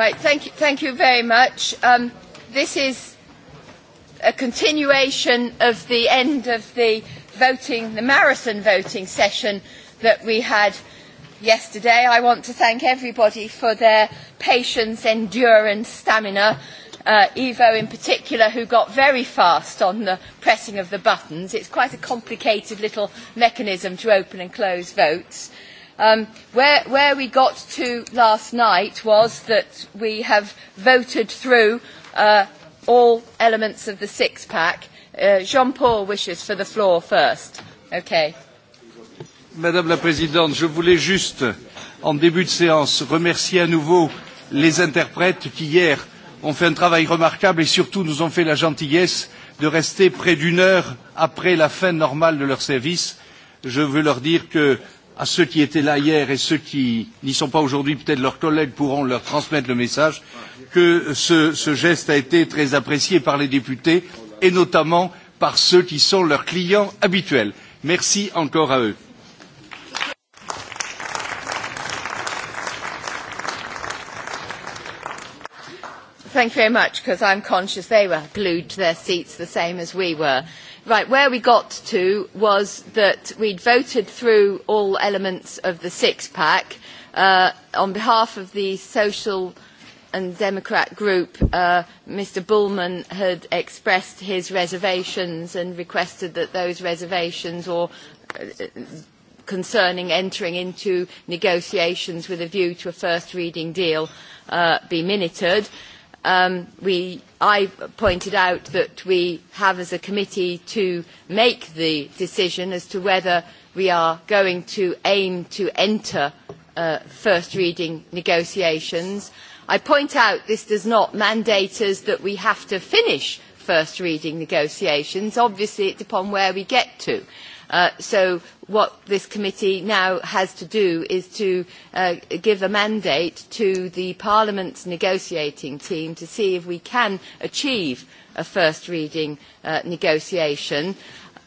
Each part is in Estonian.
Right, thank you, thank you very much. Um, this is a continuation of the end of the voting, the marathon voting session that we had yesterday. I want to thank everybody for their patience, endurance, stamina. Uh, Evo in particular, who got very fast on the pressing of the buttons. It's quite a complicated little mechanism to open and close votes. Uh, Um, where, where we got to last night was that we have voted through uh, all elements of the six-pack. Uh, Jean-Paul wishes for the floor first. Okay. Madame la Présidente, je voulais juste, en début de séance, remercier à nouveau les interprètes qui, hier, ont fait un travail remarquable et surtout nous ont fait la gentillesse de rester près d'une heure après la fin normale de leur service. Je veux leur dire que à ceux qui étaient là hier et ceux qui n'y sont pas aujourd'hui, peut-être leurs collègues pourront leur transmettre le message, que ce, ce geste a été très apprécié par les députés et notamment par ceux qui sont leurs clients habituels. Merci encore à eux. Thank you very much, because I'm conscious they were glued to their seats the same as we were. Right, where we got to was that we'd voted through all elements of the six-pack. Uh, on behalf of the Social and Democrat group, uh, Mr Bullman had expressed his reservations and requested that those reservations or uh, concerning entering into negotiations with a view to a first reading deal uh, be minuted. Uh, um, we, I pointed out that we have as a committee to make the decision as to whether we are going to aim to enter uh, first reading negotiations. I point out this does not mandate us that we have to finish first reading negotiations. Obviously, it's upon where we get to. Uh, so what this committee now has to do is to uh, give a mandate to the Parliament's negotiating team to see if we can achieve a first reading uh, negotiation.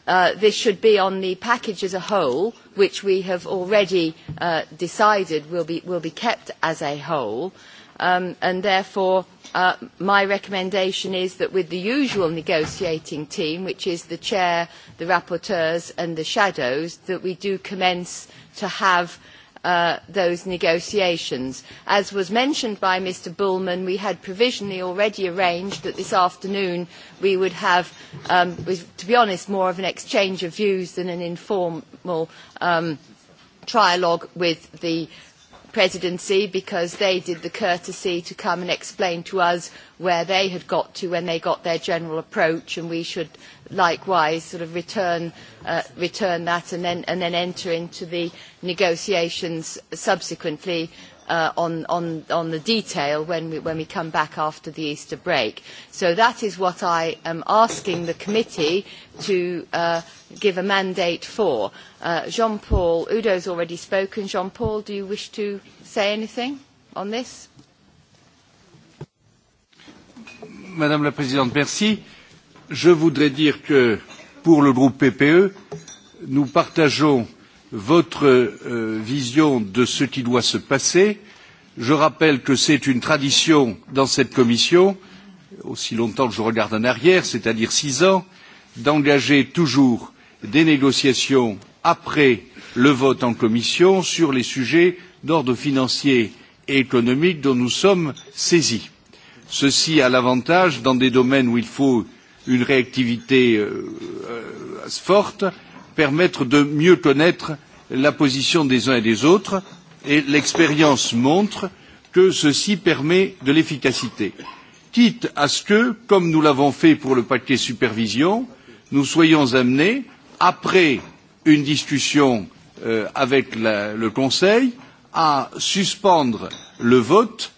Uh, this should be on the package as a whole, which we have already uh, decided will be, will be kept as a whole. Uh, um, and therefore uh, my recommendation is that with the usual negotiating team, which is the chair, the rapporteurs and the shadows, that we do commence to have uh, those negotiations. As was mentioned by Mr Bullman, we had provisionally already arranged that this afternoon we would have, um, was, to be honest, more of an exchange of views than an informal um, trialogue with the presidency because they did the courtesy to come and explain to us where they had got to when they got their general approach and we should likewise sort of return, uh, return that and then, and then enter into the negotiations subsequently uh, on, on, on the detail when we, when we come back after the Easter break. So that is what I am asking the committee to uh, give a mandate for. Uh, Jean-Paul, Udo's already spoken. Jean-Paul, do you wish to say anything on this? Madame la Présidente, merci. Je voudrais dire que pour le groupe PPE, nous partageons euh, votre euh, vision de ce qui doit se passer. Je rappelle que c'est une tradition dans cette commission, aussi longtemps que je regarde en arrière, c'est-à-dire six ans, d'engager toujours des négociations après le vote en commission sur les sujets d'ordre financier et économique dont nous sommes saisis. Ceci a l'avantage, dans des domaines où il faut une réactivité euh, euh forte, permettre de mieux connaître la position des uns et des autres et l'expérience montre que ceci permet de l'efficacité quitte à ce que comme nous l'avons fait pour le paquet supervision nous soyons amenés après une discussion euh, avec la, le conseil à suspendre le vote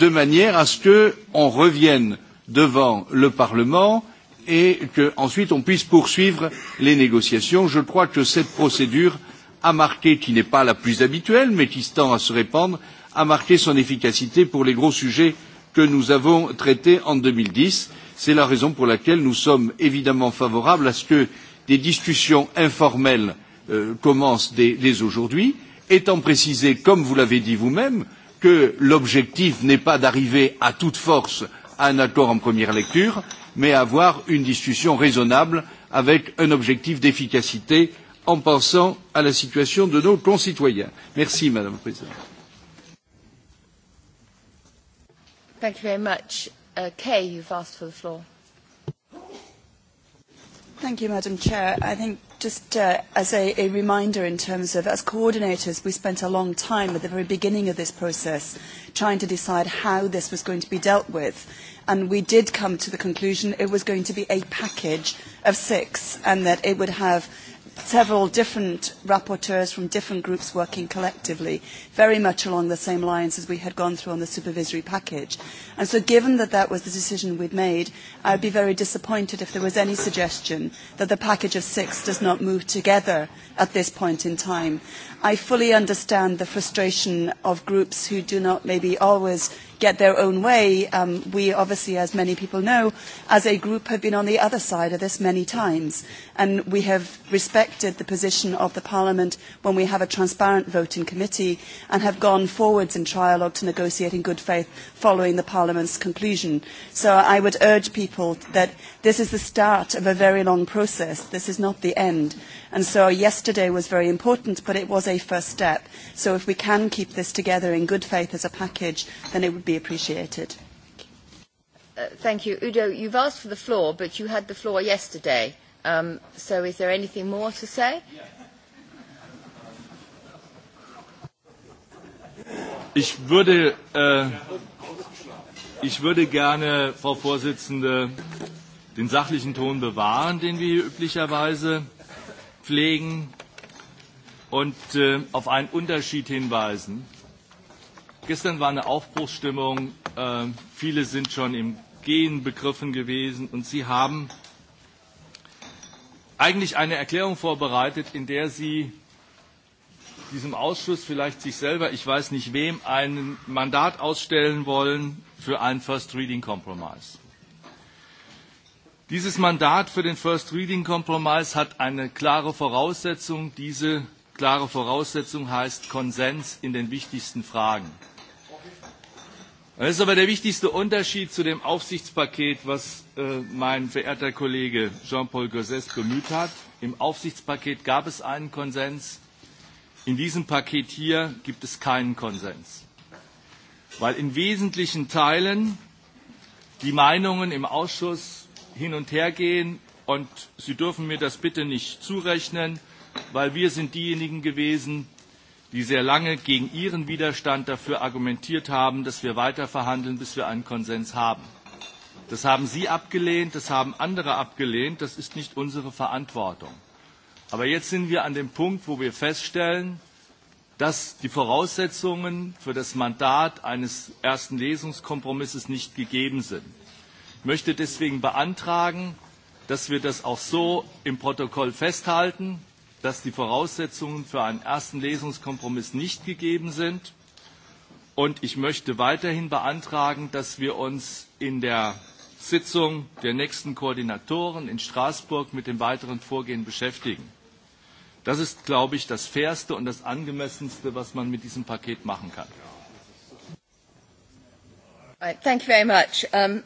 de manière à ce qu'on revienne devant le parlement et qu'ensuite on puisse poursuivre les négociations. Je crois que cette procédure a marqué, qui n'est pas la plus habituelle, mais qui tend à se répandre, a marqué son efficacité pour les gros sujets que nous avons traités en 2010. C'est la raison pour laquelle nous sommes évidemment favorables à ce que des discussions informelles euh, commencent dès, dès aujourd'hui, étant précisé, comme vous l'avez dit vous-même, que l'objectif n'est pas d'arriver à toute force à un accord en première lecture, mais avoir une discussion raisonnable avec un objectif d'efficacité en pensant à la situation de nos concitoyens. Merci, Madame la Présidente. Thank you very much. Uh, Kay, you've asked for the floor. Thank you, Madam Chair. I think just uh, as a, a reminder in terms of, as coordinators, we spent a long time at the very beginning of this process trying to decide how this was going to be dealt with and we did come to the conclusion it was going to be a package of six and that it would have several different rapporteurs from different groups working collectively, very much along the same lines as we had gone through on the supervisory package. And so given that that was the decision we'd made, I'd be very disappointed if there was any suggestion that the package of six does not move together at this point in time. I fully understand the frustration of groups who do not maybe always get their own way. Um, we obviously, as many people know, as a group have been on the other side of this many times. And we have respected the position of the Parliament when we have a transparent vote in committee and have gone forwards in trialogue to negotiate in good faith following the Parliament's conclusion. So I would urge people that this is the start of a very long process. This is not the end. And so yesterday was very important, but it was a first step. So if we can keep this together in good faith as a package, then it would be appreciated. Uh, thank you. Udo, you've asked for the floor, but you had the floor yesterday. Um, so is there anything more to say? Ich würde, äh, ich würde gerne, Frau Vorsitzende, den sachlichen Ton bewahren, den wir hier üblicherweise pflegen und äh, auf einen Unterschied hinweisen. Gestern war eine Aufbruchsstimmung. Äh, viele sind schon im Gehen begriffen gewesen. Und Sie haben eigentlich eine Erklärung vorbereitet, in der Sie diesem Ausschuss, vielleicht sich selber, ich weiß nicht wem, ein Mandat ausstellen wollen für einen First Reading Compromise. Dieses Mandat für den First Reading Kompromiss hat eine klare Voraussetzung. Diese klare Voraussetzung heißt Konsens in den wichtigsten Fragen. Das ist aber der wichtigste Unterschied zu dem Aufsichtspaket, was äh, mein verehrter Kollege Jean-Paul Gauzès bemüht hat. Im Aufsichtspaket gab es einen Konsens. In diesem Paket hier gibt es keinen Konsens, weil in wesentlichen Teilen die Meinungen im Ausschuss hin und her gehen und Sie dürfen mir das bitte nicht zurechnen, weil wir sind diejenigen gewesen, die sehr lange gegen Ihren Widerstand dafür argumentiert haben, dass wir weiter verhandeln, bis wir einen Konsens haben. Das haben Sie abgelehnt, das haben andere abgelehnt, das ist nicht unsere Verantwortung. Aber jetzt sind wir an dem Punkt, wo wir feststellen, dass die Voraussetzungen für das Mandat eines ersten Lesungskompromisses nicht gegeben sind möchte deswegen beantragen, dass wir das auch so im Protokoll festhalten, dass die Voraussetzungen für einen ersten Lesungskompromiss nicht gegeben sind. Und ich möchte weiterhin beantragen, dass wir uns in der Sitzung der nächsten Koordinatoren in Straßburg mit dem weiteren Vorgehen beschäftigen. Das ist, glaube ich, das Fairste und das Angemessenste, was man mit diesem Paket machen kann. Right, thank you very much. Um,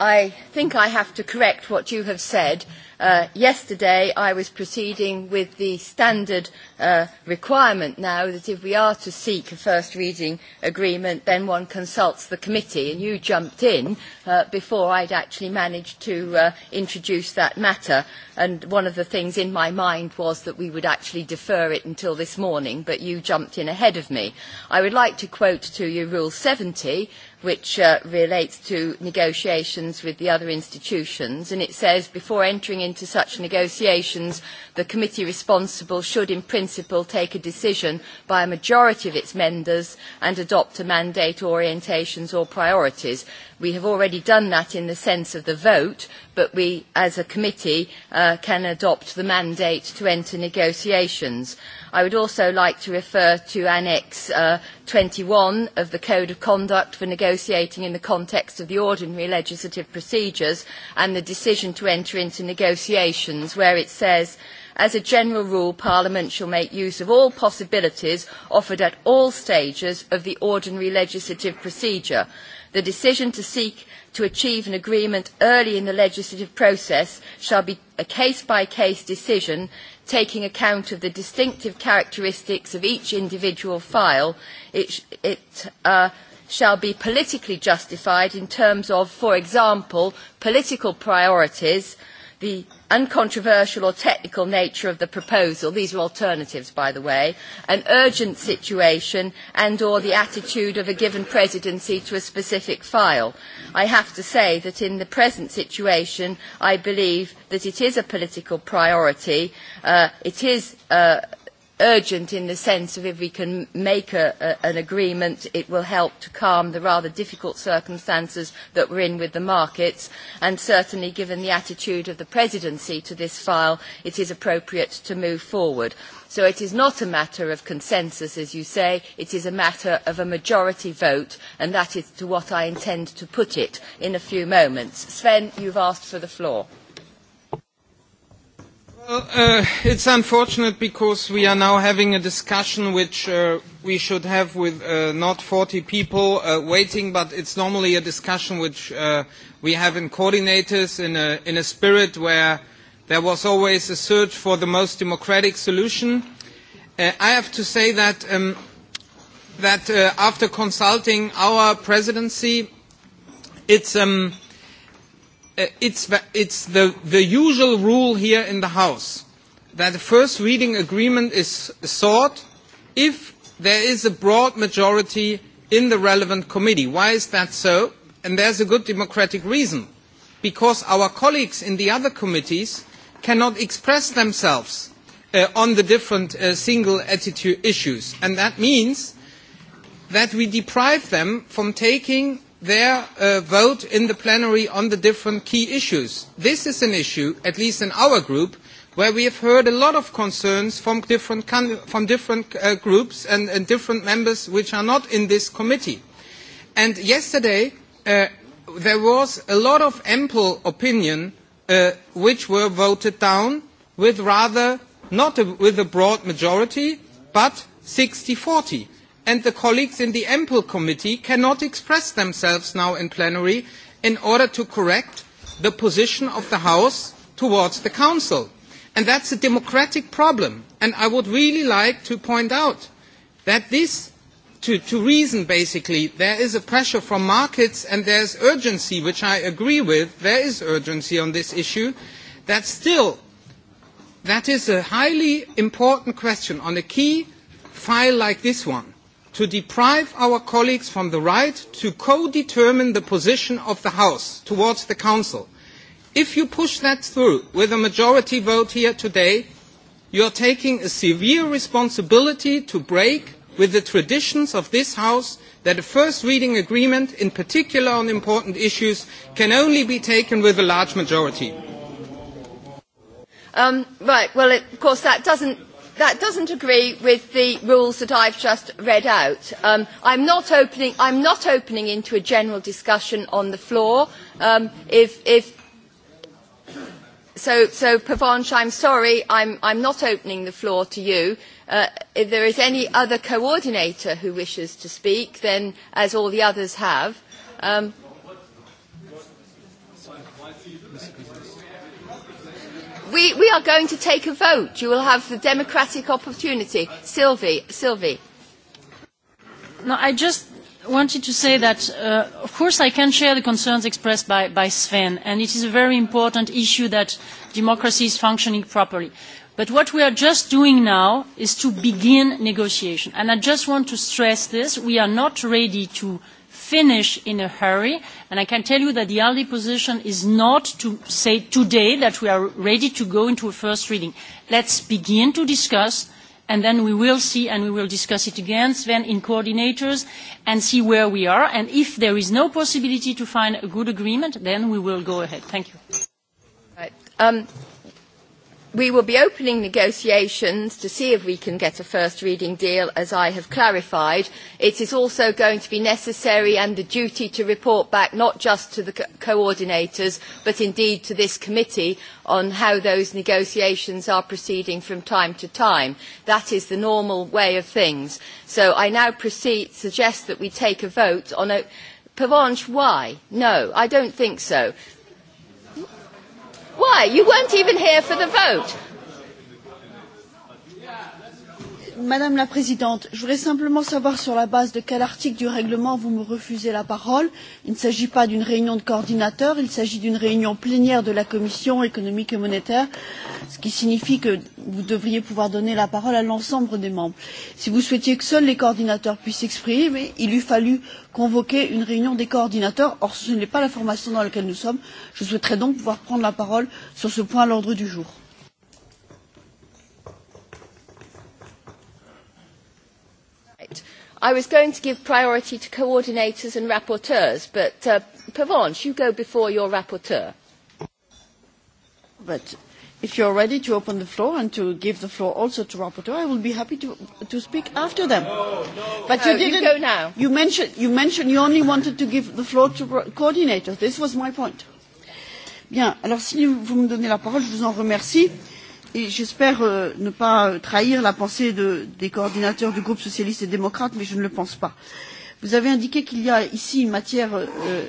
I think I have to correct what you have said. Uh, yesterday, I was proceeding with the standard uh, requirement now that if we are to seek a first reading agreement, then one consults the committee, and you jumped in uh, before I'd actually managed to uh, introduce that matter. And one of the things in my mind was that we would actually defer it until this morning, but you jumped in ahead of me. I would like to quote to you Rule 70, which uh, relates to negotiations with the other institutions, and it says, before entering into such negotiations, the committee responsible should in principle take a decision by a majority of its members and adopt a mandate, orientations or priorities. We have already done that in the sense of the vote, but we, as a committee, uh, can adopt the mandate to enter negotiations. I would also like to refer to Annex uh, 21 of the Code of Conduct for negotiating in the context of the ordinary legislative procedures and the decision to enter into negotiations, where it says, as a general rule, Parliament shall make use of all possibilities offered at all stages of the ordinary legislative procedure The decision to seek to achieve an agreement early in the legislative process shall be a case-by-case -case decision taking account of the distinctive characteristics of each individual file. It, it uh, shall be politically justified in terms of, for example, political priorities, the uncontroversial or technical nature of the proposal, these are alternatives by the way, an urgent situation and or the attitude of a given presidency to a specific file. I have to say that in the present situation I believe that it is a political priority, uh, it is uh, urgent in the sense of if we can make a, a, an agreement, it will help to calm the rather difficult circumstances that we're in with the markets. And certainly, given the attitude of the presidency to this file, it is appropriate to move forward. So it is not a matter of consensus, as you say, it is a matter of a majority vote, and that is to what I intend to put it in a few moments. Sven, you've asked for the floor. Well, uh, uh, it's unfortunate because we are now having a discussion which uh, we should have with uh, not 40 people uh, waiting, but it's normally a discussion which uh, we have in coordinators in a, in a spirit where there was always a search for the most democratic solution. Uh, I have to say that, um, that uh, after consulting our presidency, it's um, – Uh, it's, it's the, the usual rule here in the House that a first reading agreement is sought if there is a broad majority in the relevant committee. Why is that so? And there's a good democratic reason. Because our colleagues in the other committees cannot express themselves uh, on the different uh, single attitude issues. And that means that we deprive them from taking their uh, vote in the plenary on the different key issues. This is an issue, at least in our group, where we have heard a lot of concerns from different, from different uh, groups and, and different members which are not in this committee. And yesterday uh, there was a lot of ample opinion uh, which were voted down with rather not a, with a broad majority but 60-40 and the colleagues in the ample committee cannot express themselves now in plenary in order to correct the position of the house towards the council and that's a democratic problem and i would really like to point out that this to, to reason basically there is a pressure from markets and there's urgency which i agree with there is urgency on this issue that still that is a highly important question on a key file like this one to deprive our colleagues from the right to co-determine the position of the House towards the Council. If you push that through with a majority vote here today, you are taking a severe responsibility to break with the traditions of this House that a first reading agreement, in particular on important issues, can only be taken with a large majority. Um, right, well, it, of course, that doesn't that doesn't agree with the rules that I've just read out. Um, I'm, not opening, I'm not opening into a general discussion on the floor. Um, if, if, so, so Pavanch, I'm sorry, I'm, I'm not opening the floor to you. Uh, if there is any other coordinator who wishes to speak, then as all the others have, um, we, we are going to take a vote. You will have the democratic opportunity. Sylvie, Sylvie. No, I just wanted to say that, uh, of course, I can share the concerns expressed by, by Sven, and it is a very important issue that democracy is functioning properly. But what we are just doing now is to begin negotiation. And I just want to stress this. We are not ready to uh, finish in a hurry. And I can tell you that the ALDE position is not to say today that we are ready to go into a first reading. Let's begin to discuss, and then we will see and we will discuss it again, Sven, in coordinators, and see where we are. And if there is no possibility to find a good agreement, then we will go ahead. Thank you. Right. Um, we will be opening negotiations to see if we can get a first reading deal, as I have clarified. It is also going to be necessary and the duty to report back not just to the co coordinators, but indeed to this committee on how those negotiations are proceeding from time to time. That is the normal way of things. So I now proceed, suggest that we take a vote on a... Pavanche, why? No, I don't think so Why? You weren't even here for the vote. madame la présidente je voudrais simplement savoir sur la base de quel article du règlement vous me refusez la parole. il ne s'agit pas d'une réunion de coordinateurs il s'agit d'une réunion plénière de la commission économique et monétaire ce qui signifie que vous devriez pouvoir donner la parole à l'ensemble des membres. si vous souhaitiez que seuls les coordinateurs puissent s'exprimer il eût fallu convoquer une réunion des coordinateurs. or ce n'est pas la formation dans laquelle nous sommes. je souhaiterais donc pouvoir prendre la parole sur ce point à l'ordre du jour. I was going to give priority to coordinators and rapporteurs, but uh, Pavance, you go before your rapporteur. But if you're ready to open the floor and to give the floor also to rapporteur, I will be happy to, to speak after them. No, no. But no, you didn't. You go now. You mentioned, you mentioned you only wanted to give the floor to coordinators. This was my point. Bien, alors si vous me donnez la parole, je vous en remercie. Euh, et j'espère euh, ne pas euh, trahir la pensée de, des coordinateurs du groupe socialiste et démocrate, mais je ne le pense pas. Vous avez indiqué qu'il y a ici une matière euh, euh,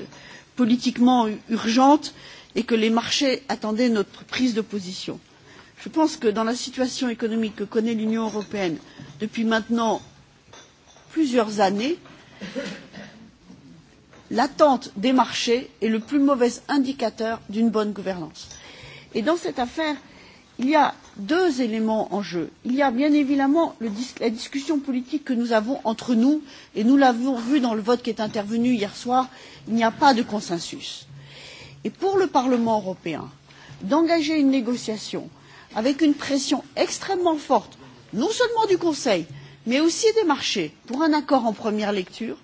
politiquement urgente et que les marchés attendaient notre prise de position. Je pense que dans la situation économique que connaît l'Union européenne depuis maintenant plusieurs années, l'attente des marchés est le plus mauvais indicateur d'une bonne gouvernance. Et dans cette affaire, il y a deux éléments en jeu il y a bien évidemment le, la discussion politique que nous avons entre nous et nous l'avons vu dans le vote qui est intervenu hier soir il n'y a pas de consensus et pour le parlement européen d'engager une négociation avec une pression extrêmement forte non seulement du conseil mais aussi des marchés pour un accord en première lecture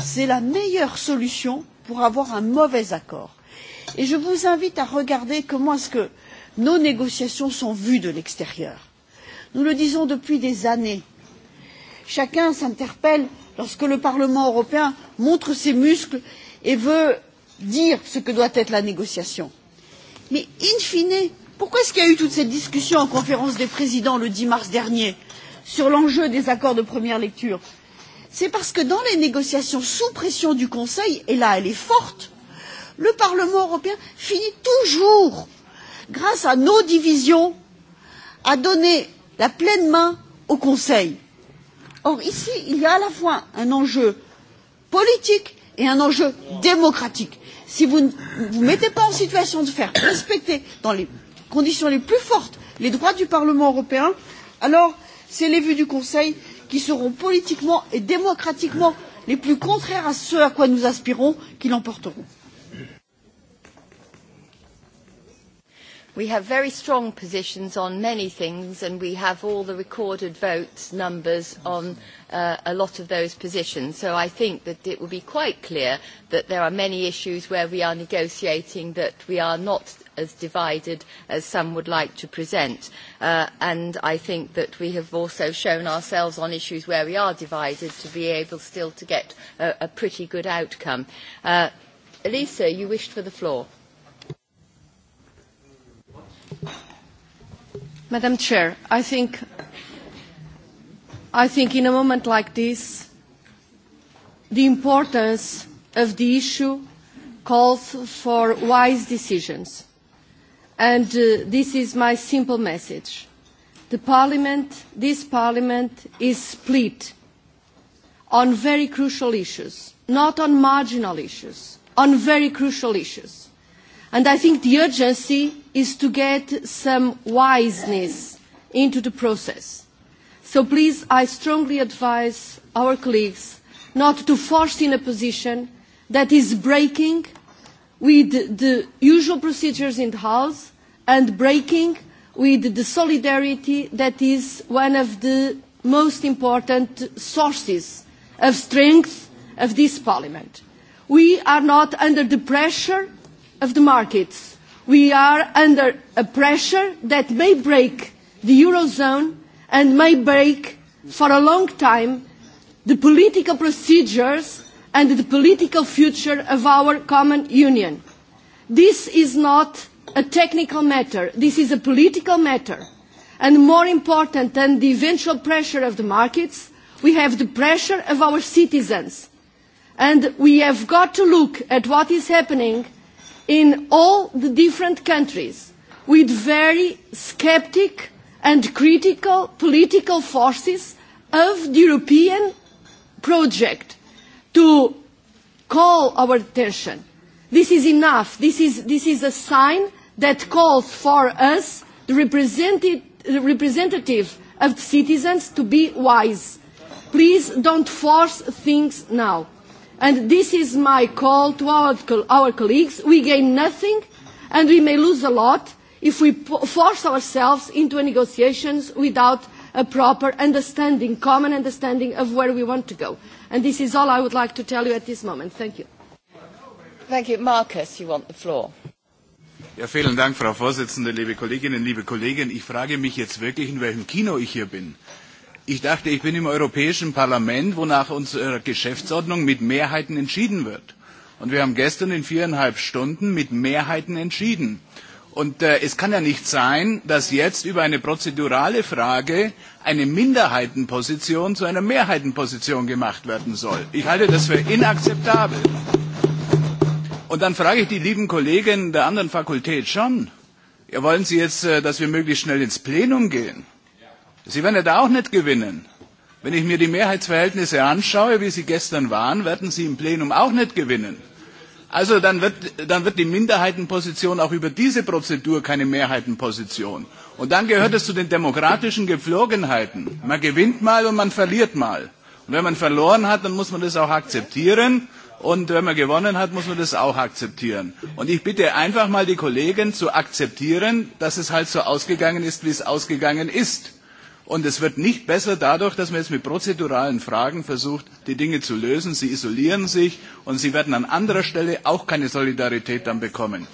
c'est la meilleure solution pour avoir un mauvais accord et je vous invite à regarder comment est ce que nos négociations sont vues de l'extérieur. nous le disons depuis des années chacun s'interpelle lorsque le parlement européen montre ses muscles et veut dire ce que doit être la négociation. mais in fine pourquoi est ce qu'il y a eu toute cette discussion en conférence des présidents le dix mars dernier sur l'enjeu des accords de première lecture? c'est parce que dans les négociations sous pression du conseil et là elle est forte le parlement européen finit toujours grâce à nos divisions à donner la pleine main au conseil. or ici il y a à la fois un enjeu politique et un enjeu démocratique. si vous ne vous mettez pas en situation de faire respecter dans les conditions les plus fortes les droits du parlement européen alors c'est les vues du conseil qui seront politiquement et démocratiquement les plus contraires à ce à quoi nous aspirons qui l'emporteront. We have very strong positions on many things, and we have all the recorded votes numbers on uh, a lot of those positions. So I think that it will be quite clear that there are many issues where we are negotiating that we are not as divided as some would like to present. Uh, and I think that we have also shown ourselves on issues where we are divided to be able still to get a, a pretty good outcome. Uh, Elisa, you wished for the floor. Madam Chair, I think, I think in a moment like this, the importance of the issue calls for wise decisions. And uh, this is my simple message. The Parliament, this Parliament is split on very crucial issues, not on marginal issues, on very crucial issues And I think the urgency is to get some wiseness into the process. So please, I strongly advise our colleagues not to force in a position that is breaking with the usual procedures in the House and breaking with the solidarity that is one of the most important sources of strength of this Parliament. We are not under the pressure of the markets. We are under a pressure that may break the Eurozone and may break for a long time the political procedures and the political future of our common union. This is not a technical matter. This is a political matter. And more important than the eventual pressure of the markets, we have the pressure of our citizens. And we have got to look at what is happening in all the different countries with very sceptic and critical political forces of the European project to call our attention. This is enough. This is, this is a sign that calls for us, the, represented, the representative of the citizens, to be wise. Please don't force things now. And this is my call to our, our colleagues. We gain nothing and we may lose a lot if we force ourselves into negotiations without a proper understanding, common understanding of where we want to go. And this is all I would like to tell you at this moment. Thank you. Thank you. Marcus, you want the floor. Ja, vielen Dank, Frau Vorsitzende, liebe Kolleginnen, liebe Kollegen. Ich frage mich jetzt wirklich, in welchem Kino ich hier bin. Ich dachte, ich bin im Europäischen Parlament, wonach unsere Geschäftsordnung mit Mehrheiten entschieden wird. Und wir haben gestern in viereinhalb Stunden mit Mehrheiten entschieden. Und äh, es kann ja nicht sein, dass jetzt über eine prozedurale Frage eine Minderheitenposition zu einer Mehrheitenposition gemacht werden soll. Ich halte das für inakzeptabel. Und dann frage ich die lieben Kollegen der anderen Fakultät schon, ja, wollen Sie jetzt, äh, dass wir möglichst schnell ins Plenum gehen? Sie werden ja da auch nicht gewinnen. Wenn ich mir die Mehrheitsverhältnisse anschaue, wie sie gestern waren, werden sie im Plenum auch nicht gewinnen. Also dann wird, dann wird die Minderheitenposition auch über diese Prozedur keine Mehrheitenposition. Und dann gehört es zu den demokratischen Gepflogenheiten. Man gewinnt mal und man verliert mal. Und wenn man verloren hat, dann muss man das auch akzeptieren. Und wenn man gewonnen hat, muss man das auch akzeptieren. Und ich bitte einfach mal die Kollegen zu akzeptieren, dass es halt so ausgegangen ist, wie es ausgegangen ist. Und es wird nicht besser dadurch, dass man jetzt mit prozeduralen Fragen versucht, die Dinge zu lösen. Sie isolieren sich und sie werden an anderer Stelle auch keine Solidarität dann bekommen.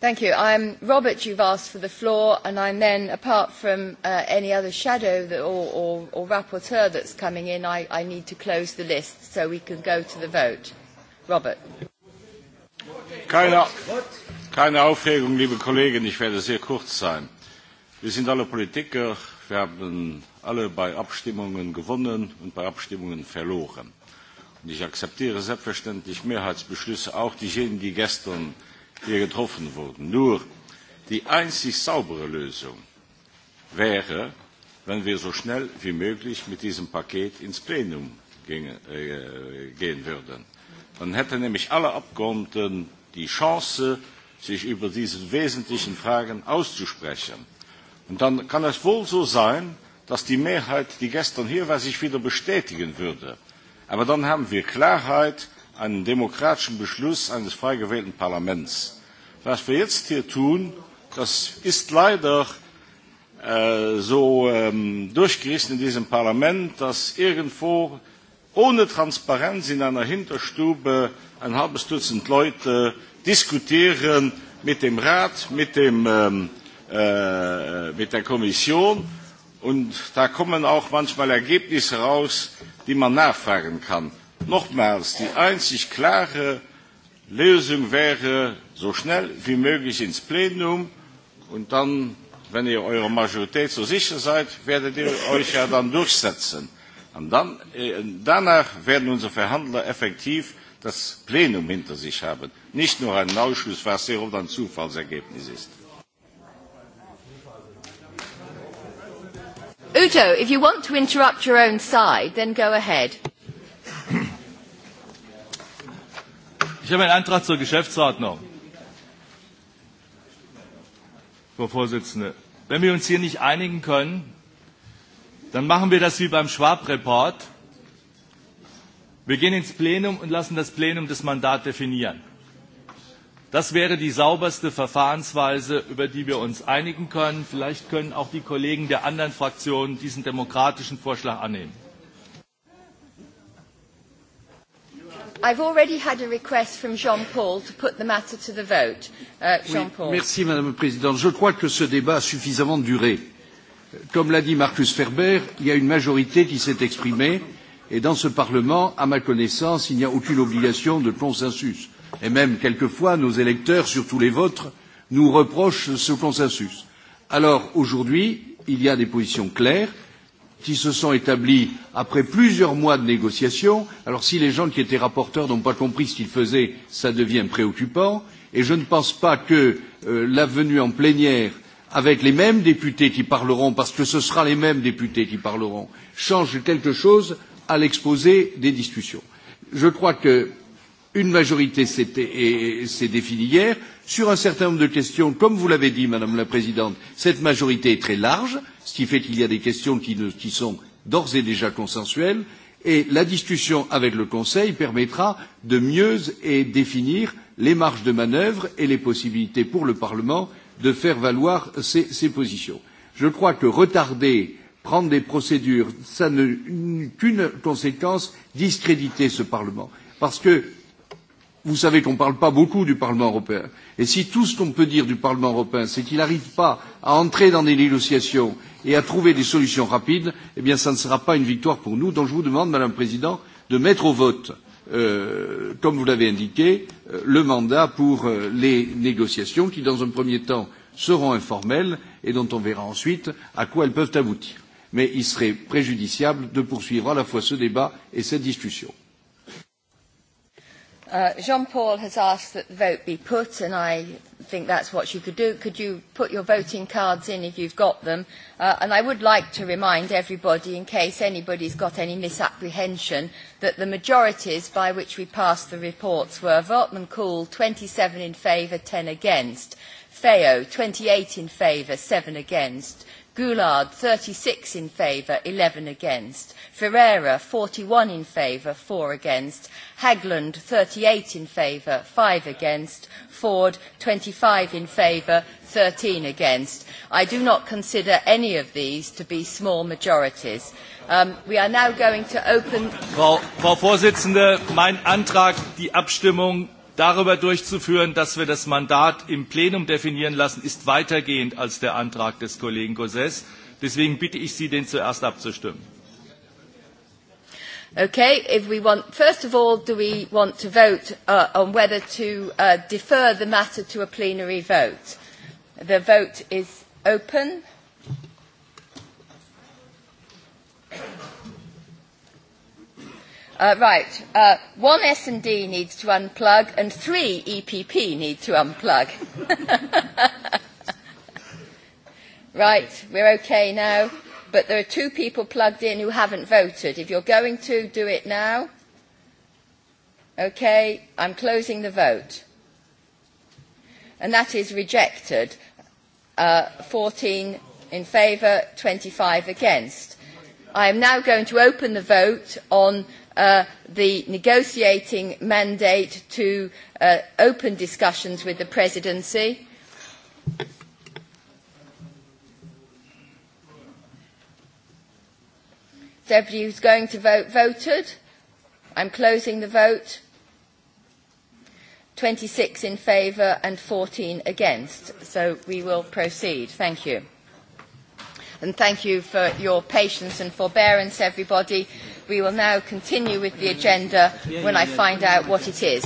Thank you. I'm Robert, you've asked for the floor, and I'm then, apart from uh, any other shadow that, or, or, or rapporteur that's coming in, I, I need to close the list so we can go to the vote. Robert. Keiner. What? Keine Aufregung, liebe Kollegen, ich werde sehr kurz sein. Wir sind alle Politiker, wir haben alle bei Abstimmungen gewonnen und bei Abstimmungen verloren. Und ich akzeptiere selbstverständlich Mehrheitsbeschlüsse, auch diejenigen, die gestern hier getroffen wurden. Nur die einzig saubere Lösung wäre, wenn wir so schnell wie möglich mit diesem Paket ins Plenum ginge, äh, gehen würden. Dann hätten nämlich alle Abgeordneten die Chance, sich über diese wesentlichen Fragen auszusprechen. Und dann kann es wohl so sein, dass die Mehrheit, die gestern hier war, sich wieder bestätigen würde. Aber dann haben wir Klarheit, einen demokratischen Beschluss eines frei gewählten Parlaments. Was wir jetzt hier tun, das ist leider äh, so ähm, durchgerissen in diesem Parlament, dass irgendwo ohne Transparenz in einer Hinterstube ein halbes Dutzend Leute diskutieren mit dem Rat, mit, dem, ähm, äh, mit der Kommission. Und da kommen auch manchmal Ergebnisse raus, die man nachfragen kann. Nochmals, die einzig klare Lösung wäre, so schnell wie möglich ins Plenum und dann, wenn ihr eurer Majorität so sicher seid, werdet ihr euch ja dann durchsetzen. Und dann, äh, danach werden unsere Verhandler effektiv das Plenum hinter sich haben, nicht nur einen Ausschuss, was sehr oft ein Zufallsergebnis ist. Udo, if you want to interrupt your own side, then go ahead. Ich habe einen Antrag zur Geschäftsordnung. Frau Vorsitzende, wenn wir uns hier nicht einigen können, dann machen wir das wie beim Schwab-Report Wir gehen ins Plenum und lassen das Plenum das Mandat definieren. Das wäre die sauberste Verfahrensweise, über die wir uns einigen können. Vielleicht können auch die Kollegen der anderen Fraktionen diesen demokratischen Vorschlag annehmen. I've already had a request from Jean-Paul to put the matter to the vote. Uh, Jean-Paul. Oui, merci Madame la Présidente. Je crois que ce débat a suffisamment duré. Comme l'a dit Markus Ferber, il y a une majorité qui s'est exprimée. Euh, Et dans ce Parlement, à ma connaissance, il n'y a aucune obligation de consensus. Et même, quelquefois, nos électeurs, surtout les vôtres, nous reprochent ce consensus. Alors, aujourd'hui, il y a des positions claires qui se sont établies après plusieurs mois de négociations. Alors, si les gens qui étaient rapporteurs n'ont pas compris ce qu'ils faisaient, ça devient préoccupant. Et je ne pense pas que euh, la venue en plénière avec les mêmes députés qui parleront, parce que ce sera les mêmes députés qui parleront, change quelque chose à l'exposé des discussions. Je crois que une majorité s'est définie hier sur un certain nombre de questions. Comme vous l'avez dit, Madame la Présidente, cette majorité est très large, ce qui fait qu'il y a des questions qui, ne, qui sont d'ores et déjà consensuelles, et la discussion avec le Conseil permettra de mieux et définir les marges de manœuvre et les possibilités pour le Parlement de faire valoir ses, ses positions. Je crois que retarder prendre des procédures. Ça n'a qu'une conséquence, discréditer ce Parlement. Parce que vous savez qu'on ne parle pas beaucoup du Parlement européen. Et si tout ce qu'on peut dire du Parlement européen, c'est qu'il n'arrive pas à entrer dans des négociations et à trouver des solutions rapides, eh bien, ça ne sera pas une victoire pour nous. Donc, je vous demande, Madame la Présidente, de mettre au vote, euh, comme vous l'avez indiqué, euh, le mandat pour euh, les négociations qui, dans un premier temps, seront informelles et dont on verra ensuite à quoi elles peuvent aboutir mais il serait préjudiciable de poursuivre à la fois ce débat et cette discussion. Uh, Jean Paul has asked that the vote be put, and I think that's what you could do. Could you put your voting cards in if you've got them? Uh, and I would like to remind everybody, in case anybody's got any misapprehension, that the majorities by which we passed the reports were Vortman Cool 27 in favour, 10 against, Feo 28 in favour, 7 against, Goulard, 36 in favour, 11 against. Ferreira, 41 in favour, 4 against. Hagland, 38 in favour, 5 against. Ford, 25 in favour, 13 against. I do not consider any of these to be small majorities. Um, we are now going to open... Frau, Frau Vorsitzende, mein Antrag, die Abstimmung darüber durchzuführen, dass wir das Mandat im Plenum definieren lassen, ist weitergehend als der Antrag des Kollegen Gauzès. Deswegen bitte ich Sie, den zuerst abzustimmen. Okay, if we want, first of all, do we want to vote uh, on whether to uh, defer the matter to a plenary vote? The vote is open. Uh, right, uh, one S&D needs to unplug and three EPP need to unplug. right, we're okay now, but there are two people plugged in who haven't voted. If you're going to, do it now. Okay, I'm closing the vote. And that is rejected. Uh, 14 in favour, 25 against. I am now going to open the vote on uh, the negotiating mandate to uh, open discussions with the presidency. Is everybody who's going to vote voted? I'm closing the vote. 26 in favour and 14 against. So we will proceed. Thank you and thank you for your patience and forbearance, everybody. We will now continue with the agenda when I find out what it is.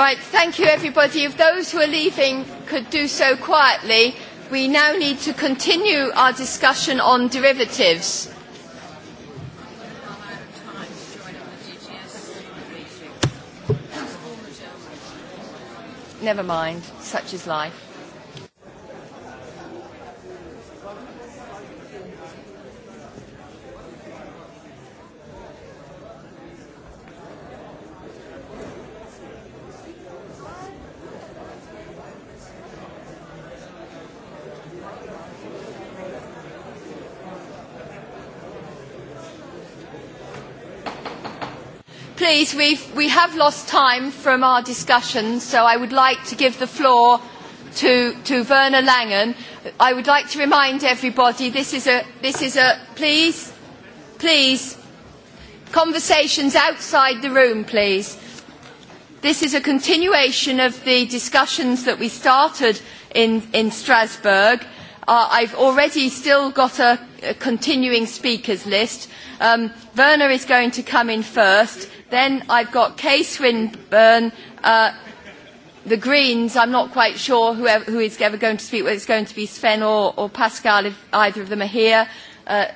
Right, thank you everybody. If those who are leaving could do so quietly, we now need to continue our discussion on derivatives. Never mind, such is life. we've, we have lost time from our discussion, so I would like to give the floor to, to Werner Langen. I would like to remind everybody this is a, this is a, please, please, conversations outside the room, please. This is a continuation of the discussions that we started in, in Strasbourg. Uh, I've already still got a, a continuing speakers list. Um, Werner is going to come in first. Then I've got Kay Swinburne, uh, the Greens. I'm not quite sure whoever, who is ever going to speak, whether it's going to be Sven or, or Pascal, if either of them are here. Uh,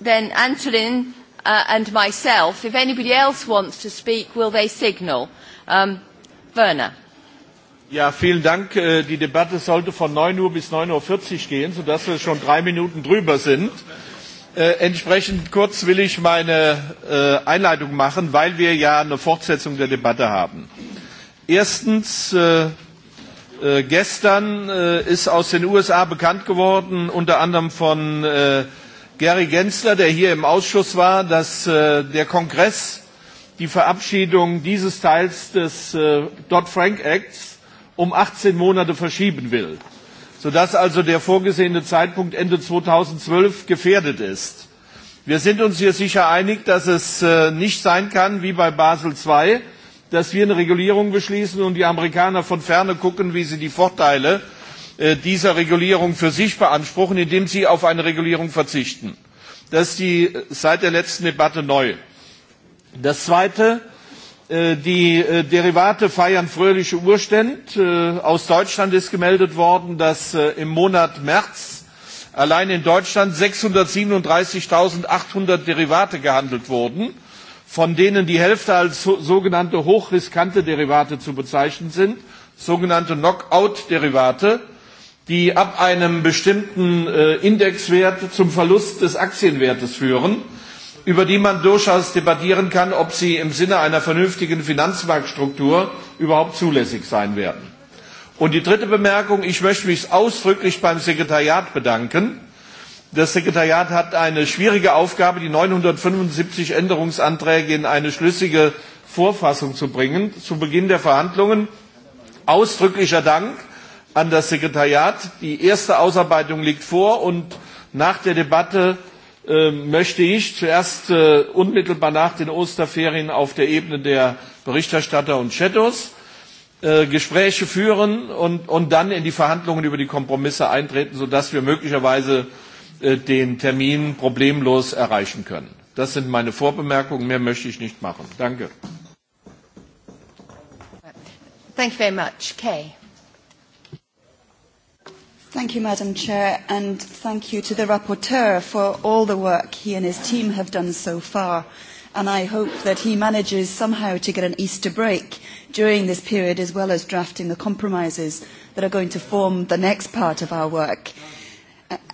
then Antolin uh, and myself. If anybody else wants to speak, will they signal? Um, Werner. Ja, vielen Dank. Äh, die Debatte sollte von 9 Uhr bis 9.40 Uhr gehen, sodass wir schon drei Minuten drüber sind. Äh, entsprechend kurz will ich meine äh, Einleitung machen, weil wir ja eine Fortsetzung der Debatte haben. Erstens, äh, äh, gestern äh, ist aus den USA bekannt geworden, unter anderem von äh, Gary Gensler, der hier im Ausschuss war, dass äh, der Kongress die Verabschiedung dieses Teils des äh, Dodd-Frank-Acts um 18 Monate verschieben will. Äh, sodass also der vorgesehene Zeitpunkt Ende 2012 gefährdet ist. Wir sind uns hier sicher einig, dass es äh, nicht sein kann, wie bei Basel II, dass wir eine Regulierung beschließen und die Amerikaner von ferne gucken, wie sie die Vorteile äh, dieser Regulierung für sich beanspruchen, indem sie auf eine Regulierung verzichten. Das ist die, äh, seit der letzten Debatte neu. Das Zweite, Äh, die äh, Derivate feiern fröhliche Urständ. Äh, aus Deutschland ist gemeldet worden, dass im Monat März allein in Deutschland 637.800 Derivate gehandelt wurden, von denen die Hälfte als sogenannte hochriskante Derivate zu bezeichnen sind, sogenannte Knockout-Derivate, die ab einem bestimmten Indexwert zum Verlust des Aktienwertes führen über die man durchaus debattieren kann, ob sie im Sinne einer vernünftigen Finanzmarktstruktur überhaupt zulässig sein werden. Und die dritte Bemerkung, ich möchte mich ausdrücklich beim Sekretariat bedanken. Das Sekretariat hat eine schwierige Aufgabe, die 975 Änderungsanträge in eine schlüssige Vorfassung zu bringen, zu Beginn der Verhandlungen. Ausdrücklicher Dank an das Sekretariat. Die erste Ausarbeitung liegt vor und nach der Debatte Ähm, möchte ich zuerst äh, unmittelbar nach den Osterferien auf der Ebene der Berichterstatter und Shadows äh, Gespräche führen und, und dann in die Verhandlungen über die Kompromisse eintreten, sodass wir möglicherweise äh, den Termin problemlos erreichen können. Das sind meine Vorbemerkungen. Mehr möchte ich nicht machen. Danke. Thank you very much. Kay. Thank you, Madam Chair, and thank you to the Rapporteur for all the work he and his team have done so far. And I hope that he manages somehow to get an Easter break during this period, as well as drafting the compromises that are going to form the next part of our work.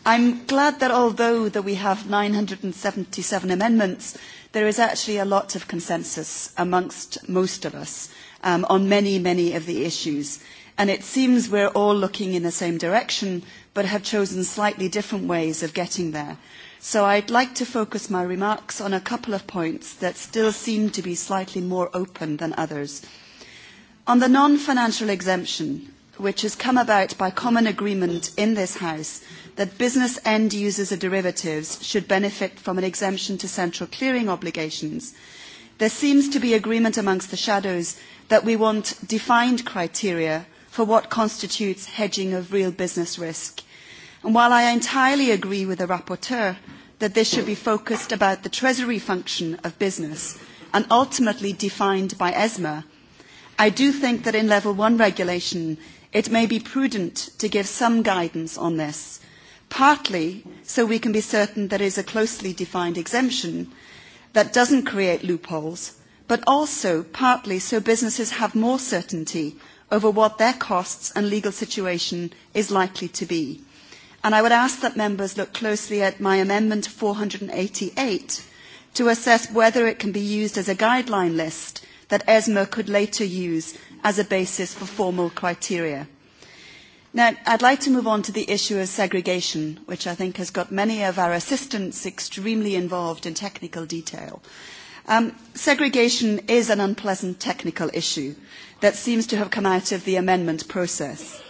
I'm glad that although that we have 977 amendments, there is actually a lot of consensus amongst most of us um, on many, many of the issues. And it seems we're all looking in the same direction, but have chosen slightly different ways of getting there. So I'd like to focus my remarks on a couple of points that still seem to be slightly more open than others. On the non-financial exemption, which has come about by common agreement in this House that business end users of derivatives should benefit from an exemption to central clearing obligations, there seems to be agreement amongst the shadows that we want defined criteria for what constitutes hedging of real business risk. And while I entirely agree with the rapporteur that this should be focused about the treasury function of business and ultimately defined by ESMA, I do think that in Level 1 regulation it may be prudent to give some guidance on this, partly so we can be certain there is a closely defined exemption that doesn't create loopholes, but also partly so businesses have more certainty over what their costs and legal situation is likely to be. And I would ask that members look closely at my amendment 488 to assess whether it can be used as a guideline list that ESMA could later use as a basis for formal criteria. Now, I'd like to move on to the issue of segregation, which I think has got many of our assistants extremely involved in technical detail. Um, segregation is an unpleasant technical issue that seems to have come out of the amendment process.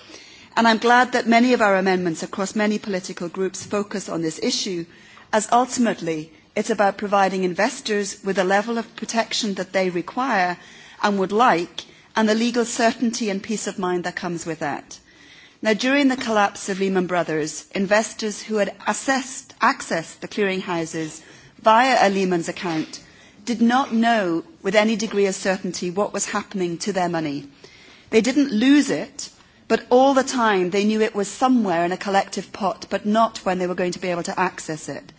And I'm glad that many of our amendments across many political groups focus on this issue, as ultimately it's about providing investors with a level of protection that they require and would like, and the legal certainty and peace of mind that comes with that. Now, during the collapse of Lehman Brothers, investors who had assessed, accessed the clearinghouses via a Lehman's account did not know with any degree of certainty what was happening to their money. They didn't lose it, but all the time they knew it was somewhere in a collective pot, but not when they were going to be able to access it.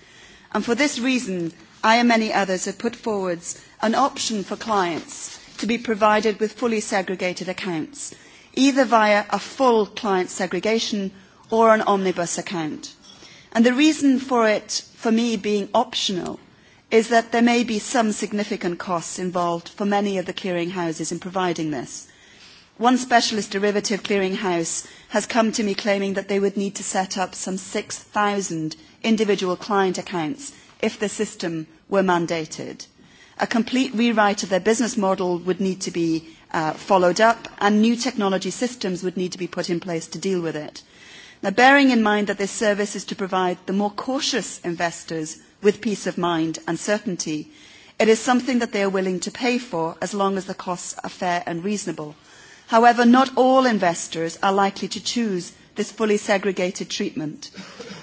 And for this reason, I and many others have put forwards an option for clients to be provided with fully segregated accounts, either via a full client segregation or an omnibus account. And the reason for it, for me, being optional is that there may be some significant costs involved for many of the clearinghouses in providing this. One specialist derivative clearinghouse has come to me claiming that they would need to set up some 6,000 individual client accounts if the system were mandated. A complete rewrite of their business model would need to be uh, followed up and new technology systems would need to be put in place to deal with it. Now, bearing in mind that this service is to provide the more cautious investors with peace of mind and certainty. It is something that they are willing to pay for as long as the costs are fair and reasonable. However, not all investors are likely to choose this fully segregated treatment.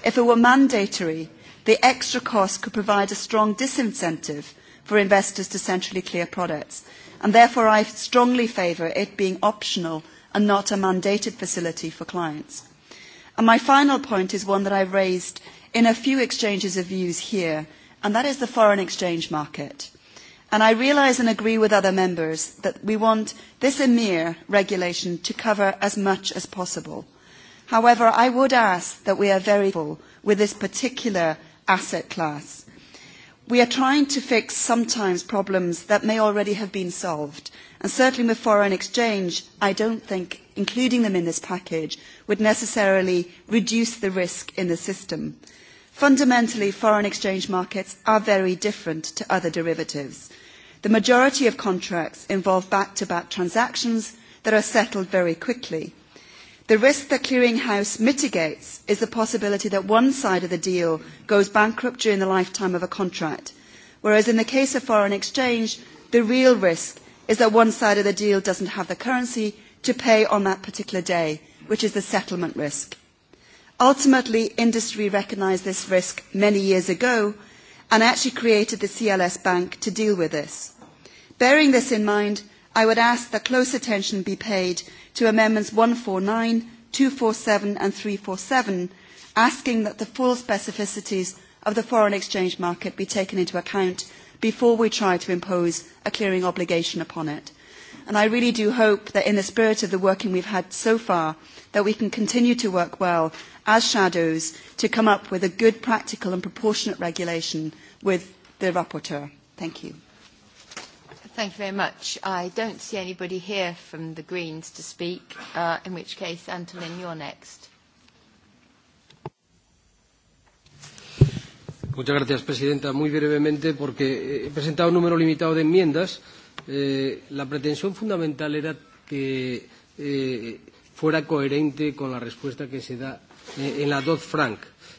If it were mandatory, the extra cost could provide a strong disincentive for investors to centrally clear products, and therefore I strongly favour it being optional and not a mandated facility for clients. And my final point is one that I've raised in a few exchanges of views here, and that is the foreign exchange market. And I realise and agree with other members that we want this EMIR regulation to cover as much as possible. However, I would ask that we are very careful with this particular asset class. We are trying to fix sometimes problems that may already have been solved. And certainly with foreign exchange, I don't think including them in this package would necessarily reduce the risk in the system. Fundamentally, foreign exchange markets are very different to other derivatives. The majority of contracts involve back-to-back -back transactions that are settled very quickly. The risk that clearinghouse mitigates is the possibility that one side of the deal goes bankrupt during the lifetime of a contract, whereas in the case of foreign exchange, the real risk is that one side of the deal doesn't have the currency to pay on that particular day, which is the settlement risk. Ultimately, industry recognised this risk many years ago and actually created the CLS Bank to deal with this. Bearing this in mind, I would ask that close attention be paid to Amendments 149, 247 and 347, asking that the full specificities of the foreign exchange market be taken into account before we try to impose a clearing obligation upon it. And I really do hope that in the spirit of the working we've had so far, that we can continue to work well as shadows to come up with a good, practical and proportionate regulation with the rapporteur. Thank you. Thank you very much. I don't see anybody here from the Greens to speak, uh, in which case, Antolin, you're next. Muchas gracias, presidenta. Muy brevemente, porque he presentado un número limitado de enmiendas. Eh, la pretensión fundamental era que eh, fuera coherente con la respuesta que se da eh, en la Dodd-Frank.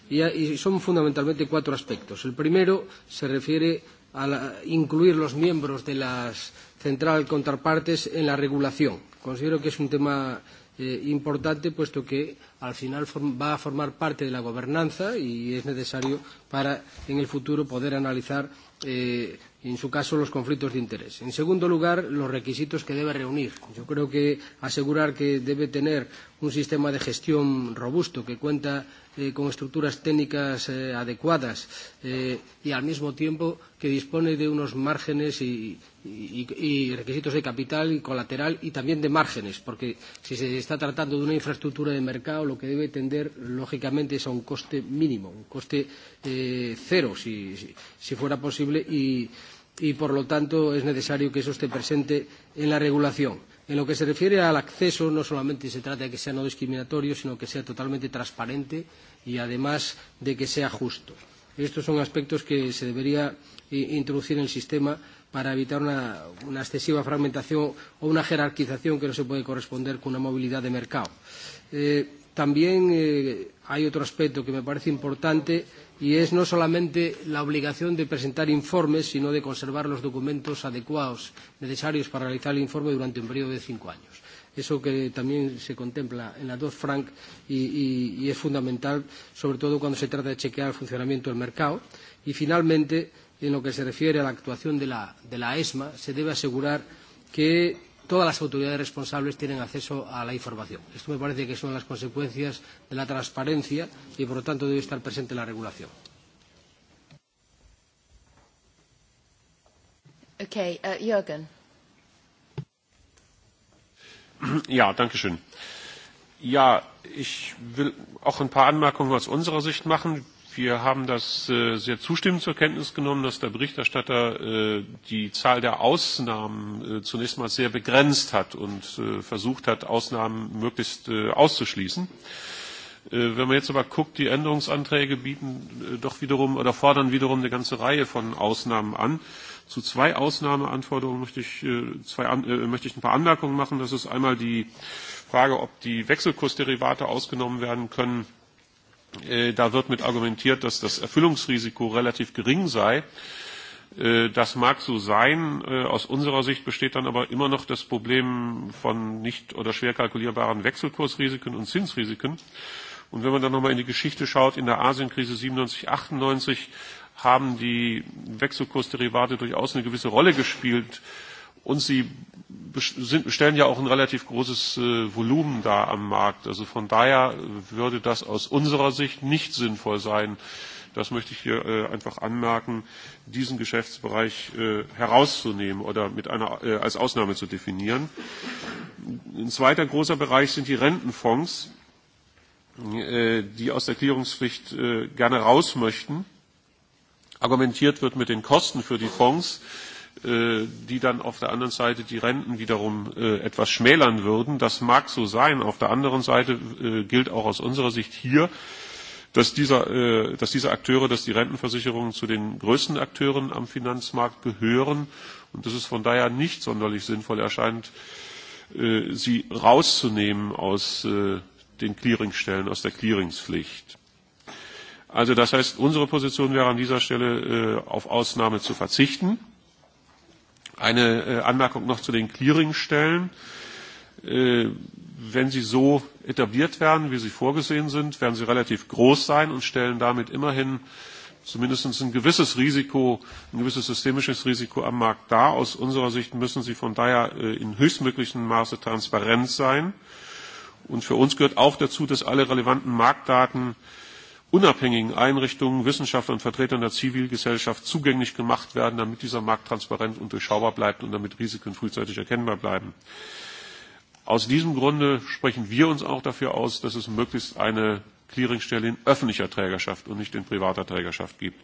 Y, y son fundamentalmente cuatro aspectos. El primero se refiere a la, incluir los miembros de las central contrapartes en la regulación. Considero que es un tema eh, importante, puesto que al final va a formar parte de la gobernanza y es necesario para en el futuro poder analizar eh, y, en su caso, los conflictos de interés. En segundo lugar, los requisitos que debe reunir. Yo creo que asegurar que debe tener un sistema de gestión robusto que cuenta eh, con estructuras técnicas eh, adecuadas eh, y, al mismo tiempo, que dispone de unos márgenes y, y, y requisitos de capital y colateral y también de márgenes, porque si se está tratando de una infraestructura de mercado, lo que debe tender, lógicamente, es a un coste mínimo, un coste eh, cero, si, si, si fuera posible, y, y, por lo tanto, es necesario que eso esté presente en la regulación. En lo que se refiere al acceso, no solamente se trata de que sea no discriminatorio, sino que sea totalmente transparente y, además, de que sea justo. Estos son aspectos que se debería eh, introducir en el sistema para evitar una, una excesiva fragmentación o una jerarquización que no se puede corresponder con una movilidad de mercado. Eh, también eh, hay otro aspecto que me parece importante y es no solamente la obligación de presentar informes, sino de conservar los documentos adecuados necesarios para realizar el informe durante un periodo de cinco años. Eso que también se contempla en la Dodd-Frank y, y, y es fundamental, sobre todo cuando se trata de chequear el funcionamiento del mercado. Y finalmente, en lo que se refiere a la actuación de la, de la ESMA, se debe asegurar que todas las autoridades responsables tienen acceso a la información. Esto me parece que son las consecuencias de la transparencia y, por lo tanto, debe estar presente en la regulación. Okay, uh, Jürgen. Ja, danke schön. Ja, ich will auch ein paar Anmerkungen aus unserer Sicht machen. Wir haben das äh, sehr zustimmend zur Kenntnis genommen, dass der Berichterstatter äh, die Zahl der Ausnahmen äh, zunächst mal sehr begrenzt hat und äh, versucht hat, Ausnahmen möglichst äh, auszuschließen. Äh, wenn man jetzt aber guckt, die Änderungsanträge bieten äh, doch wiederum oder fordern wiederum eine ganze Reihe von Ausnahmen an. Zu zwei Ausnahmeanforderungen möchte ich, äh, zwei, äh, möchte ich ein paar Anmerkungen machen. Das ist einmal die Frage, ob die Wechselkursderivate ausgenommen werden können Äh, da wird mit argumentiert, dass das Erfüllungsrisiko relativ gering sei. Äh, das mag so sein. Äh, aus unserer Sicht besteht dann aber immer noch das Problem von nicht oder schwer kalkulierbaren Wechselkursrisiken und Zinsrisiken. Und wenn man dann nochmal in die Geschichte schaut, in der Asienkrise 97, 98 haben die Wechselkursderivate durchaus eine gewisse Rolle gespielt Und sie sind, stellen ja auch ein relativ großes äh, Volumen da am Markt. Also von daher würde das aus unserer Sicht nicht sinnvoll sein, das möchte ich hier äh, einfach anmerken, diesen Geschäftsbereich äh, herauszunehmen oder mit einer, äh, als Ausnahme zu definieren. Ein zweiter großer Bereich sind die Rentenfonds, äh, die aus der Klärungspflicht äh, gerne raus möchten. Argumentiert wird mit den Kosten für die Fonds. Äh, Äh, die dann auf der anderen Seite die Renten wiederum äh, etwas schmälern würden. Das mag so sein. Auf der anderen Seite äh, gilt auch aus unserer Sicht hier, dass, dieser, dass diese Akteure, dass die Rentenversicherungen zu den größten Akteuren am Finanzmarkt gehören und dass es von daher nicht sonderlich sinnvoll erscheint, sie rauszunehmen aus den Clearingstellen, aus der Clearingspflicht. Also das heißt, unsere Position wäre an dieser Stelle, auf Ausnahme zu verzichten Eine äh, Anmerkung noch zu den Clearingstellen. Äh, wenn sie so etabliert werden, wie sie vorgesehen sind, werden sie relativ groß sein und stellen damit immerhin zumindest ein gewisses Risiko, ein gewisses systemisches Risiko am Markt dar. Aus unserer Sicht müssen sie von daher äh, in höchstmöglichem Maße transparent sein. Und für uns gehört auch dazu, dass alle relevanten Marktdaten äh, unabhängigen Einrichtungen, Wissenschaftlern und Vertretern der Zivilgesellschaft zugänglich gemacht werden, damit dieser Markt transparent und durchschaubar bleibt und damit Risiken frühzeitig erkennbar bleiben. Aus diesem Grunde sprechen wir uns auch dafür aus, dass es möglichst eine Clearingstelle in öffentlicher Trägerschaft und nicht in privater Trägerschaft gibt.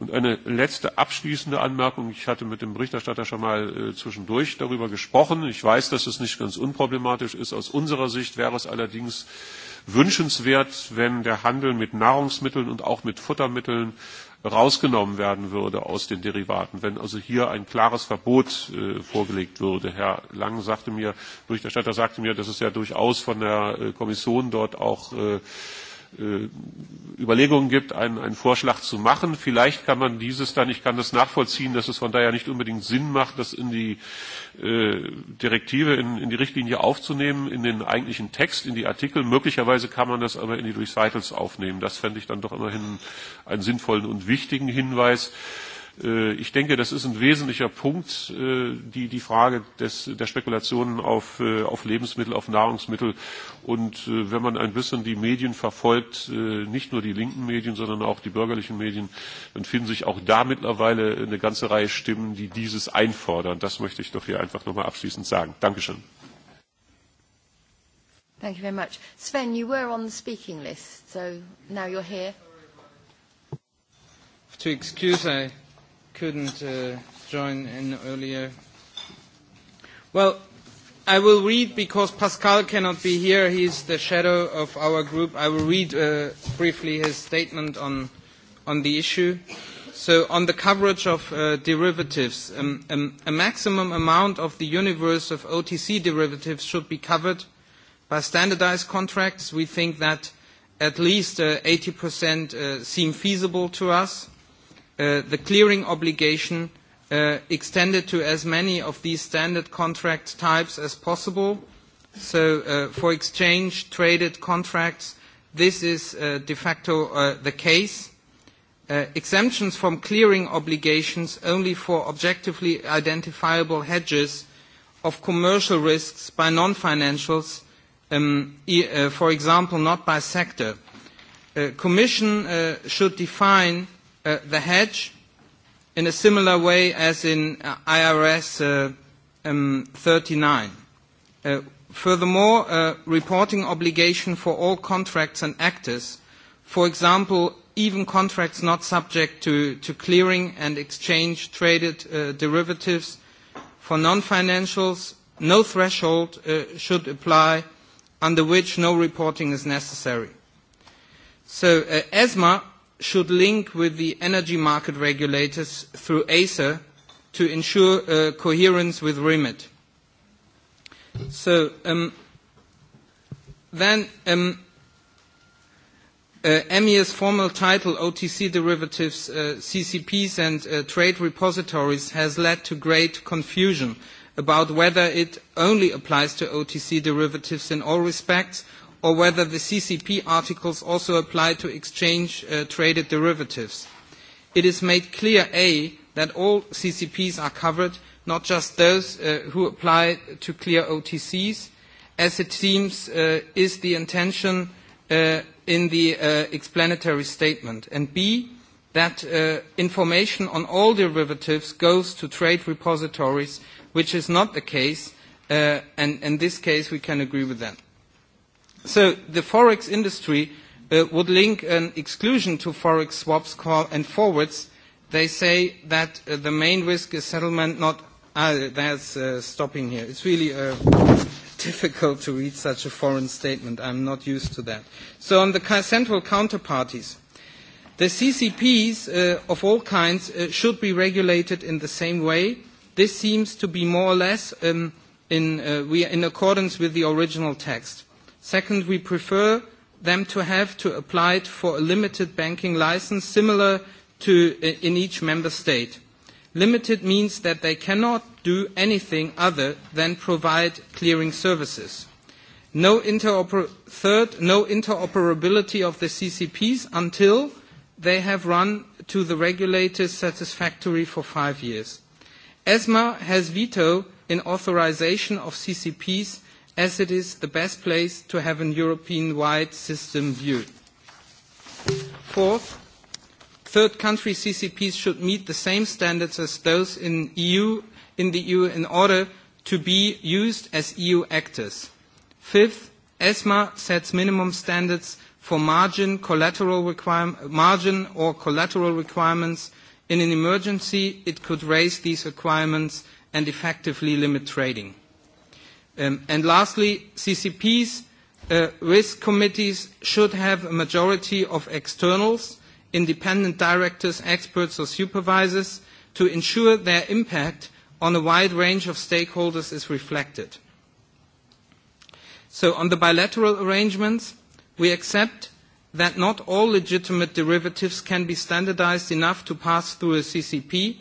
Und eine letzte abschließende Anmerkung. Ich hatte mit dem Berichterstatter schon mal äh, zwischendurch darüber gesprochen. Ich weiß, dass es nicht ganz unproblematisch ist. Aus unserer Sicht wäre es allerdings äh, wünschenswert, wenn der Handel mit Nahrungsmitteln und auch mit Futtermitteln rausgenommen werden würde aus den Derivaten, wenn also hier ein klares Verbot äh, vorgelegt würde. Herr Lang sagte mir, Berichterstatter sagte mir, dass es ja durchaus von der äh, Kommission dort auch äh, äh, Überlegungen gibt, einen, einen Vorschlag zu machen. Vielleicht kann man dieses dann, ich kann das nachvollziehen, dass es von daher nicht unbedingt Sinn macht, das in die äh, Direktive, in, in die Richtlinie aufzunehmen, in den eigentlichen Text, in die Artikel. Möglicherweise kann man das aber in die Recitals aufnehmen. Das fände ich dann doch immerhin einen sinnvollen und wichtigen Hinweis. Äh, Äh, ich denke, das ist ein wesentlicher Punkt, äh, die, die Frage des, der Spekulationen auf, äh, auf Lebensmittel, auf Nahrungsmittel. Und wenn man ein bisschen die Medien verfolgt, nicht nur die linken Medien, sondern auch die bürgerlichen Medien, dann finden sich auch da mittlerweile eine ganze Reihe Stimmen, die dieses einfordern. Das möchte ich doch hier einfach nochmal abschließend sagen. Dankeschön. Thank you very much. Sven, you were on the speaking list, so now you're here. To excuse, I couldn't uh, join in earlier. Well, I will read because Pascal cannot be here. He's the shadow of our group. I will read uh, briefly his statement on, on the issue. So on the coverage of uh, derivatives, um, um, a maximum amount of the universe of OTC derivatives should be covered by standardized contracts. We think that at least uh, 80% uh, seem feasible to us uh, the clearing obligation uh, extended to as many of these standard contract types as possible. So uh, for exchange traded contracts, this is uh, de facto uh, the case. Uh, exemptions from clearing obligations only for objectively identifiable hedges of commercial risks by non-financials, um, e uh, for example, not by sector. Uh, Commission uh, should define uh, uh, the hedge in a similar way as in uh, IRS uh, um, 39. Uh, furthermore, uh, reporting obligation for all contracts and actors, for example, even contracts not subject to, to clearing and exchange traded uh, derivatives for non-financials, no threshold uh, should apply under which no reporting is necessary. So uh, ESMA should link with the energy market regulators through ACER to ensure uh, coherence with REMIT. So um, then um, uh, EMIA's formal title, OTC derivatives, uh, CCPs and uh, trade repositories, has led to great confusion about whether it only applies to OTC derivatives in all respects – or whether the CCP articles also apply to exchange uh, traded derivatives. It is made clear, A, that all CCPs are covered, not just those uh, who apply to clear OTCs, as it seems uh, is the intention uh, in the uh, explanatory statement. And B, that uh, information on all derivatives goes to trade repositories, which is not the case, uh, and in this case we can agree with that. So the forex industry uh, would link an exclusion to forex swaps call and forwards. They say that uh, the main risk is settlement, not uh, that's uh, stopping here. It's really uh, difficult to read such a foreign statement. I'm not used to that. So on the central counterparties, the CCPs uh, of all kinds uh, should be regulated in the same way. This seems to be more or less um, in, uh, we are in accordance with the original text. Second, we prefer them to have to apply for a limited banking license similar to in each member state. Limited means that they cannot do anything other than provide clearing services. No interoper- third, no interoperability of the CCPs until they have run to the regulators satisfactory for five years. ESMA has veto in authorization of CCPs as it is the best place to have a European-wide system view. Fourth, third country CCPs should meet the same standards as those in, EU, in the EU in order to be used as EU actors. Fifth, ESMA sets minimum standards for margin, collateral requirem- margin or collateral requirements. In an emergency, it could raise these requirements and effectively limit trading. Um, and lastly, CCP's uh, risk committees should have a majority of externals, independent directors, experts or supervisors to ensure their impact on a wide range of stakeholders is reflected. So on the bilateral arrangements, we accept that not all legitimate derivatives can be standardized enough to pass through a CCP,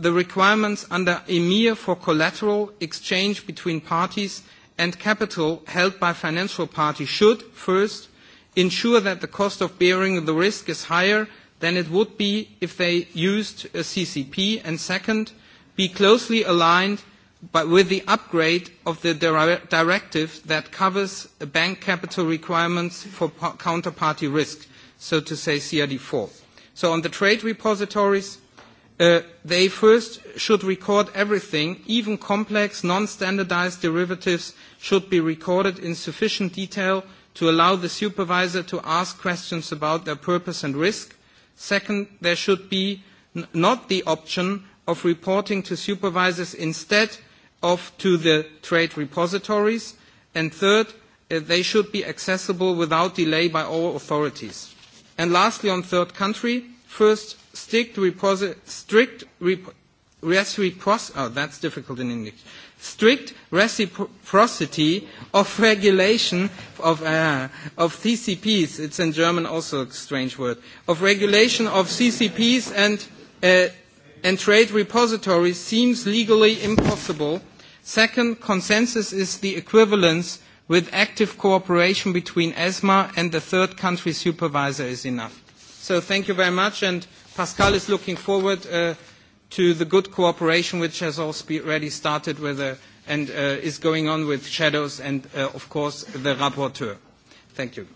the requirements under EMIR for collateral exchange between parties and capital held by financial parties should, first, ensure that the cost of bearing the risk is higher than it would be if they used a CCP, and second, be closely aligned but with the upgrade of the dir directive that covers bank capital requirements for counterparty risk, so to say CRD4. So on the trade repositories, Uh, they first should record everything. Even complex, non-standardized derivatives should be recorded in sufficient detail to allow the supervisor to ask questions about their purpose and risk. Second, there should be n- not the option of reporting to supervisors instead of to the trade repositories. And third, uh, they should be accessible without delay by all authorities. And lastly, on third country, first, strict, repos- strict rep- reciprocity, oh, that's difficult in English, strict reciprocity of regulation of, uh, of CCPs, it's in German also a strange word, of regulation of CCPs and, uh, and trade repositories seems legally impossible. Second, consensus is the equivalence with active cooperation between ESMA and the third country supervisor is enough. So thank you very much and Pascal is looking forward uh, to the good cooperation which has already started with uh, and uh, is going on with shadows and, uh, of course, the rapporteur. Thank you.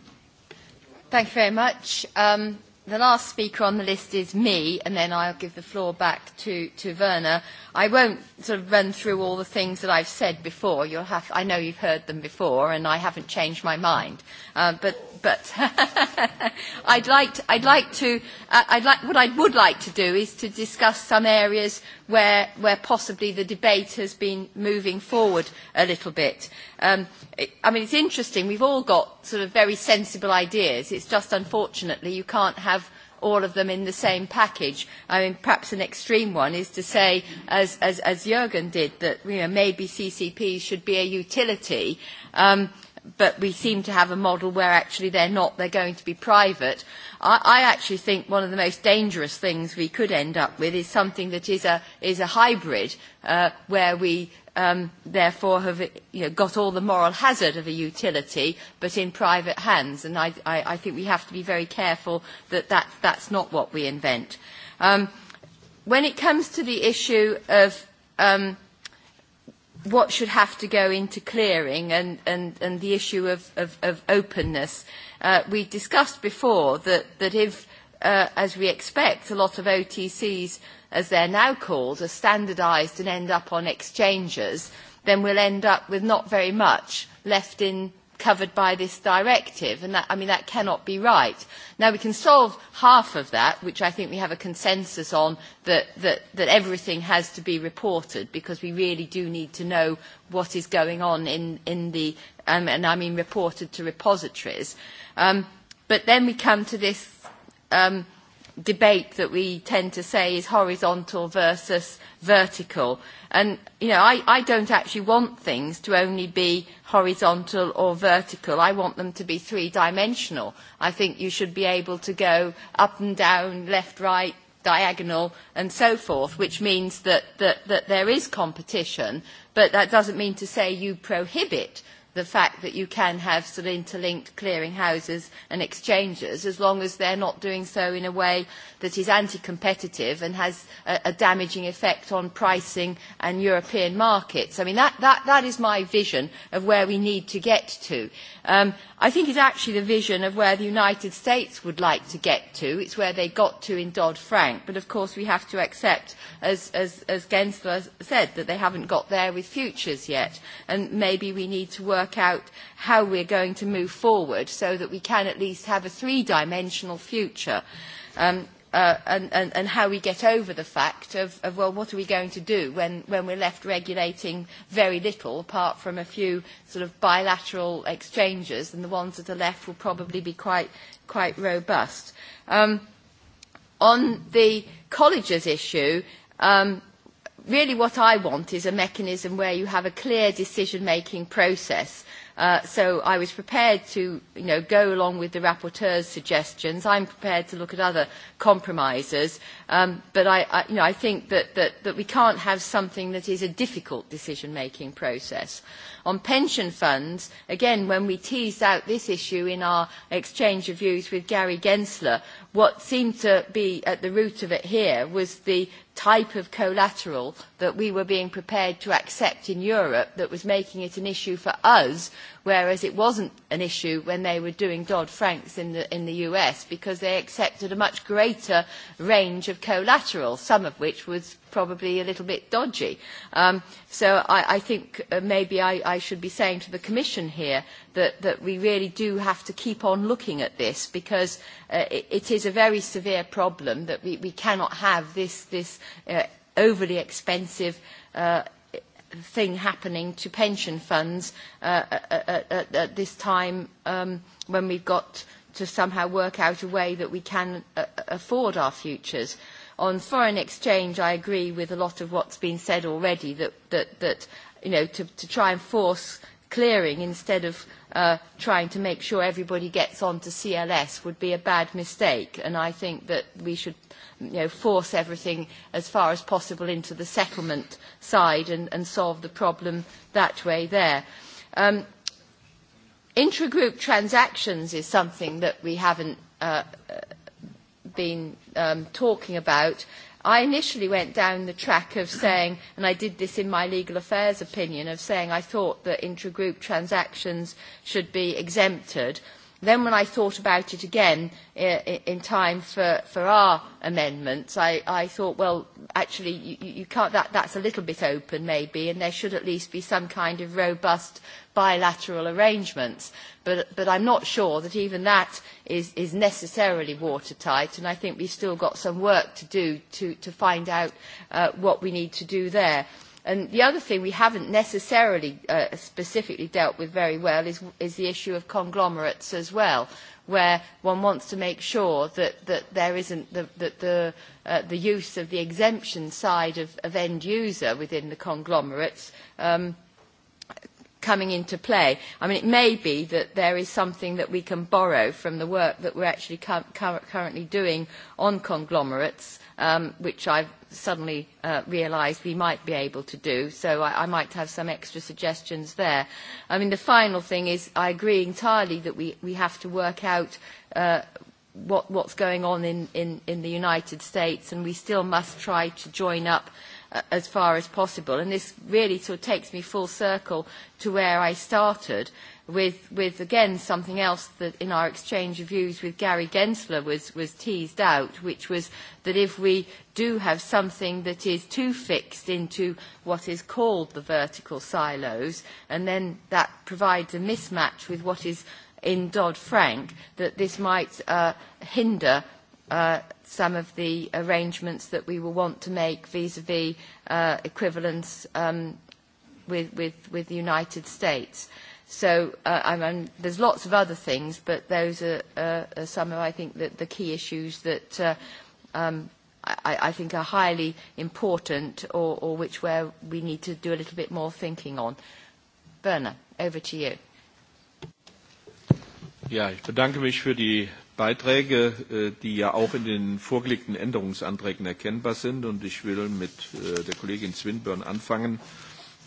Thank you very much. Um, the last speaker on the list is me, and then I'll give the floor back to, to Werner. I won't sort of run through all the things that I've said before. You'll have, I know you've heard them before, and I haven't changed my mind. Uh, but but I'd like to, I'd like to uh, I'd like, what I would like to do is to discuss some areas where, where possibly the debate has been moving forward a little bit. Um, it, I mean, it's interesting. We've all got sort of very sensible ideas. It's just unfortunately you can't have all of them in the same package. I mean, perhaps an extreme one is to say, as, as, as Jürgen did, that you know, maybe CCP should be a utility. Um, but we seem to have a model where actually they're not, they're going to be private. I, I actually think one of the most dangerous things we could end up with is something that is a, is a hybrid, uh, where we um, therefore have you know, got all the moral hazard of a utility, but in private hands. And I, I, I think we have to be very careful that, that that's not what we invent. Um, when it comes to the issue of um, – what should have to go into clearing and, and, and the issue of, of, of openness. Uh, we discussed before that, that if, uh, as we expect, a lot of OTCs, as they're now called, are standardised and end up on exchanges, then we'll end up with not very much left in covered by this directive. And that, I mean, that cannot be right. Now, we can solve half of that, which I think we have a consensus on, that, that, that everything has to be reported, because we really do need to know what is going on in, in the, um, and I mean reported to repositories. Um, but then we come to this um, – debate that we tend to say is horizontal versus vertical. And, you know, I, I don't actually want things to only be horizontal or vertical. I want them to be three-dimensional. I think you should be able to go up and down, left, right, diagonal, and so forth, which means that, that, that there is competition, but that doesn't mean to say you prohibit the fact that you can have sort of interlinked clearing houses and exchanges as long as they're not doing so in a way that is anti-competitive and has a, a damaging effect on pricing and European markets. I mean, that, that, that is my vision of where we need to get to. Um, I think it's actually the vision of where the United States would like to get to. It's where they got to in Dodd-Frank. But of course we have to accept, as, as, as Gensler said, that they haven't got there with futures yet. And maybe we need to work out how we're going to move forward so that we can at least have a three-dimensional future. Um, uh, and, and, and how we get over the fact of, of, well, what are we going to do when, when we're left regulating very little apart from a few sort of bilateral exchanges and the ones that are left will probably be quite, quite robust. Um, on the colleges issue, um, really what I want is a mechanism where you have a clear decision-making process uh, Uh, so I was prepared to you know, go along with the rapporteur's suggestions. I'm prepared to look at other compromises. Um, but I, I, you know, I think that, that, that we can't have something that is a difficult decision-making process. On pension funds, again, when we teased out this issue in our exchange of views with Gary Gensler, what seemed to be at the root of it here was the type of collateral that we were being prepared to accept in Europe that was making it an issue for us whereas it wasn't an issue when they were doing Dodd-Franks in the, in the US because they accepted a much greater range of collateral, some of which was probably a little bit dodgy. Um, so I, I think uh, maybe I, I should be saying to the Commission here that, that we really do have to keep on looking at this because uh, it, it is a very severe problem that we, we cannot have this, this uh, overly expensive uh, thing happening to pension funds uh, at, uh, at, uh, uh, at this time um, when we've got to somehow work out a way that we can uh, afford our futures. On foreign exchange, I agree with a lot of what's been said already that, that, that you know, to, to try and force uh, clearing instead of uh, trying to make sure everybody gets on to CLS would be a bad mistake. And I think that we should you know, force everything as far as possible into the settlement side and, and solve the problem that way there. Um, intragroup transactions is something that we haven't uh, uh been um, talking about. Uh, I initially went down the track of saying, and I did this in my legal affairs opinion, of saying I thought that intragroup transactions should be exempted. Then when I thought about it again in time for, for our amendments, I, I thought, well, actually, you, you can't, that, that's a little bit open maybe, and there should at least be some kind of robust bilateral arrangements. But, but I'm not sure that even that is, is necessarily watertight, and I think we've still got some work to do to, to find out uh, what we need to do there. And the other thing we haven't necessarily uh, specifically dealt with very well is, is the issue of conglomerates as well, where one wants to make sure that, that there isn't the, that the, uh, the use of the exemption side of, of end user within the conglomerates um, coming into play. I mean, it may be that there is something that we can borrow from the work that we're actually cu- cu- currently doing on conglomerates, um, which I've suddenly uh, realised we might be able to do. So I, I might have some extra suggestions there. I mean, the final thing is I agree entirely that we, we have to work out uh, what, what's going on in, in, in the United States, and we still must try to join up uh, as far as possible. And this really sort of takes me full circle to where I started with, with again, something else that in our exchange of views with Gary Gensler was, was teased out, which was that if we do have something that is too fixed into what is called the vertical silos, and then that provides a mismatch with what is in Dodd-Frank, that this might uh, hinder uh, some of the arrangements that we will want to make vis-à-vis -vis, uh, equivalence um, with, with, with the United States. So uh, I mean, there's lots of other things, but those are, uh, are some of, I think, the, the key issues that uh, um, I, I think are highly important or, or which where we need to do a little bit more thinking on. Werner, over to you. Ja, ich bedanke mich für die Beiträge, äh, die ja auch in den vorgelegten Änderungsanträgen erkennbar sind. Und ich will mit äh, der Kollegin Swinburne anfangen.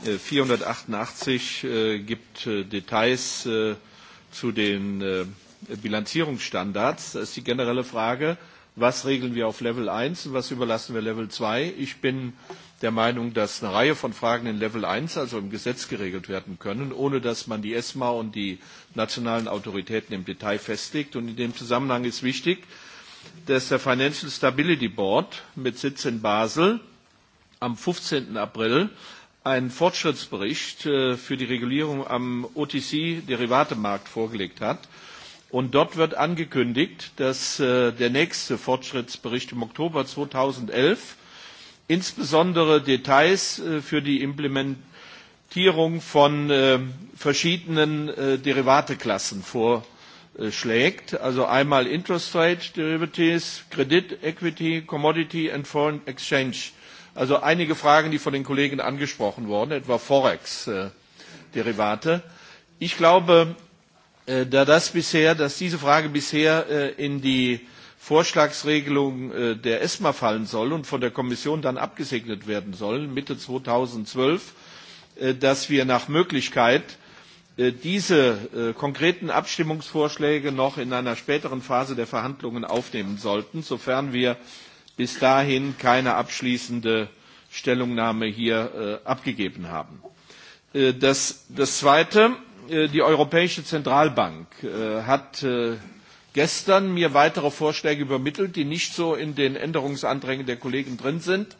488 äh, gibt Details zu den Bilanzierungsstandards. Das ist die generelle Frage, was regeln wir auf Level 1 und was überlassen wir Level 2? Ich bin äh, der Meinung, dass eine Reihe von Fragen in Level 1, also im Gesetz, geregelt werden können, ohne dass man die ESMA und die nationalen Autoritäten im Detail festlegt. Und in dem Zusammenhang ist wichtig, dass der Financial Stability Board mit Sitz in Basel am 15. April einen Fortschrittsbericht äh, für die Regulierung am OTC-Derivatemarkt vorgelegt hat. Und dort wird angekündigt, dass äh, der nächste Fortschrittsbericht im Oktober 2011 insbesondere Details äh, für die Implementierung von äh, verschiedenen äh, Derivateklassen vorschlägt. Also einmal Interest Rate Derivatives, Kredit, Equity, Commodity and Foreign Exchange. Also einige Fragen, die von den Kollegen angesprochen wurden, etwa Forex-Derivate. Ich glaube, da das bisher, dass diese Frage bisher in die Vorschlagsregelung äh, der ESMA fallen soll und von der Kommission dann abgesegnet werden soll, Mitte 2012, äh, dass wir nach Möglichkeit äh, diese äh, konkreten Abstimmungsvorschläge noch in einer späteren Phase der Verhandlungen aufnehmen sollten, sofern wir bis dahin keine abschließende Stellungnahme hier äh, abgegeben haben. Äh, das, das Zweite, äh, die Europäische Zentralbank äh, hat äh, gestern mir weitere Vorschläge übermittelt, die nicht so in den Änderungsanträgen der Kollegen drin sind.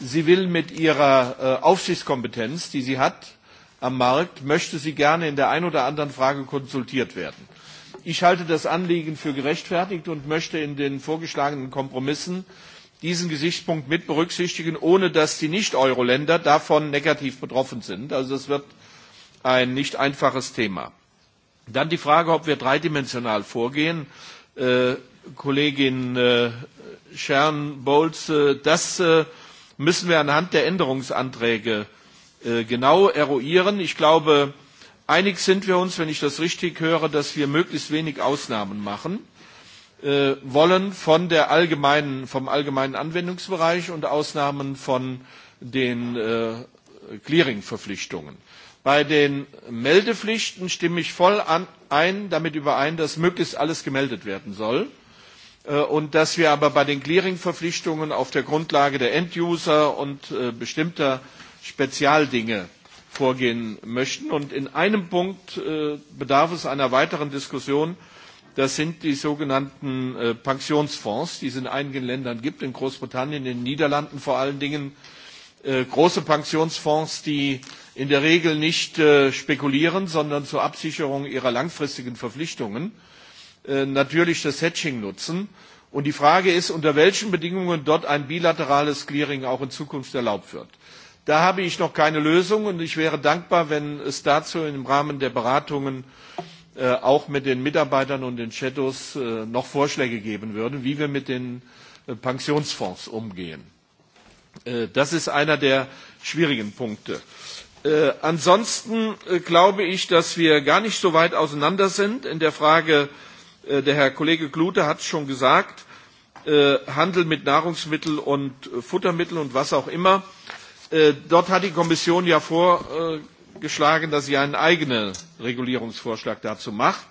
Sie will mit ihrer äh, Aufsichtskompetenz, die sie hat am Markt, möchte sie gerne in der einen oder anderen Frage konsultiert werden. Ich halte das Anliegen für gerechtfertigt und möchte in den vorgeschlagenen Kompromissen diesen Gesichtspunkt mit berücksichtigen, ohne dass die Nicht-Euro-Länder davon negativ betroffen sind. Also es wird ein nicht einfaches Thema. Dann die Frage, ob wir dreidimensional vorgehen. Äh, Kollegin äh, Sharon Bowles, äh, das äh, müssen wir anhand der Änderungsanträge äh, genau eruieren. Ich glaube, einig sind wir uns, wenn ich das richtig höre, dass wir möglichst wenig Ausnahmen machen äh, wollen von der allgemeinen, vom allgemeinen Anwendungsbereich und Ausnahmen von den äh, Clearing-Verpflichtungen. Äh, Bei den Meldepflichten stimme ich voll an, ein, damit überein, dass möglichst alles gemeldet werden soll äh, und dass wir aber bei den Clearing-Verpflichtungen auf der Grundlage der End-User und äh, bestimmter Spezialdinge vorgehen möchten. Und in einem Punkt äh, bedarf es einer weiteren Diskussion. Das sind die sogenannten äh, Pensionsfonds, die es in einigen Ländern gibt, in Großbritannien, in den Niederlanden vor allen Dingen. Äh, große Pensionsfonds, die äh, in der Regel nicht äh, spekulieren, sondern zur Absicherung ihrer langfristigen Verpflichtungen äh, natürlich das Hedging nutzen. Und die Frage ist, unter welchen Bedingungen dort ein bilaterales Clearing auch in Zukunft erlaubt wird. Da habe ich noch keine Lösung und ich wäre dankbar, wenn es dazu im Rahmen der Beratungen äh, auch mit den Mitarbeitern und den Shadows äh, noch Vorschläge geben würde, wie wir mit den äh, Pensionsfonds umgehen. Äh, das ist einer der schwierigen Punkte. Äh, Äh, ansonsten äh, glaube ich, dass wir gar nicht so weit auseinander sind in der Frage, äh, der Herr Kollege Glute hat es schon gesagt, äh, Handel mit Nahrungsmitteln und äh, Futtermitteln und was auch immer. Äh, dort hat die Kommission ja vorgeschlagen, äh, dass sie einen eigenen Regulierungsvorschlag dazu macht.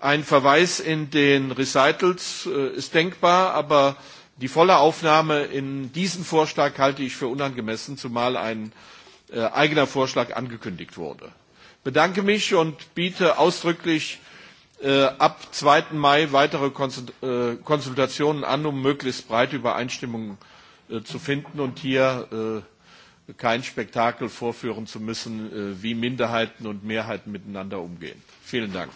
Ein Verweis in den Recitals äh, ist denkbar, aber die volle Aufnahme in diesen Vorschlag halte ich für unangemessen, zumal ein äh, äh, eigener Vorschlag angekündigt wurde. Bedanke mich und biete ausdrücklich äh, ab 2. Mai weitere Konsult äh, Konsultationen an, um möglichst breite Übereinstimmung äh, zu finden und hier äh, kein Spektakel vorführen zu müssen, äh, wie Minderheiten und Mehrheiten miteinander umgehen. Vielen Dank.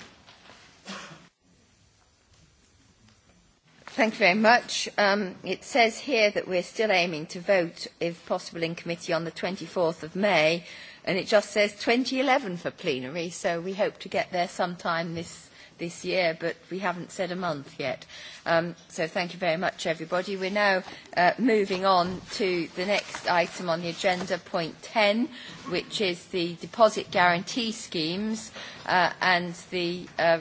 Thank you very much. Um, it says here that we're still aiming to vote, if possible, in committee on the 24th of May, and it just says 2011 for plenary, so we hope to get there sometime this, this year, but we haven't said a month yet. Um, so thank you very much, everybody. We're now uh, moving on to the next item on the agenda, point 10, which is the deposit guarantee schemes uh, and the uh,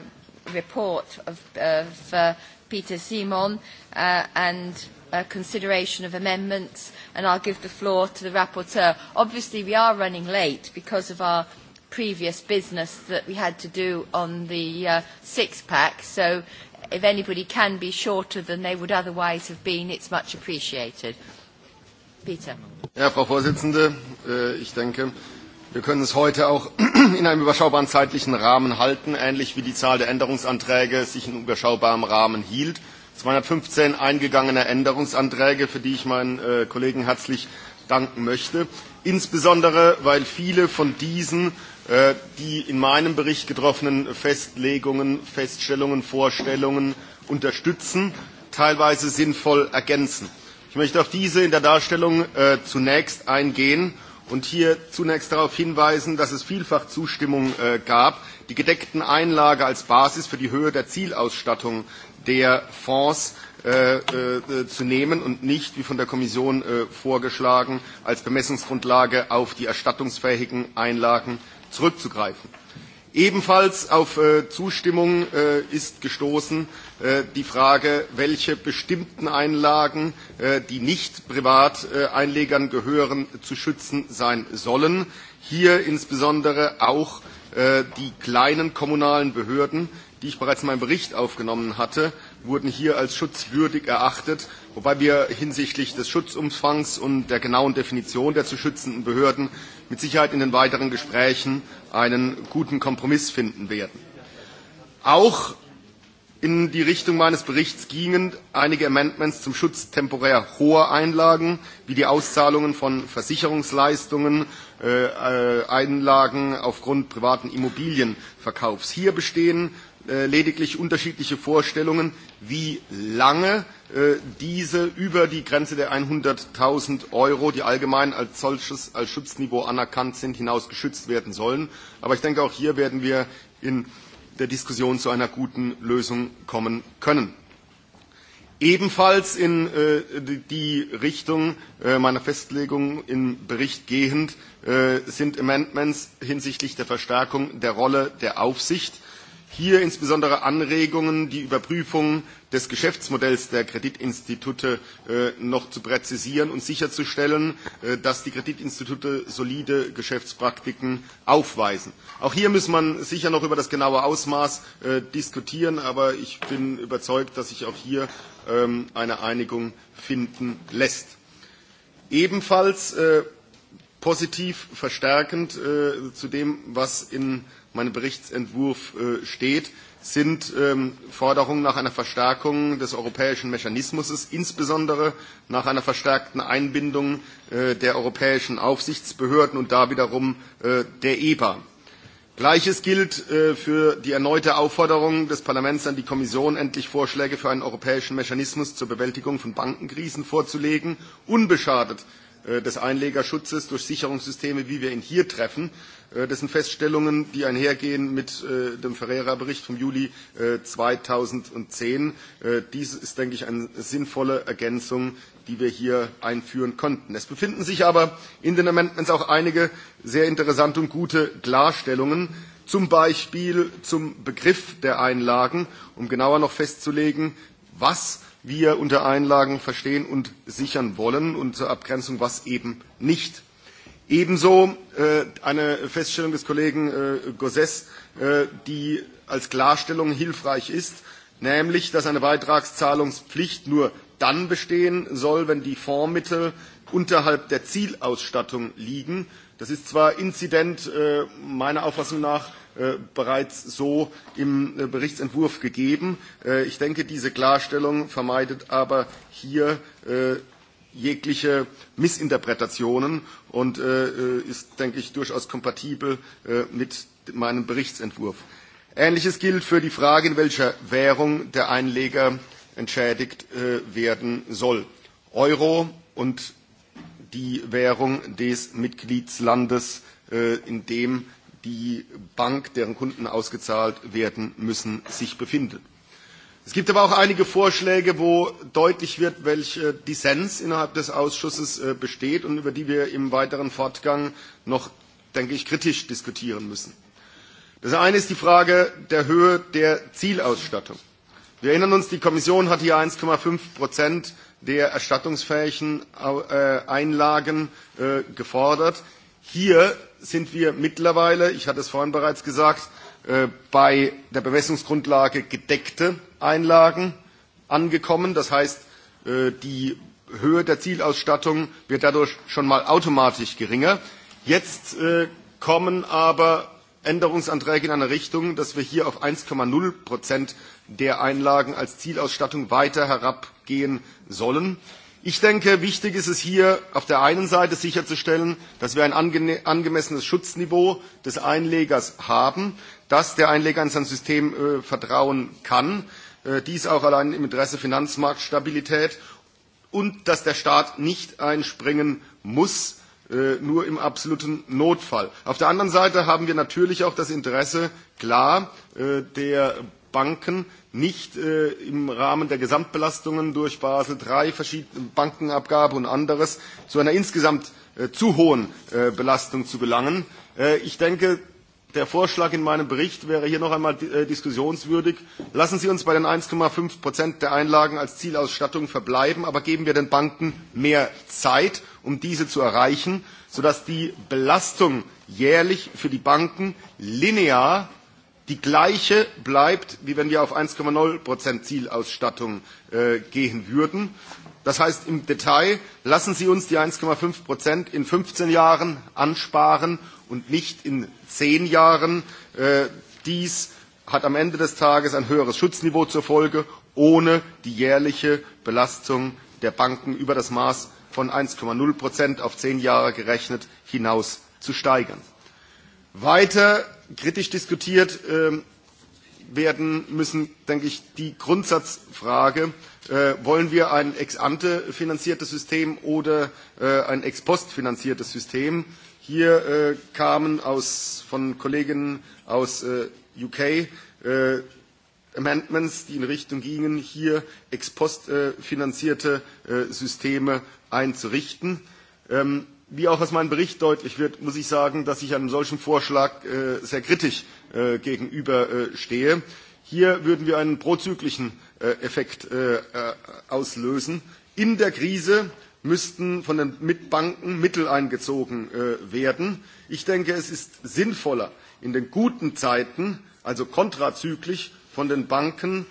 report of, of uh, Peter Simon, uh, and uh, consideration of amendments, and I'll give the floor to the rapporteur. Obviously, we are running late because of our previous business that we had to do on the uh, six-pack, so if anybody can be shorter than they would otherwise have been, it's much appreciated. Peter. Ja, Frau Vorsitzende, äh, ich denke, Wir können es heute auch in einem überschaubaren zeitlichen Rahmen halten, ähnlich wie die Zahl der Änderungsanträge sich in überschaubarem Rahmen hielt. 215 eingegangene Änderungsanträge, für die ich meinen äh, Kollegen herzlich danken möchte. Insbesondere, weil viele von diesen äh, die in meinem Bericht getroffenen Festlegungen, Feststellungen, Vorstellungen unterstützen, teilweise sinnvoll ergänzen. Ich möchte auf diese in der Darstellung äh, zunächst eingehen und hier zunächst darauf hinweisen, dass es vielfach Zustimmung äh, gab, die gedeckten Einlage als Basis für die Höhe der Zielausstattung der Fonds äh, äh, zu nehmen und nicht, wie von der Kommission äh, vorgeschlagen, als Bemessungsgrundlage auf die erstattungsfähigen Einlagen zurückzugreifen. Ebenfalls auf äh, Zustimmung äh, ist gestoßen äh, die Frage, welche bestimmten Einlagen, äh, die nicht Privateinlegern äh, gehören, zu schützen sein sollen. Hier insbesondere auch äh, die kleinen kommunalen Behörden, die ich bereits in meinem Bericht aufgenommen hatte, wurden hier als schutzwürdig erachtet, wobei wir hinsichtlich des Schutzumfangs und der genauen Definition der zu schützenden Behörden mit Sicherheit in den weiteren Gesprächen einen guten Kompromiss finden werden. Auch in die Richtung meines Berichts gingen einige Amendments zum Schutz temporär hoher Einlagen, wie die Auszahlungen von Versicherungsleistungen, äh, äh Einlagen aufgrund privaten Immobilienverkaufs. Hier bestehen äh, lediglich unterschiedliche Vorstellungen, wie lange Äh, diese über die Grenze der 100.000 Euro, die allgemein als solches, als Schutzniveau anerkannt sind, hinaus geschützt werden sollen. Aber ich denke, auch hier werden wir in der Diskussion zu einer guten Lösung kommen können. Ebenfalls in äh, die Richtung äh, meiner Festlegung im Bericht gehend äh, sind Amendments hinsichtlich der Verstärkung der Rolle der Aufsicht Hier insbesondere Anregungen, die Überprüfung des Geschäftsmodells der Kreditinstitute äh, noch zu präzisieren und sicherzustellen, äh, dass die Kreditinstitute solide Geschäftspraktiken aufweisen. Auch hier muss man sicher noch über das genaue Ausmaß äh, diskutieren, aber ich bin überzeugt, dass sich auch hier ähm, eine Einigung finden lässt. Ebenfalls äh, positiv verstärkend äh, zu dem, was in äh, meinem Berichtsentwurf äh, steht, sind ähm, Forderungen nach einer Verstärkung des europäischen Mechanismus, insbesondere nach einer verstärkten Einbindung äh, der europäischen Aufsichtsbehörden und da wiederum äh, der EBA. Gleiches gilt äh, für die erneute Aufforderung des Parlaments an die Kommission, endlich Vorschläge für einen europäischen Mechanismus zur Bewältigung von Bankenkrisen vorzulegen, unbeschadet Äh, des Einlegerschutzes durch Sicherungssysteme, wie wir ihn hier treffen. Äh, das sind Feststellungen, die einhergehen mit äh, dem Ferreira-Bericht vom Juli 2010. Dies ist, denke ich, eine sinnvolle Ergänzung, die wir hier einführen konnten. Es befinden sich aber in den Amendments auch einige sehr interessante und gute Klarstellungen, zum Beispiel zum Begriff der Einlagen, um genauer noch festzulegen, was wir unter Einlagen verstehen und sichern wollen und zur Abgrenzung, was eben nicht. Ebenso äh, eine Feststellung des Kollegen äh, Gosses, äh, die als Klarstellung hilfreich ist, nämlich, dass eine Beitragszahlungspflicht nur dann bestehen soll, wenn die Fondsmittel unterhalb der Zielausstattung liegen. Das ist zwar inzident äh, meiner Auffassung nach äh, bereits so im äh, Berichtsentwurf gegeben. Äh, ich denke, diese Klarstellung vermeidet aber hier äh, jegliche Missinterpretationen und äh, äh, ist, denke ich, durchaus kompatibel äh, mit meinem Berichtsentwurf. Ähnliches gilt für die Frage, in welcher Währung der Einleger entschädigt äh, werden soll. Euro und die Währung des Mitgliedslandes, äh, in dem die Bank, deren Kunden ausgezahlt werden müssen, sich befindet. Es gibt aber auch einige Vorschläge, wo deutlich wird, welche Dissens innerhalb des Ausschusses äh, besteht und über die wir im weiteren Fortgang noch, denke ich, kritisch diskutieren müssen. Das eine ist die Frage der Höhe der Zielausstattung. Wir erinnern uns, die Kommission hat hier 1,5 Prozent der erstattungsfähigen äh, Einlagen äh, gefordert. Hier sind wir mittlerweile, ich hatte es vorhin bereits gesagt, äh, bei der Bemessungsgrundlage gedeckte Einlagen angekommen. Das heißt, äh, die Höhe der Zielausstattung wird dadurch schon mal automatisch geringer. Jetzt äh, kommen aber Änderungsanträge in einer Richtung, dass wir hier auf 1,0 Prozent der Einlagen als Zielausstattung weiter herabgehen sollen. Ich denke, wichtig ist es hier auf der einen Seite sicherzustellen, dass wir ein ange angemessenes Schutzniveau des Einlegers haben, dass der Einleger in sein System äh, vertrauen kann, äh, dies auch allein im Interesse Finanzmarktstabilität und dass der Staat nicht einspringen muss, äh, nur im absoluten Notfall. Auf der anderen Seite haben wir natürlich auch das Interesse, klar, äh, der Banken nicht äh, im Rahmen der Gesamtbelastungen durch Basel III, verschiedene Bankenabgabe und anderes zu einer insgesamt äh, zu hohen äh, Belastung zu gelangen. Äh, ich denke, der Vorschlag in meinem Bericht wäre hier noch einmal äh, diskussionswürdig. Lassen Sie uns bei den 1,5 Prozent der Einlagen als Zielausstattung verbleiben, aber geben wir den Banken mehr Zeit, um diese zu erreichen, sodass die Belastung jährlich für die Banken linear die gleiche bleibt, wie wenn wir auf 1,0% Zielausstattung äh, gehen würden. Das heißt im Detail, lassen Sie uns die 1,5% in 15 Jahren ansparen und nicht in 10 Jahren. Äh, dies hat am Ende des Tages ein höheres Schutzniveau zur Folge, ohne die jährliche Belastung der Banken über das Maß von 1,0% auf 10 Jahre gerechnet hinaus zu steigern. Weiter kritisch diskutiert ähm, werden müssen, denke ich, die Grundsatzfrage, äh, wollen wir ein ex ante finanziertes System oder äh, ein ex post finanziertes System? Hier äh, kamen aus, von Kollegen aus äh, UK äh, Amendments, die in Richtung gingen, hier ex post äh, finanzierte äh, Systeme einzurichten. Ähm, Wie auch aus meinem Bericht deutlich wird, muss ich sagen, dass ich einem solchen Vorschlag äh, sehr kritisch äh, gegenüberstehe. Äh, Hier würden wir einen prozyklichen äh, Effekt äh, äh, auslösen. In der Krise müssten von den Mitbanken Mittel eingezogen äh, werden. Ich denke, es ist sinnvoller, in den guten Zeiten, also kontrazyklisch, von den Banken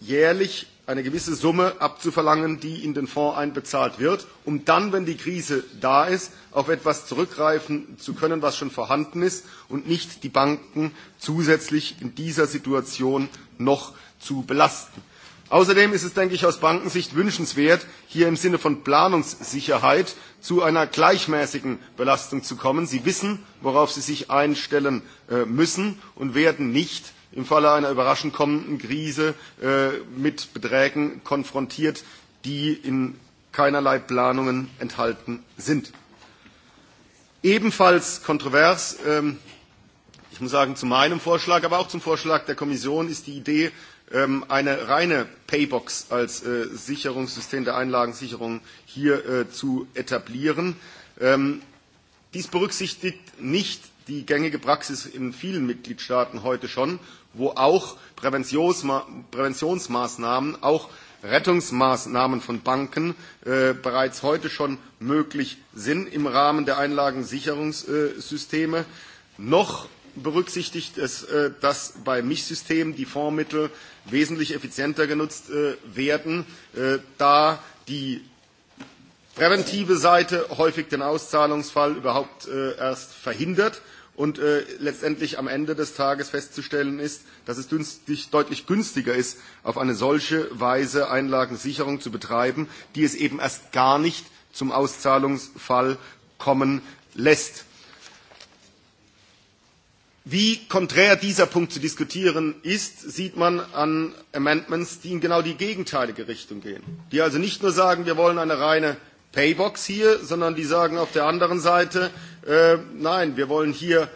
jährlich eine gewisse Summe abzuverlangen, die in den Fonds einbezahlt wird, um dann, wenn die Krise da ist, auf etwas zurückgreifen zu können, was schon vorhanden ist und nicht die Banken zusätzlich in dieser Situation noch zu belasten. Außerdem ist es, denke ich, aus Bankensicht wünschenswert, hier im Sinne von Planungssicherheit zu einer gleichmäßigen Belastung zu kommen. Sie wissen, worauf Sie sich einstellen äh, müssen und werden nicht im Falle einer überraschend kommenden Krise äh, mit Beträgen konfrontiert, die in keinerlei Planungen enthalten sind. Ebenfalls kontrovers, ähm, ich muss sagen zu meinem Vorschlag, aber auch zum Vorschlag der Kommission ist die Idee, ähm, eine reine Paybox als äh, Sicherungssystem der Einlagensicherung hier äh, zu etablieren. Ähm, dies berücksichtigt nicht die gängige Praxis in vielen Mitgliedstaaten heute schon wo auch Präventionsma Präventionsmaßnahmen, auch Rettungsmaßnahmen von Banken äh, bereits heute schon möglich sind im Rahmen der Einlagensicherungssysteme. Noch berücksichtigt es, äh, dass bei Mischsystemen die Fondsmittel wesentlich effizienter genutzt äh, werden, äh, da die präventive Seite häufig den Auszahlungsfall überhaupt äh, erst verhindert und äh, letztendlich am Ende des Tages festzustellen ist, dass es günstig, deutlich günstiger ist, auf eine solche Weise Einlagensicherung zu betreiben, die es eben erst gar nicht zum Auszahlungsfall kommen lässt. Wie konträr dieser Punkt zu diskutieren ist, sieht man an Amendments, die in genau die gegenteilige Richtung gehen. Die also nicht nur sagen, wir wollen eine reine Paybox hier, sondern die sagen auf der anderen Seite, äh, nein, wir wollen hier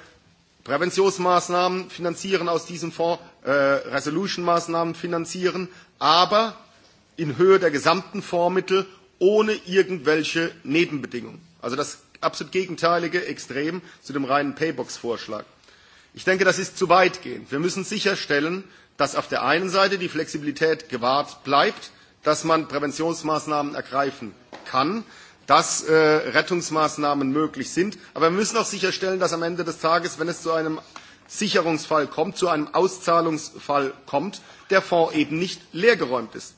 Präventionsmaßnahmen finanzieren aus diesem Fonds, äh, Resolution-Maßnahmen finanzieren, aber in Höhe der gesamten Fondsmittel ohne irgendwelche Nebenbedingungen. Also das absolut gegenteilige Extrem zu dem reinen Paybox-Vorschlag. Ich denke, das ist zu weitgehend. Wir müssen sicherstellen, dass auf der einen Seite die Flexibilität gewahrt bleibt, dass man Präventionsmaßnahmen ergreifen kann, dass äh, Rettungsmaßnahmen möglich sind. Aber wir müssen auch sicherstellen, dass am Ende des Tages, wenn es zu einem Sicherungsfall kommt, zu einem Auszahlungsfall kommt, der Fonds eben nicht leergeräumt ist.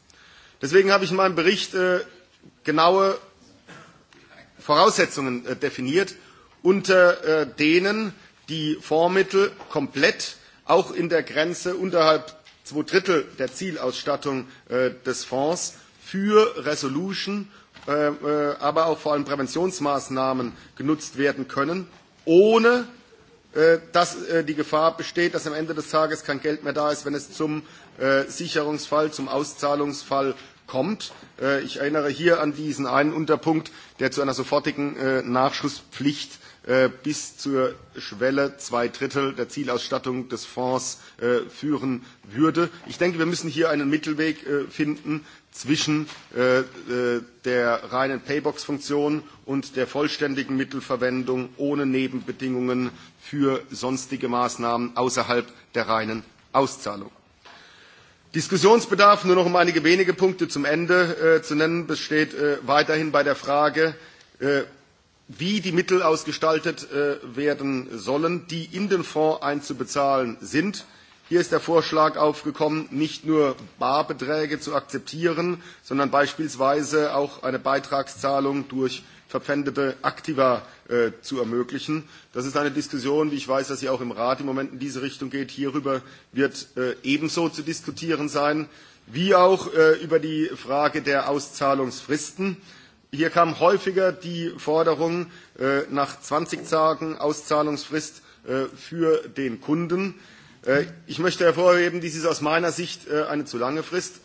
Deswegen habe ich in meinem Bericht äh, genaue Voraussetzungen äh, definiert, unter äh, denen die Fondsmittel komplett auch in der Grenze unterhalb zwei Drittel der Zielausstattung äh, des Fonds für Resolution, äh, äh, aber auch vor allem Präventionsmaßnahmen genutzt werden können, ohne äh, dass äh, die Gefahr besteht, dass am Ende des Tages kein Geld mehr da ist, wenn es zum äh, Sicherungsfall, zum Auszahlungsfall kommt. Äh, ich erinnere hier an diesen einen Unterpunkt, der zu einer sofortigen äh, Nachschusspflicht äh, äh, bis zur Schwelle zwei Drittel der Zielausstattung des Fonds äh, führen würde. Ich denke, wir müssen hier einen Mittelweg äh, finden zwischen äh, äh der reinen Paybox-Funktion und der vollständigen Mittelverwendung ohne Nebenbedingungen für sonstige Maßnahmen außerhalb der reinen Auszahlung. Diskussionsbedarf, nur noch um einige wenige Punkte zum Ende äh, zu nennen, besteht äh, weiterhin bei der Frage, äh, wie die Mittel ausgestaltet äh, werden sollen, die in den Fonds einzubezahlen sind. Hier ist der Vorschlag aufgekommen, nicht nur Barbeträge zu akzeptieren, sondern beispielsweise auch eine Beitragszahlung durch verpfändete Aktiva äh, zu ermöglichen. Das ist eine Diskussion, wie ich weiß, dass sie auch im Rat im Moment in diese Richtung geht. Hierüber wird äh, ebenso zu diskutieren sein, wie auch äh, über die Frage der Auszahlungsfristen. Äh, Hier kam häufiger die Forderung äh, nach 20 Tagen Auszahlungsfrist äh, für den Kunden. Äh, ich möchte hervorheben, dies ist aus meiner Sicht äh, eine zu lange Frist.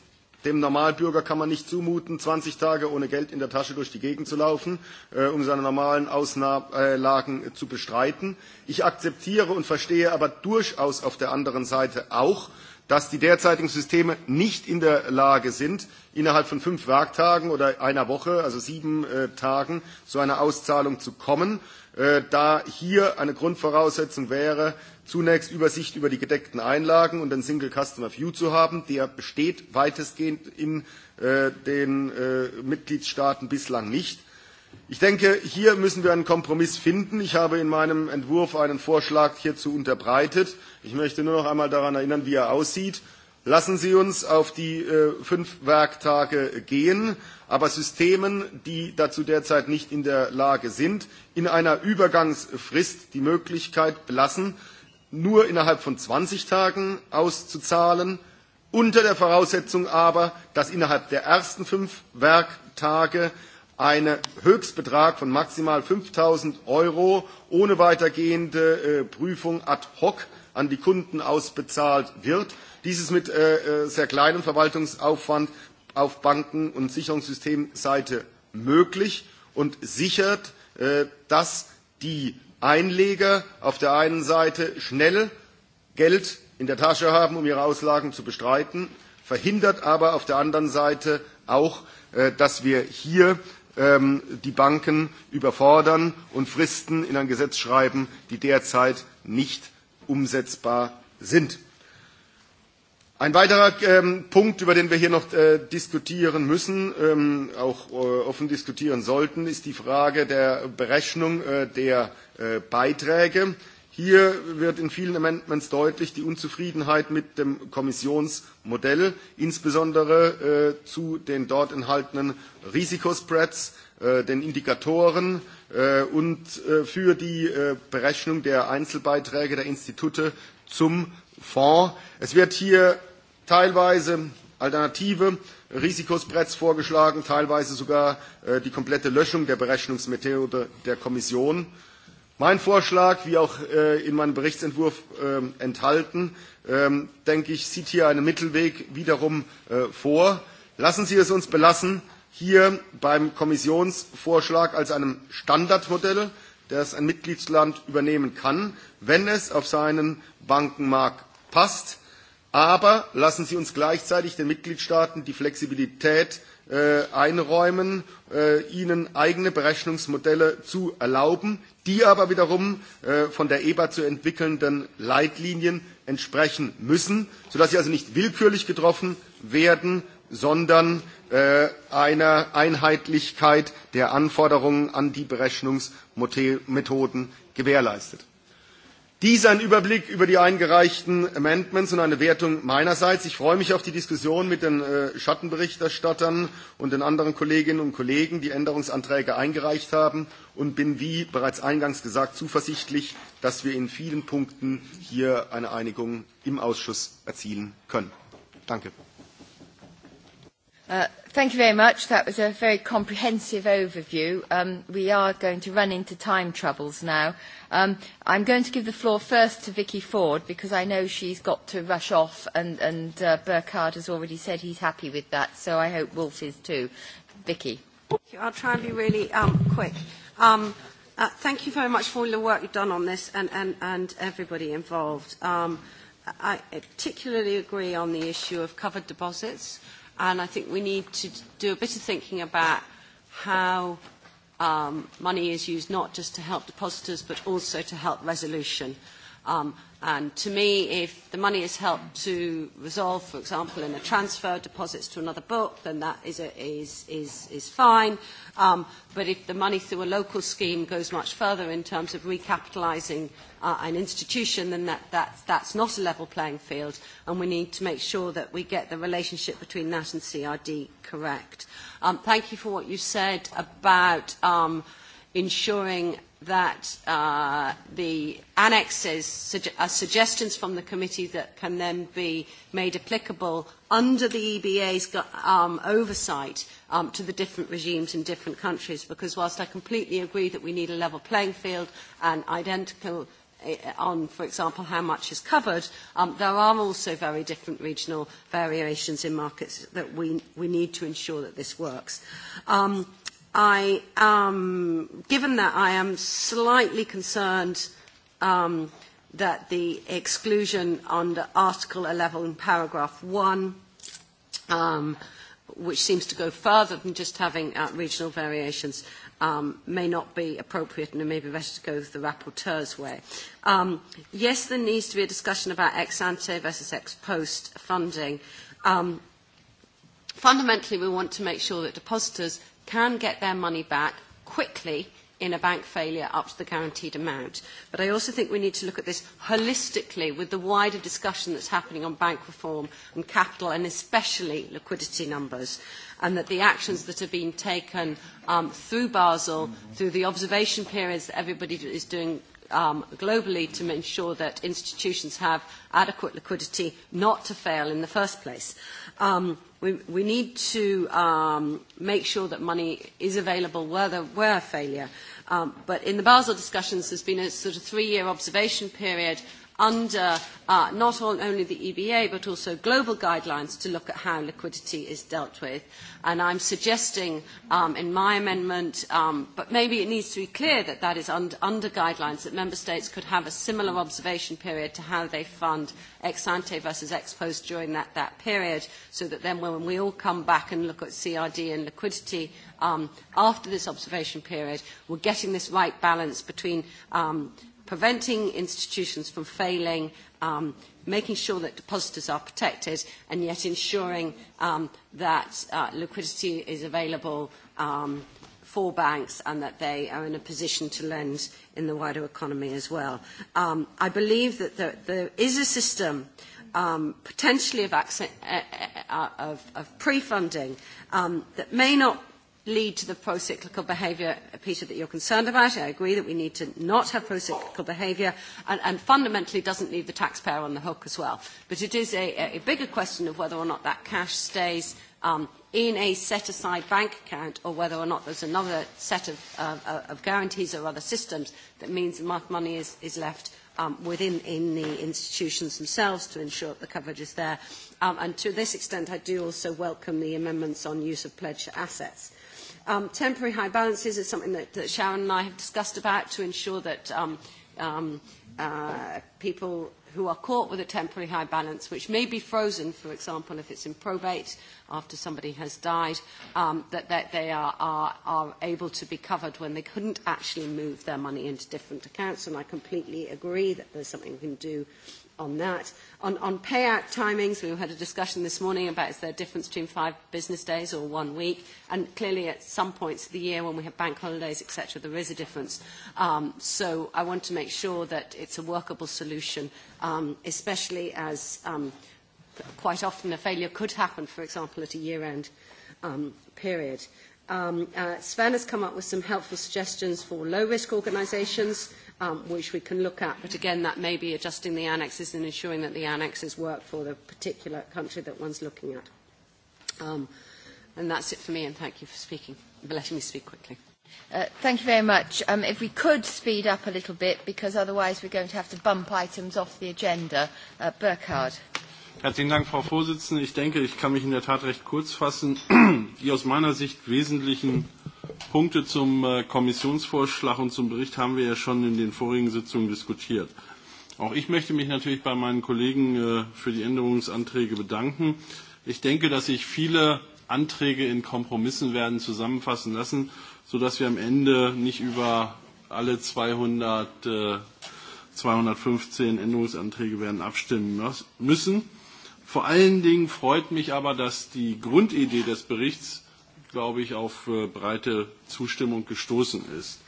Dem Normalbürger kann man nicht zumuten, 20 Tage ohne Geld in der Tasche durch die Gegend zu laufen, äh, um seine normalen Auslagen äh, zu bestreiten. Ich akzeptiere und verstehe aber durchaus auf der anderen Seite auch, äh, dass die derzeitigen Systeme nicht in der Lage sind, innerhalb von fünf Werktagen oder einer Woche, also sieben äh, Tagen, zu einer Auszahlung zu kommen, äh, da hier eine Grundvoraussetzung wäre, zunächst Übersicht über die gedeckten Einlagen und ein Single Customer View zu haben. Der besteht weitestgehend in äh, den äh, Mitgliedstaaten bislang nicht. Ich denke, hier müssen wir einen Kompromiss finden. Ich habe in meinem Entwurf einen Vorschlag hierzu unterbreitet. Ich möchte nur noch einmal daran erinnern, wie er aussieht. Lassen Sie uns auf die äh, fünf Werktage gehen, aber Systemen, die dazu derzeit nicht in der Lage sind, in einer Übergangsfrist die Möglichkeit belassen, nur innerhalb von 20 Tagen auszuzahlen, unter der Voraussetzung aber, dass innerhalb der ersten fünf Werktage einen Höchstbetrag von maximal 5000 Euro ohne weitergehende äh, Prüfung ad hoc an die Kunden ausbezahlt wird. Dieses mit äh, äh, sehr kleinem Verwaltungsaufwand auf Banken- und Sicherungssystemseite möglich und sichert, äh, dass die Einleger auf der einen Seite schnell Geld in der Tasche haben, um ihre Auslagen zu bestreiten, verhindert aber auf der anderen Seite auch, äh, dass wir hier ähm, die Banken überfordern und Fristen in ein Gesetz schreiben, die derzeit nicht umsetzbar sind. Ein weiterer ähm, Punkt, über den wir hier noch äh, diskutieren müssen, ähm, auch äh, offen diskutieren sollten, ist die Frage der Berechnung äh, der äh, Beiträge. Hier wird in vielen Amendments deutlich die Unzufriedenheit mit dem Kommissionsmodell, insbesondere äh, zu den dort enthaltenen Risikospreads, äh, den Indikatoren äh, und äh, für die äh, Berechnung der Einzelbeiträge der Institute zum Fonds. Es wird hier teilweise alternative Risikospreads vorgeschlagen, teilweise sogar äh, die komplette Löschung der Berechnungsmethode der Kommission. Äh, Mein Vorschlag, wie auch äh, in meinem Berichtsentwurf äh, enthalten, ähm, denke ich, sieht hier einen Mittelweg wiederum äh, vor. Lassen Sie es uns belassen, hier beim Kommissionsvorschlag als einem Standardmodell, das ein Mitgliedsland übernehmen kann, wenn es auf seinen Bankenmarkt passt. Aber lassen Sie uns gleichzeitig den Mitgliedstaaten die Flexibilität äh, einräumen, äh, ihnen eigene Berechnungsmodelle zu erlauben, die aber wiederum äh, von der EBA zu entwickelnden Leitlinien entsprechen müssen, sodass sie also nicht willkürlich getroffen werden, sondern äh, einer Einheitlichkeit der Anforderungen an die Berechnungsmethoden gewährleistet. Dies ein Überblick über die eingereichten Amendments und eine Wertung meinerseits. Ich freue mich auf die Diskussion mit den äh, Schattenberichterstattern und den anderen Kolleginnen und Kollegen, die Änderungsanträge eingereicht haben und bin, wie bereits eingangs gesagt, zuversichtlich, dass wir in vielen Punkten hier eine Einigung im Ausschuss erzielen können. Danke. Uh, thank you very much. That was a very comprehensive overview. Um, we are going to run into time troubles now. Um, I'm going to give the floor first to Vicky Ford because I know she's got to rush off and, and uh, Burkhard has already said he's happy with that, so I hope Wolf is too. Vicky. I'll try and be really um, quick. Um, uh, thank you very much for all the work you've done on this and, and, and everybody involved. Um, I particularly agree on the issue of covered deposits. Uh, And I think we need to do a bit of thinking about how um, money is used not just to help depositors but also to help resolution. Um, And to me, if the money has helped to resolve, for example, in a transfer deposits to another book, then that is, a, is, is, is fine. Um, but if the money through a local scheme goes much further in terms of recapitalising uh, an institution, then that, that, that's not a level playing field. And we need to make sure that we get the relationship between that and CRD correct. Um, thank you for what you said about um, ensuring that uh, the annexes sug- are uh, suggestions from the committee that can then be made applicable under the EBA's um, oversight um, to the different regimes in different countries. Because whilst I completely agree that we need a level playing field and identical eh, on, for example, how much is covered, um, there are also very different regional variations in markets that we, we need to ensure that this works. Um, I am, um, given that I am slightly concerned um, that the exclusion under Article 11, paragraph 1, um, which seems to go further than just having uh, regional variations, um, may not be appropriate and it may be better to go the rapporteur's way. Um, yes, there needs to be a discussion about ex ante versus ex post funding. Um, fundamentally, we want to make sure that depositors can get their money back quickly in a bank failure up to the guaranteed amount. But I also think we need to look at this holistically with the wider discussion that's happening on bank reform and capital and especially liquidity numbers and that the actions that have been taken um, through Basel, through the observation periods that everybody is doing um, globally to ensure that institutions have adequate liquidity not to fail in the first place. Um, we, we need to um, make sure that money is available where there were failure. Um, but in the Basel discussions, there's been a sort of three-year observation period under uh, not only the EBA but also global guidelines to look at how liquidity is dealt with. And I'm suggesting um, in my amendment, um, but maybe it needs to be clear that that is un- under guidelines, that member states could have a similar observation period to how they fund ex ante versus ex post during that, that period, so that then when we all come back and look at CRD and liquidity um, after this observation period, we're getting this right balance between um, preventing institutions from failing, um, making sure that depositors are protected, and yet ensuring um, that uh, liquidity is available um, for banks and that they are in a position to lend in the wider economy as well. Um, I believe that there, there is a system um, potentially of, accent, uh, uh, uh, of, of pre-funding um, that may not lead to the pro-cyclical behaviour, Peter, that you're concerned about. I agree that we need to not have pro-cyclical behaviour and, and fundamentally doesn't leave the taxpayer on the hook as well. But it is a, a bigger question of whether or not that cash stays um, in a set-aside bank account or whether or not there's another set of, uh, of guarantees or other systems that means enough money is, is left um, within in the institutions themselves to ensure that the coverage is there. Um, and to this extent, I do also welcome the amendments on use of pledged assets Um, temporary high balances is something that, that Sharon and I have discussed about to ensure that um, um, uh, people who are caught with a temporary high balance, which may be frozen, for example, if it's in probate after somebody has died, um, that, that they are, are, are able to be covered when they couldn't actually move their money into different accounts. And I completely agree that there's something we can do on that. On, on payout timings, we had a discussion this morning about is there a difference between five business days or one week, and clearly at some points of the year when we have bank holidays, etc., there is a difference. Um, so I want to make sure that it's a workable solution, um, especially as um, quite often a failure could happen, for example, at a year-end um, period. Um, uh, Sven has come up with some helpful suggestions for low-risk organisations um, which we can look at. But again, that may be adjusting the annexes and ensuring that the annexes work for the particular country that one's looking at. Um, and that's it for me, and thank you for speaking, for letting me speak quickly. Uh, thank you very much. Um, if we could speed up a little bit, because otherwise we're going to have to bump items off the agenda. Uh, Burkhard. Herzlichen Dank, Frau Vorsitzende. Ich denke, ich kann mich in der Tat recht kurz fassen. Die aus meiner Sicht wesentlichen Punkte zum äh, Kommissionsvorschlag und zum Bericht haben wir ja schon in den vorigen Sitzungen diskutiert. Auch ich möchte mich natürlich bei meinen Kollegen äh, für die Änderungsanträge bedanken. Ich denke, dass sich viele Anträge in Kompromissen werden zusammenfassen lassen, sodass wir am Ende nicht über alle 200, 215 äh, Änderungsanträge werden abstimmen müssen. Vor allen Dingen freut mich aber, dass die Grundidee des Berichts glaube ich, auf äh, breite Zustimmung gestoßen ist.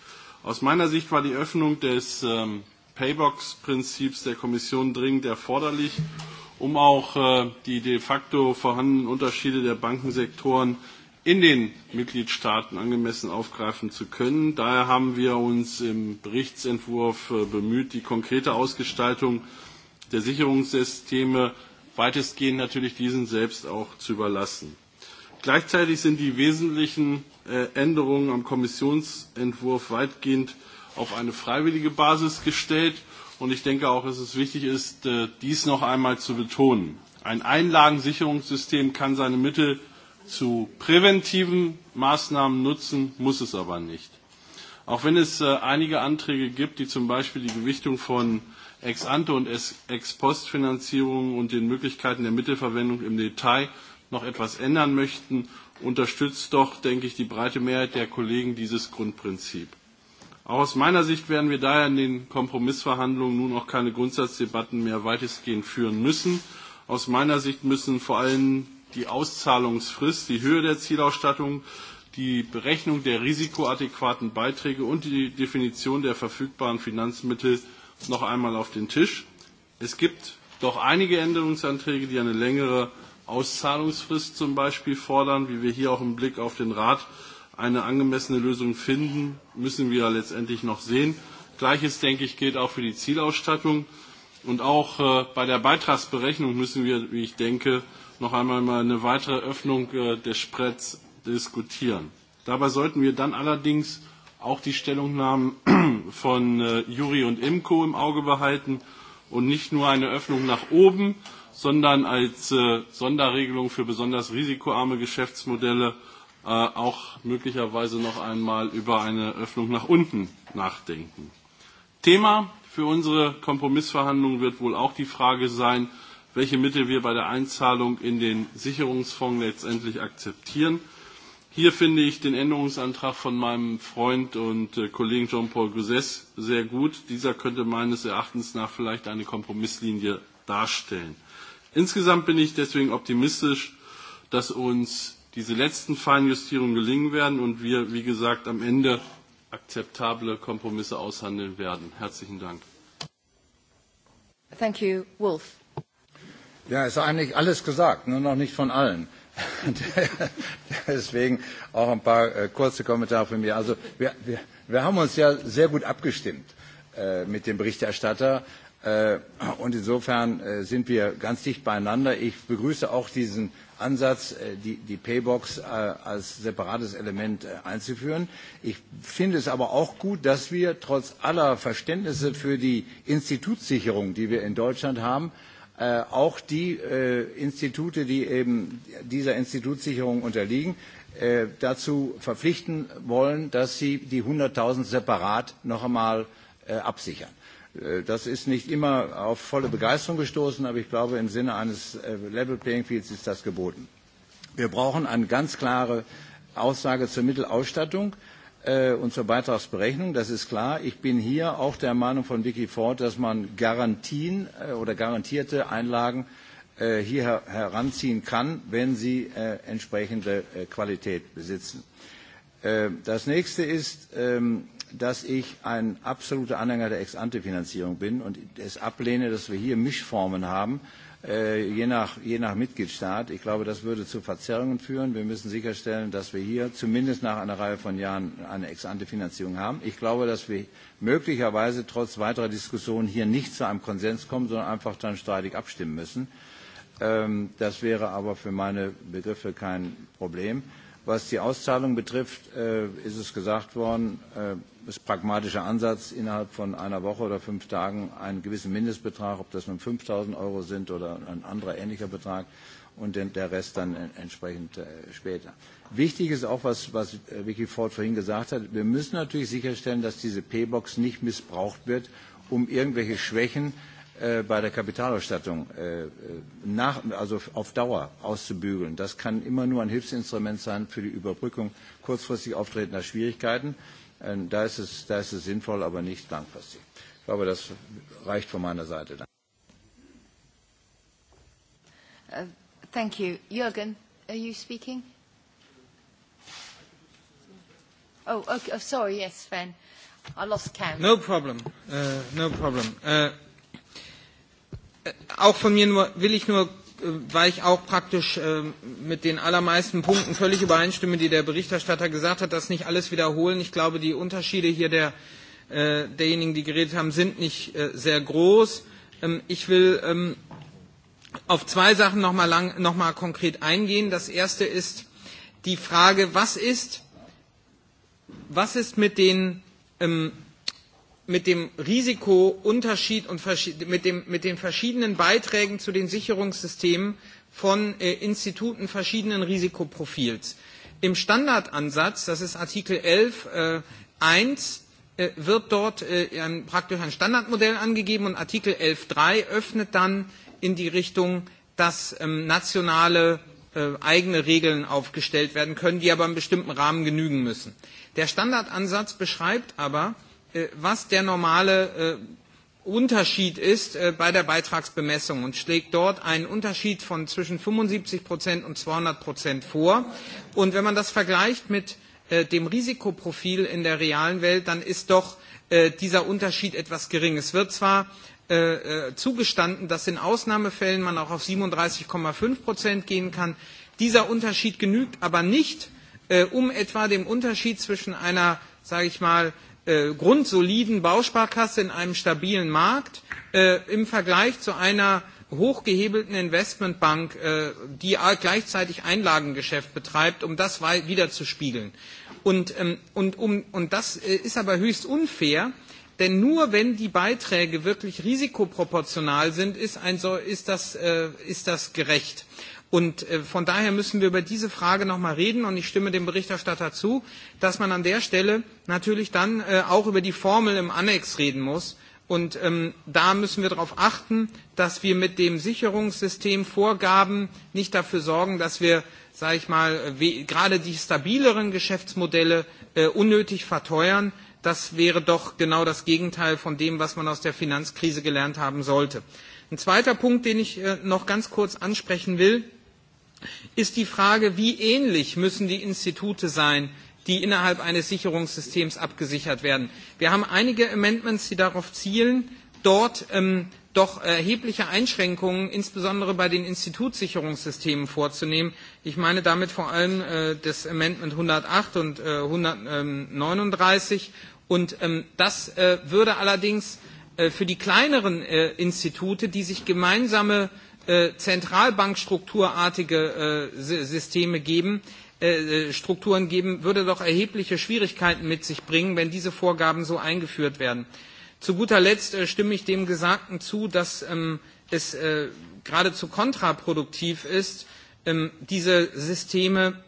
Aus meiner Sicht war die Öffnung des ähm, Paybox-Prinzips der Kommission dringend erforderlich, um auch äh, die de facto vorhandenen Unterschiede der Bankensektoren in den Mitgliedstaaten angemessen aufgreifen zu können. Daher haben wir uns im Berichtsentwurf äh, bemüht, die konkrete Ausgestaltung der Sicherungssysteme weitestgehend natürlich diesen selbst auch zu überlassen. Gleichzeitig sind die wesentlichen äh, Änderungen am Kommissionsentwurf weitgehend auf eine freiwillige Basis gestellt. Und ich denke auch, dass es wichtig ist, äh, dies noch einmal zu betonen. Ein Einlagensicherungssystem kann seine Mittel zu präventiven Maßnahmen nutzen, muss es aber nicht. Auch wenn es äh, einige Anträge gibt, die zum Beispiel die Gewichtung von Ex-ante und Ex-post-Finanzierungen und den Möglichkeiten der Mittelverwendung im Detail noch etwas ändern möchten, unterstützt doch, denke ich, die breite Mehrheit der Kollegen dieses Grundprinzip. Auch aus meiner Sicht werden wir daher in den Kompromissverhandlungen nun auch keine Grundsatzdebatten mehr weitestgehend führen müssen. Aus meiner Sicht müssen vor allem die Auszahlungsfrist, die Höhe der Zielausstattung, die Berechnung der risikoadäquaten Beiträge und die Definition der verfügbaren Finanzmittel noch einmal auf den Tisch. Es gibt doch einige Änderungsanträge, die eine längere Auszahlungsfrist zum Beispiel fordern, wie wir hier auch im Blick auf den Rat eine angemessene Lösung finden, müssen wir letztendlich noch sehen. Gleiches, denke ich, gilt auch für die Zielausstattung. Und auch äh, bei der Beitragsberechnung müssen wir, wie ich denke, noch einmal mal eine weitere Öffnung äh, des Spreads diskutieren. Dabei sollten wir dann allerdings auch die Stellungnahmen von äh, Juri und Imco im Auge behalten und nicht nur eine Öffnung nach oben, sondern als äh, Sonderregelung für besonders risikoarme Geschäftsmodelle äh, auch möglicherweise noch einmal über eine Öffnung nach unten nachdenken. Thema für unsere Kompromissverhandlungen wird wohl auch die Frage sein, welche Mittel wir bei der Einzahlung in den Sicherungsfonds letztendlich akzeptieren. Hier finde ich den Änderungsantrag von meinem Freund und äh, Kollegen Jean-Paul Gauzès sehr gut. Dieser könnte meines Erachtens nach vielleicht eine Kompromisslinie darstellen. Insgesamt bin ich deswegen optimistisch, dass uns diese letzten Feinjustierungen gelingen werden und wir, wie gesagt, am Ende akzeptable Kompromisse aushandeln werden. Herzlichen Dank. Thank you, Wolf. Ja, ist eigentlich alles gesagt, nur noch nicht von allen. Deswegen auch ein paar äh, kurze Kommentare von mir. Also wir, wir, wir haben uns ja sehr gut abgestimmt äh, mit dem Berichterstatter. Äh, und insofern äh, sind wir ganz dicht beieinander. Ich begrüße auch diesen Ansatz, äh, die, die Paybox als separates Element einzuführen. Ich finde es aber auch gut, dass wir trotz aller Verständnisse für die Institutssicherung, die wir in Deutschland haben, auch die Institute, die eben dieser Institutssicherung unterliegen, dazu verpflichten wollen, dass sie die 100.000 separat noch einmal absichern. Äh, das ist nicht immer auf volle Begeisterung gestoßen, aber ich glaube, im Sinne eines äh, Level Playing Fields ist das geboten. Wir brauchen eine ganz klare Aussage zur Mittelausstattung äh, und zur Beitragsberechnung, das ist klar. Ich bin hier auch der Meinung von Vicky Ford, dass man Garantien äh, oder garantierte Einlagen äh, hier her heranziehen kann, wenn sie äh, entsprechende äh, Qualität besitzen. Äh, das nächste ist, ähm, dass ich ein absoluter Anhänger der Ex-Ante-Finanzierung bin und es ablehne, dass wir hier Mischformen haben, äh, je, nach, je nach Mitgliedstaat. Ich glaube, das würde zu Verzerrungen führen. Wir müssen sicherstellen, dass wir hier zumindest nach einer Reihe von Jahren eine Ex-Ante-Finanzierung haben. Ich glaube, dass wir möglicherweise trotz weiterer Diskussionen hier nicht zu einem Konsens kommen, sondern einfach dann streitig abstimmen müssen. Ähm, das wäre aber für meine Begriffe kein Problem. Was die Auszahlung betrifft, äh, ist es gesagt worden, äh, ist pragmatischer Ansatz, innerhalb von einer Woche oder fünf Tagen einen gewissen Mindestbetrag, ob das nun 5.000 Euro sind oder ein anderer ähnlicher Betrag, und den, der Rest dann entsprechend äh, später. Wichtig ist auch, was, was äh, Vicky Ford vorhin gesagt hat, wir müssen natürlich sicherstellen, dass diese P-Box nicht missbraucht wird, um irgendwelche Schwächen äh, äh, bei der Kapitalausstattung äh, äh, nach, also auf Dauer auszubügeln. Das kann immer nur ein Hilfsinstrument sein für die Überbrückung kurzfristig auftretender Schwierigkeiten. Äh, da, ist es, da ist es sinnvoll, aber nicht langfristig. Ich glaube, das reicht von meiner Seite. Dann. Uh, äh, thank you. Jürgen, are you speaking? Oh, okay. oh sorry, yes, Sven. I lost count. No problem. Uh, no problem. Uh, Äh, auch von mir nur, will ich nur, äh, weil ich auch praktisch äh, mit den allermeisten Punkten völlig übereinstimme, die der Berichterstatter gesagt hat, das nicht alles wiederholen. Ich glaube, die Unterschiede hier der, derjenigen, die geredet haben, sind nicht sehr groß. Ähm, ich will ähm, auf zwei Sachen nochmal lang, noch mal konkret eingehen. Das erste ist die Frage, was ist, was ist mit den ähm, mit dem Risikounterschied und mit, dem, mit den verschiedenen Beiträgen zu den Sicherungssystemen von äh, Instituten verschiedenen Risikoprofils. Im Standardansatz, das ist Artikel 11, äh, 1, äh, wird dort äh, ein, praktisch ein Standardmodell angegeben und Artikel 11.3 öffnet dann in die Richtung, dass ähm, nationale äh, eigene Regeln aufgestellt werden können, die aber im bestimmten Rahmen genügen müssen. Der Standardansatz beschreibt aber, äh, Äh, was der normale äh, Unterschied ist äh, bei der Beitragsbemessung und schlägt dort einen Unterschied von zwischen 75 Prozent und 200 Prozent vor. Und wenn man das vergleicht mit äh, dem Risikoprofil in der realen Welt, dann ist doch äh, dieser Unterschied etwas gering. Es wird zwar äh, äh, zugestanden, dass in Ausnahmefällen man auch auf 37,5 Prozent gehen kann. Dieser Unterschied genügt aber nicht, äh, um etwa dem Unterschied zwischen einer, sage ich mal, äh, grundsoliden Bausparkasse in einem stabilen Markt äh, im Vergleich zu einer hochgehebelten Investmentbank, äh, die gleichzeitig Einlagengeschäft betreibt, um das wieder zu spiegeln. Und, ähm, und, um, und das äh, ist aber höchst unfair, denn nur wenn die Beiträge wirklich risikoproportional sind, ist, ein, so, ist, das, äh, ist das gerecht. Äh, Und äh, von daher müssen wir über diese Frage nochmal reden. Und ich stimme dem Berichterstatter zu, dass man an der Stelle natürlich dann äh, auch über die Formel im Annex reden muss. Und ähm, da müssen wir darauf achten, dass wir mit dem Sicherungssystem Vorgaben nicht dafür sorgen, dass wir, sage ich mal, äh, gerade die stabileren Geschäftsmodelle äh, unnötig verteuern. Das wäre doch genau das Gegenteil von dem, was man aus der Finanzkrise gelernt haben sollte. Ein zweiter Punkt, den ich äh, noch ganz kurz ansprechen will, äh, ist die Frage, wie ähnlich müssen die Institute sein, die innerhalb eines Sicherungssystems abgesichert werden. Wir haben einige Amendments, die darauf zielen, dort ähm, doch erhebliche Einschränkungen, insbesondere bei den Institutssicherungssystemen vorzunehmen. Ich meine damit vor allem äh, das Amendment 108 und äh, 139. Und ähm, das äh, würde allerdings äh, für die kleineren äh, Institute, die sich gemeinsame äh, äh, zentralbankstrukturartige äh, Systeme geben, äh, äh, Strukturen geben, würde doch erhebliche Schwierigkeiten mit sich bringen, wenn diese Vorgaben so eingeführt werden. Zu guter Letzt äh, stimme ich dem Gesagten zu, dass ähm, es äh, geradezu kontraproduktiv ist, ähm, diese Systeme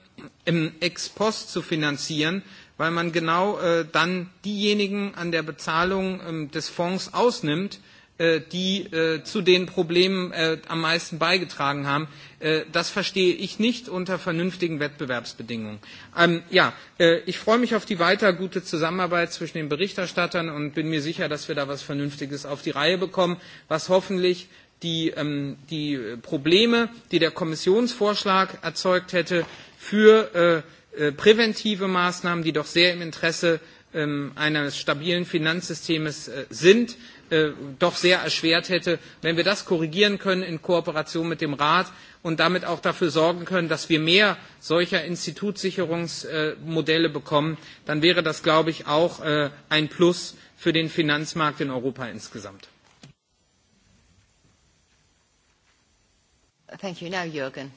im ähm, Ex post zu finanzieren, weil man genau äh, dann diejenigen an der Bezahlung ähm, des Fonds ausnimmt, äh, Äh, die äh, zu den Problemen äh, am meisten beigetragen haben. Äh, das verstehe ich nicht unter vernünftigen Wettbewerbsbedingungen. Ähm, ja, äh, ich freue mich auf die weiter gute Zusammenarbeit zwischen den Berichterstattern und bin mir sicher, dass wir da was Vernünftiges auf die Reihe bekommen, was hoffentlich die, ähm, die Probleme, die der Kommissionsvorschlag erzeugt hätte, für äh, äh, präventive Maßnahmen, die doch sehr im Interesse äh, eines stabilen Finanzsystems äh, sind, äh, doch sehr erschwert hätte. Wenn wir das korrigieren können in Kooperation mit dem Rat und damit auch dafür sorgen können, dass wir mehr solcher Institutssicherungsmodelle äh, bekommen, dann wäre das, glaube ich, auch äh, ein Plus für den Finanzmarkt in Europa insgesamt. Thank you. Now, Jürgen.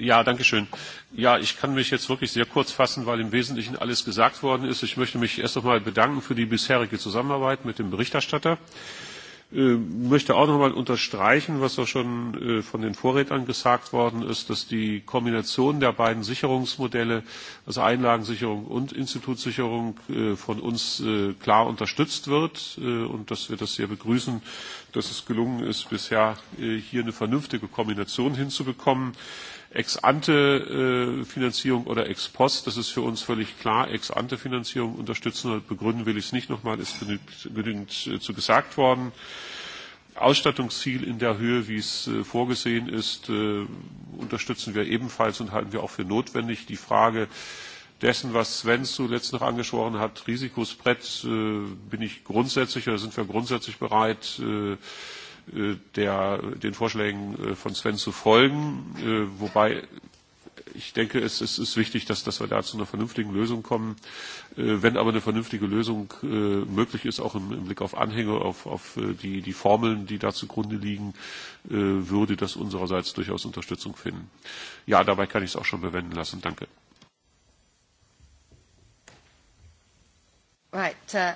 Ja, danke schön. Ja, ich kann mich jetzt wirklich sehr kurz fassen, weil im Wesentlichen alles gesagt worden ist. Ich möchte mich erst einmal bedanken für die bisherige Zusammenarbeit mit dem Berichterstatter. Ich äh, möchte auch noch einmal unterstreichen, was auch schon äh, von den Vorrednern gesagt worden ist, dass die Kombination der beiden Sicherungsmodelle, also Einlagensicherung und Institutssicherung, äh, von uns äh, klar unterstützt wird äh, und dass wir das sehr begrüßen, dass es gelungen ist, bisher äh, hier eine vernünftige Kombination hinzubekommen. Ex-ante-Finanzierung äh, oder Ex-post, das ist für uns völlig klar. Ex-ante-Finanzierung unterstützen und begründen will ich es nicht nochmal, ist genügend, genügend äh, zu gesagt worden. Ausstattungsziel in der Höhe, wie es äh, vorgesehen ist, unterstützen wir ebenfalls und halten wir auch für notwendig. Die Frage dessen, was Sven zuletzt noch angesprochen hat, Risikospread, bin ich grundsätzlich oder sind wir grundsätzlich bereit, Äh, der, den Vorschlägen äh, von Sven zu folgen, äh, wobei ich denke, es, es ist wichtig, dass, dass wir da zu einer vernünftigen Lösung kommen. Äh, wenn aber eine vernünftige Lösung äh, möglich ist, auch im, im Blick auf Anhänge, auf, auf die, die Formeln, die da zugrunde liegen, äh, würde das unsererseits durchaus Unterstützung finden. Ja, dabei kann ich es auch schon bewenden lassen. Danke. Right. Uh,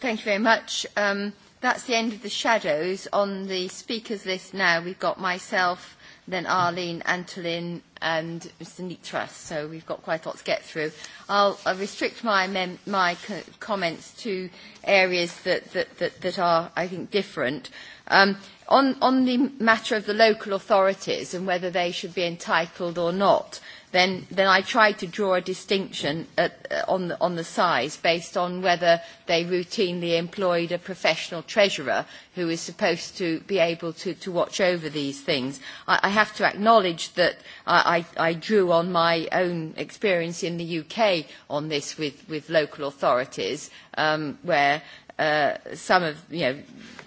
thank you very much. Um, that's the end of the shadows. On the speakers list now, we've got myself, then Arlene, Antolin, and Mr. Nitras. So we've got quite a lot to get through. I'll, I'll restrict my, mem- my co- comments to areas that, that, that, that are, I think, different. Um, on, on the matter of the local authorities and whether they should be entitled or not, then, then I tried to draw a distinction at, uh, on, the, on the size based on whether they routinely employed a professional treasurer who is supposed to be able to, to watch over these things. I, I have to acknowledge that I, I, I drew on my own experience in the UK on this with, with local authorities um, where uh, some of, you know,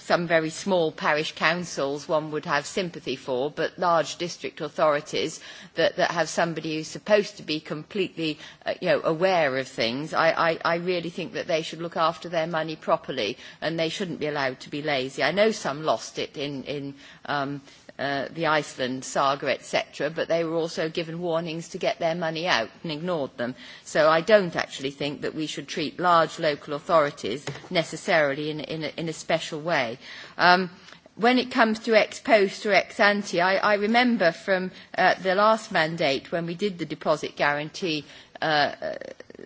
some very small parish councils one would have sympathy for, but large district authorities that, that have somebody who's supposed to be completely uh, you know, aware of things, I, I, I really think that they should look after their money properly and they shouldn't be allowed to be lazy. I know some lost it in, in um, uh, the Iceland saga, etc., but they were also given warnings to get their money out and ignored them. So I don't actually think that we should treat large local authorities necessarily in, in, a, in a special way. Um, when it comes to ex post or ex ante, I, I remember from uh, the last mandate when we did the deposit guarantee uh, uh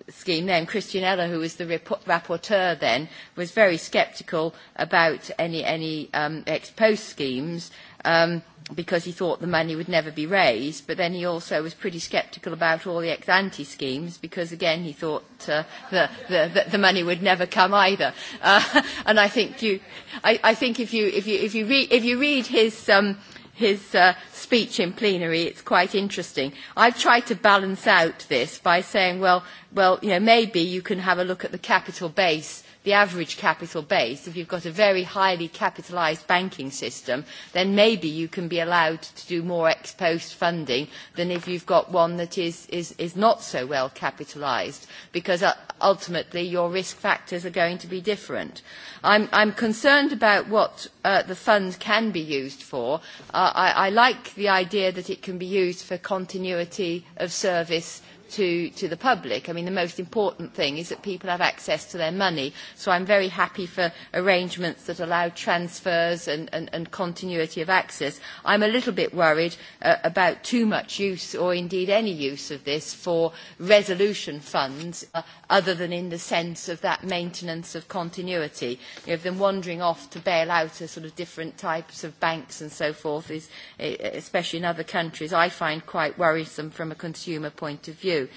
scheme then, Christianella, who was the rapporteur then, was very sceptical about any, any um, ex post schemes um, because he thought the money would never be raised. But then he also was pretty sceptical about all the ex-ante schemes because, again, he thought uh, the, the, the, the money would never come either. Uh, and I think, you, I, I think if, you, if, you, if, you re- if you read his, um, his uh, speech in plenary, it's quite interesting. I've tried to balance out this by saying, well, well, you know, maybe you can have a look at the capital base the average capital base, if you've got a very highly capitalised banking system, then maybe you can be allowed to do more ex post funding than if you've got one that is, is, is not so well capitalised, because uh, ultimately your risk factors are going to be different. I'm, I'm concerned about what uh, the fund can be used for. Uh, I, I like the idea that it can be used for continuity of service to, to the public. I mean, the most important thing is that people have access to their money. So I'm very happy for arrangements that allow transfers and, and, and continuity of access. I'm a little bit worried uh, about too much use or indeed any use of this for resolution funds uh, other than in the sense of that maintenance of continuity. You know, of them wandering off to bail out a sort of different types of banks and so forth is, e, especially in other countries, I find quite worrisome from a consumer point of view do.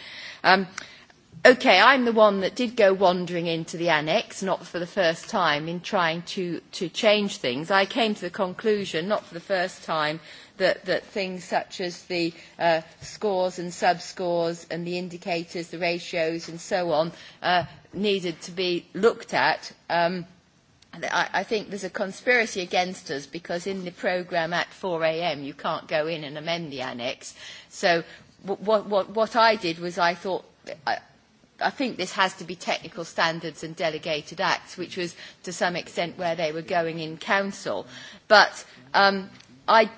Um, okay, I'm the one that did go wandering into the annex, not for the first time, in trying to, to change things. I came to the conclusion, not for the first time, that, that things such as the uh, scores and subscores and the indicators, the ratios and so on uh, needed to be looked at. Um, I, I think there's a conspiracy against us because in the programme at 4am you can't go in and amend the annex. So what, what, what I did was I thought, I, I think this has to be technical standards and delegated acts, which was to some extent where they were going in council. But um, I,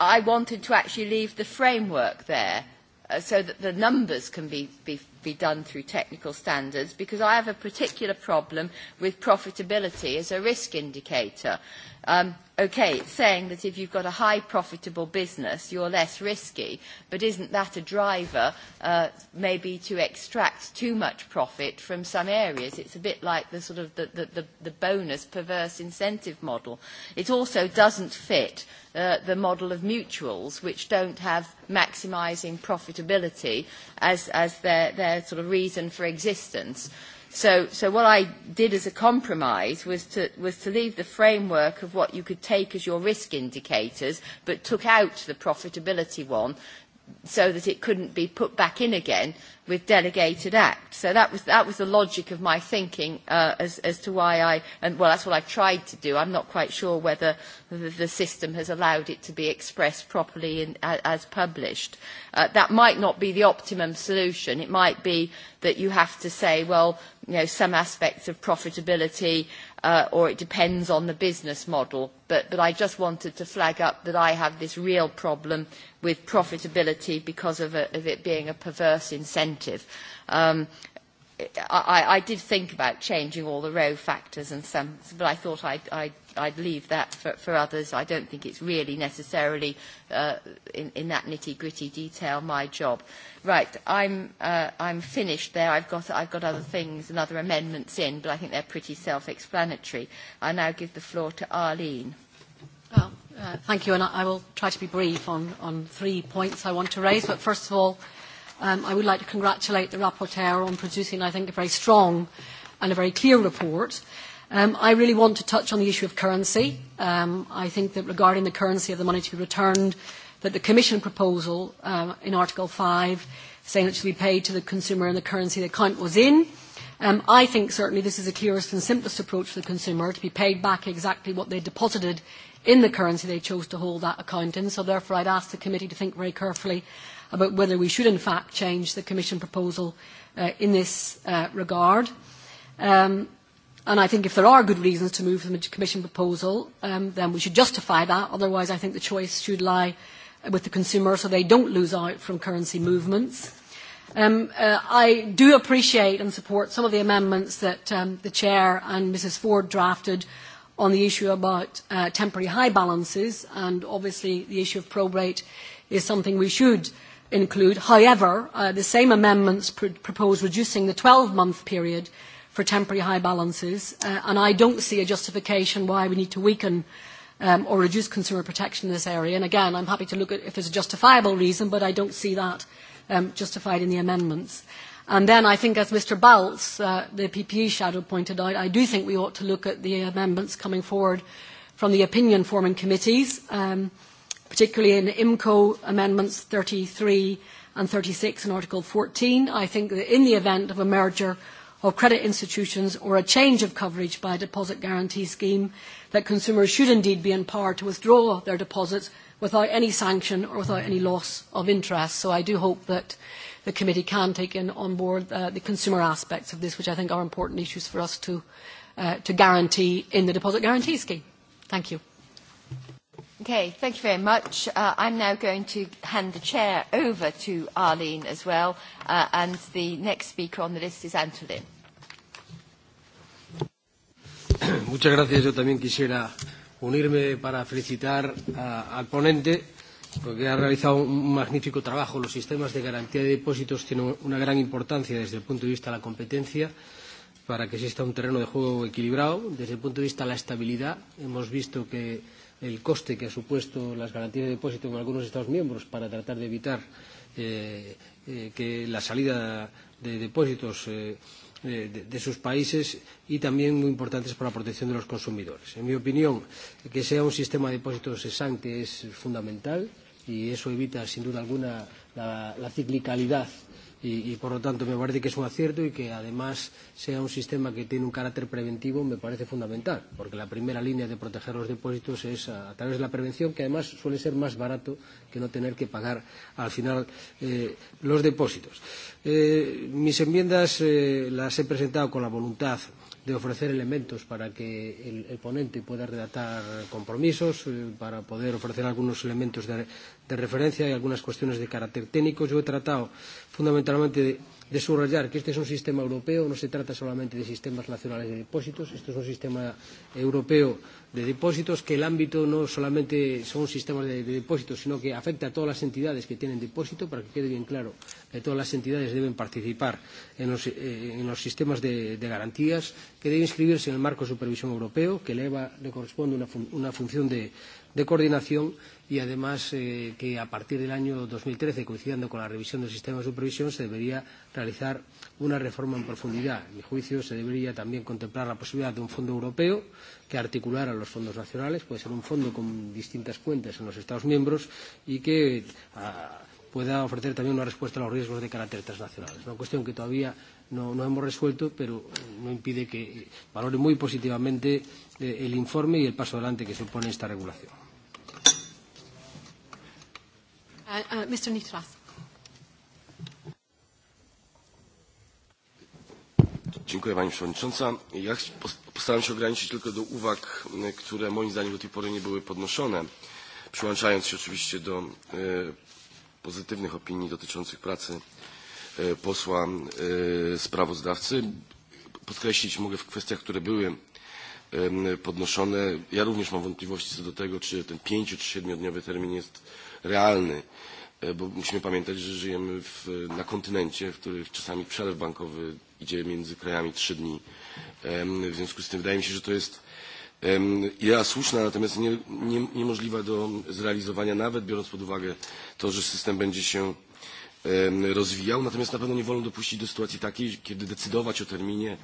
I wanted to actually leave the framework there uh, so that the numbers can be, be, be done through technical standards because I have a particular problem with profitability as a risk indicator um, okay, saying that if you've got a high profitable business, you're less risky, but isn't that a driver uh, maybe to extract too much profit from some areas? It's a bit like the sort of the, the, the, the bonus perverse incentive model. It also doesn't fit uh, the model of mutuals, which don't have maximising profitability as, as their, their sort of reason for existence. Uh, So, so what I did as a compromise was to, was to leave the framework of what you could take as your risk indicators, but took out the profitability one so that it couldn't be put back in again with delegated act. So that was, that was the logic of my thinking uh, as, as to why I, and well, that's what I've tried to do. I'm not quite sure whether the, the system has allowed it to be expressed properly in, as, as published. Uh, that might not be the optimum solution. It might be that you have to say, well, you know, some aspects of profitability uh, or it depends on the business model. But, but I just wanted to flag up that I have this real problem with profitability because of, a, of it being a perverse incentive. Um, I, I did think about changing all the row factors and some, but I thought I'd, I'd, I'd leave that for, for others. I don't think it's really necessarily uh, in, in that nitty-gritty detail my job. Right, I'm, uh, I'm finished there. I've got, I've got other things and other amendments in, but I think they're pretty self-explanatory. I now give the floor to Arlene. Well, uh, thank you, and I, I will try to be brief on, on three points I want to raise. But first of all, um, I would like to congratulate the rapporteur on producing, I think, a very strong and a very clear report. Um, I really want to touch on the issue of currency. Um, I think that regarding the currency of the money to be returned, that the Commission proposal um, in Article 5 saying it should be paid to the consumer in the currency the account was in. Um, I think certainly this is the clearest and simplest approach for the consumer to be paid back exactly what they deposited in the currency they chose to hold that account in. So therefore, I'd ask the committee to think very carefully about whether we should in fact change the Commission proposal uh, in this uh, regard. Um, and I think if there are good reasons to move the Commission proposal, um, then we should justify that. Otherwise, I think the choice should lie with the consumer so they don't lose out from currency movements. Um, uh, I do appreciate and support some of the amendments that um, the Chair and Mrs Ford drafted uh, on the issue about uh, temporary high balances, and obviously the issue of probate is something we should include. However, uh, the same amendments pr- propose reducing the 12-month period for temporary high balances, uh, and I don't see a justification why we need to weaken um, or reduce consumer protection in this area. And again, I'm happy to look at if there's a justifiable reason, but I don't see that um, justified in the amendments. And then I think, as Mr. Balz, uh, the PPE shadow, pointed out, I do think we ought to look at the amendments coming forward from the opinion forming committees, um, particularly in IMCO amendments 33 and 36 and Article 14. I think that in the event of a merger of credit institutions or a change of coverage by a deposit guarantee scheme, that consumers should indeed be empowered to withdraw their deposits without any sanction or without any loss of interest. So I do hope that the committee can take in on board uh, the consumer aspects of this, which I think are important issues for us to, uh, to guarantee in the deposit guarantee scheme. Thank you. Okay, thank you very much. Uh, I'm now going to hand the chair over to Arlene as well, uh, and the next speaker on the list is Antolin. Muchas gracias. Yo también quisiera unirme para felicitar a, al ponente porque ha realizado un magnífico trabajo. Los sistemas de garantía de depósitos tienen una gran importancia desde el punto de vista de la competencia para que exista un terreno de juego equilibrado. Desde el punto de vista de la estabilidad, hemos visto que el coste que ha supuesto las garantías de depósito en algunos Estados miembros para tratar de evitar eh, eh, que la salida de depósitos eh, de, de sus países y también muy importantes para la protección de los consumidores. En mi opinión, que sea un sistema de depósitos exante es fundamental. Eh, y eso evita sin duda alguna la, la ciclicalidad y, y por lo tanto me parece que es un acierto y que además sea un sistema que tiene un carácter preventivo me parece fundamental porque la primera línea de proteger los depósitos es a, a través de la prevención que además suele ser más barato que no tener que pagar al final eh, los depósitos. Eh, mis enmiendas eh, las he presentado con la voluntad de ofrecer elementos para que el, el ponente pueda redactar compromisos, eh, para poder ofrecer algunos elementos de, de referencia y algunas cuestiones de carácter técnico. Yo he tratado fundamentalmente de de subrayar que este es un sistema europeo, no se trata solamente de sistemas nacionales de depósitos, esto es un sistema europeo de depósitos, que el ámbito no solamente son sistemas de, de depósitos, sino que afecta a todas las entidades que tienen depósito, para que quede bien claro que todas las entidades deben participar en los, eh, en los sistemas de, de garantías, que debe inscribirse en el marco de supervisión europeo, que le, EVA le corresponde una, fun una función de, de coordinación y además eh, que a partir del año 2013, coincidiendo con la revisión del sistema de supervisión, se debería realizar una reforma en profundidad. En mi juicio, se debería también contemplar la posibilidad de un fondo europeo que articulara los fondos nacionales, puede ser un fondo con distintas cuentas en los Estados miembros y que a, ah, pueda ofrecer también una respuesta a los riesgos de carácter transnacional. Es una cuestión que todavía no, no hemos resuelto, pero eh, no impide que valore muy positivamente eh, el informe y el paso adelante que supone esta regulación uh, uh, Mr. Nitras. Dziękuję Pani Przewodnicząca. Ja postaram się ograniczyć tylko do uwag, które moim zdaniem do tej pory nie były podnoszone, przyłączając się oczywiście do e, pozytywnych opinii dotyczących pracy e, posła e, sprawozdawcy. Podkreślić mogę w kwestiach, które były podnoszone. Ja również mam wątpliwości co do tego, czy ten pięciu czy siedmiodniowy termin jest realny, e, bo musimy pamiętać, że żyjemy w, na kontynencie, w którym czasami przelew bankowy idzie między krajami trzy dni. W związku z tym wydaje mi się, że to jest idea słuszna, natomiast nie, nie, niemożliwa do zrealizowania, nawet biorąc pod uwagę to, że system będzie się rozwijał. Natomiast na pewno nie wolno dopuścić do sytuacji takiej, kiedy decydować o terminie,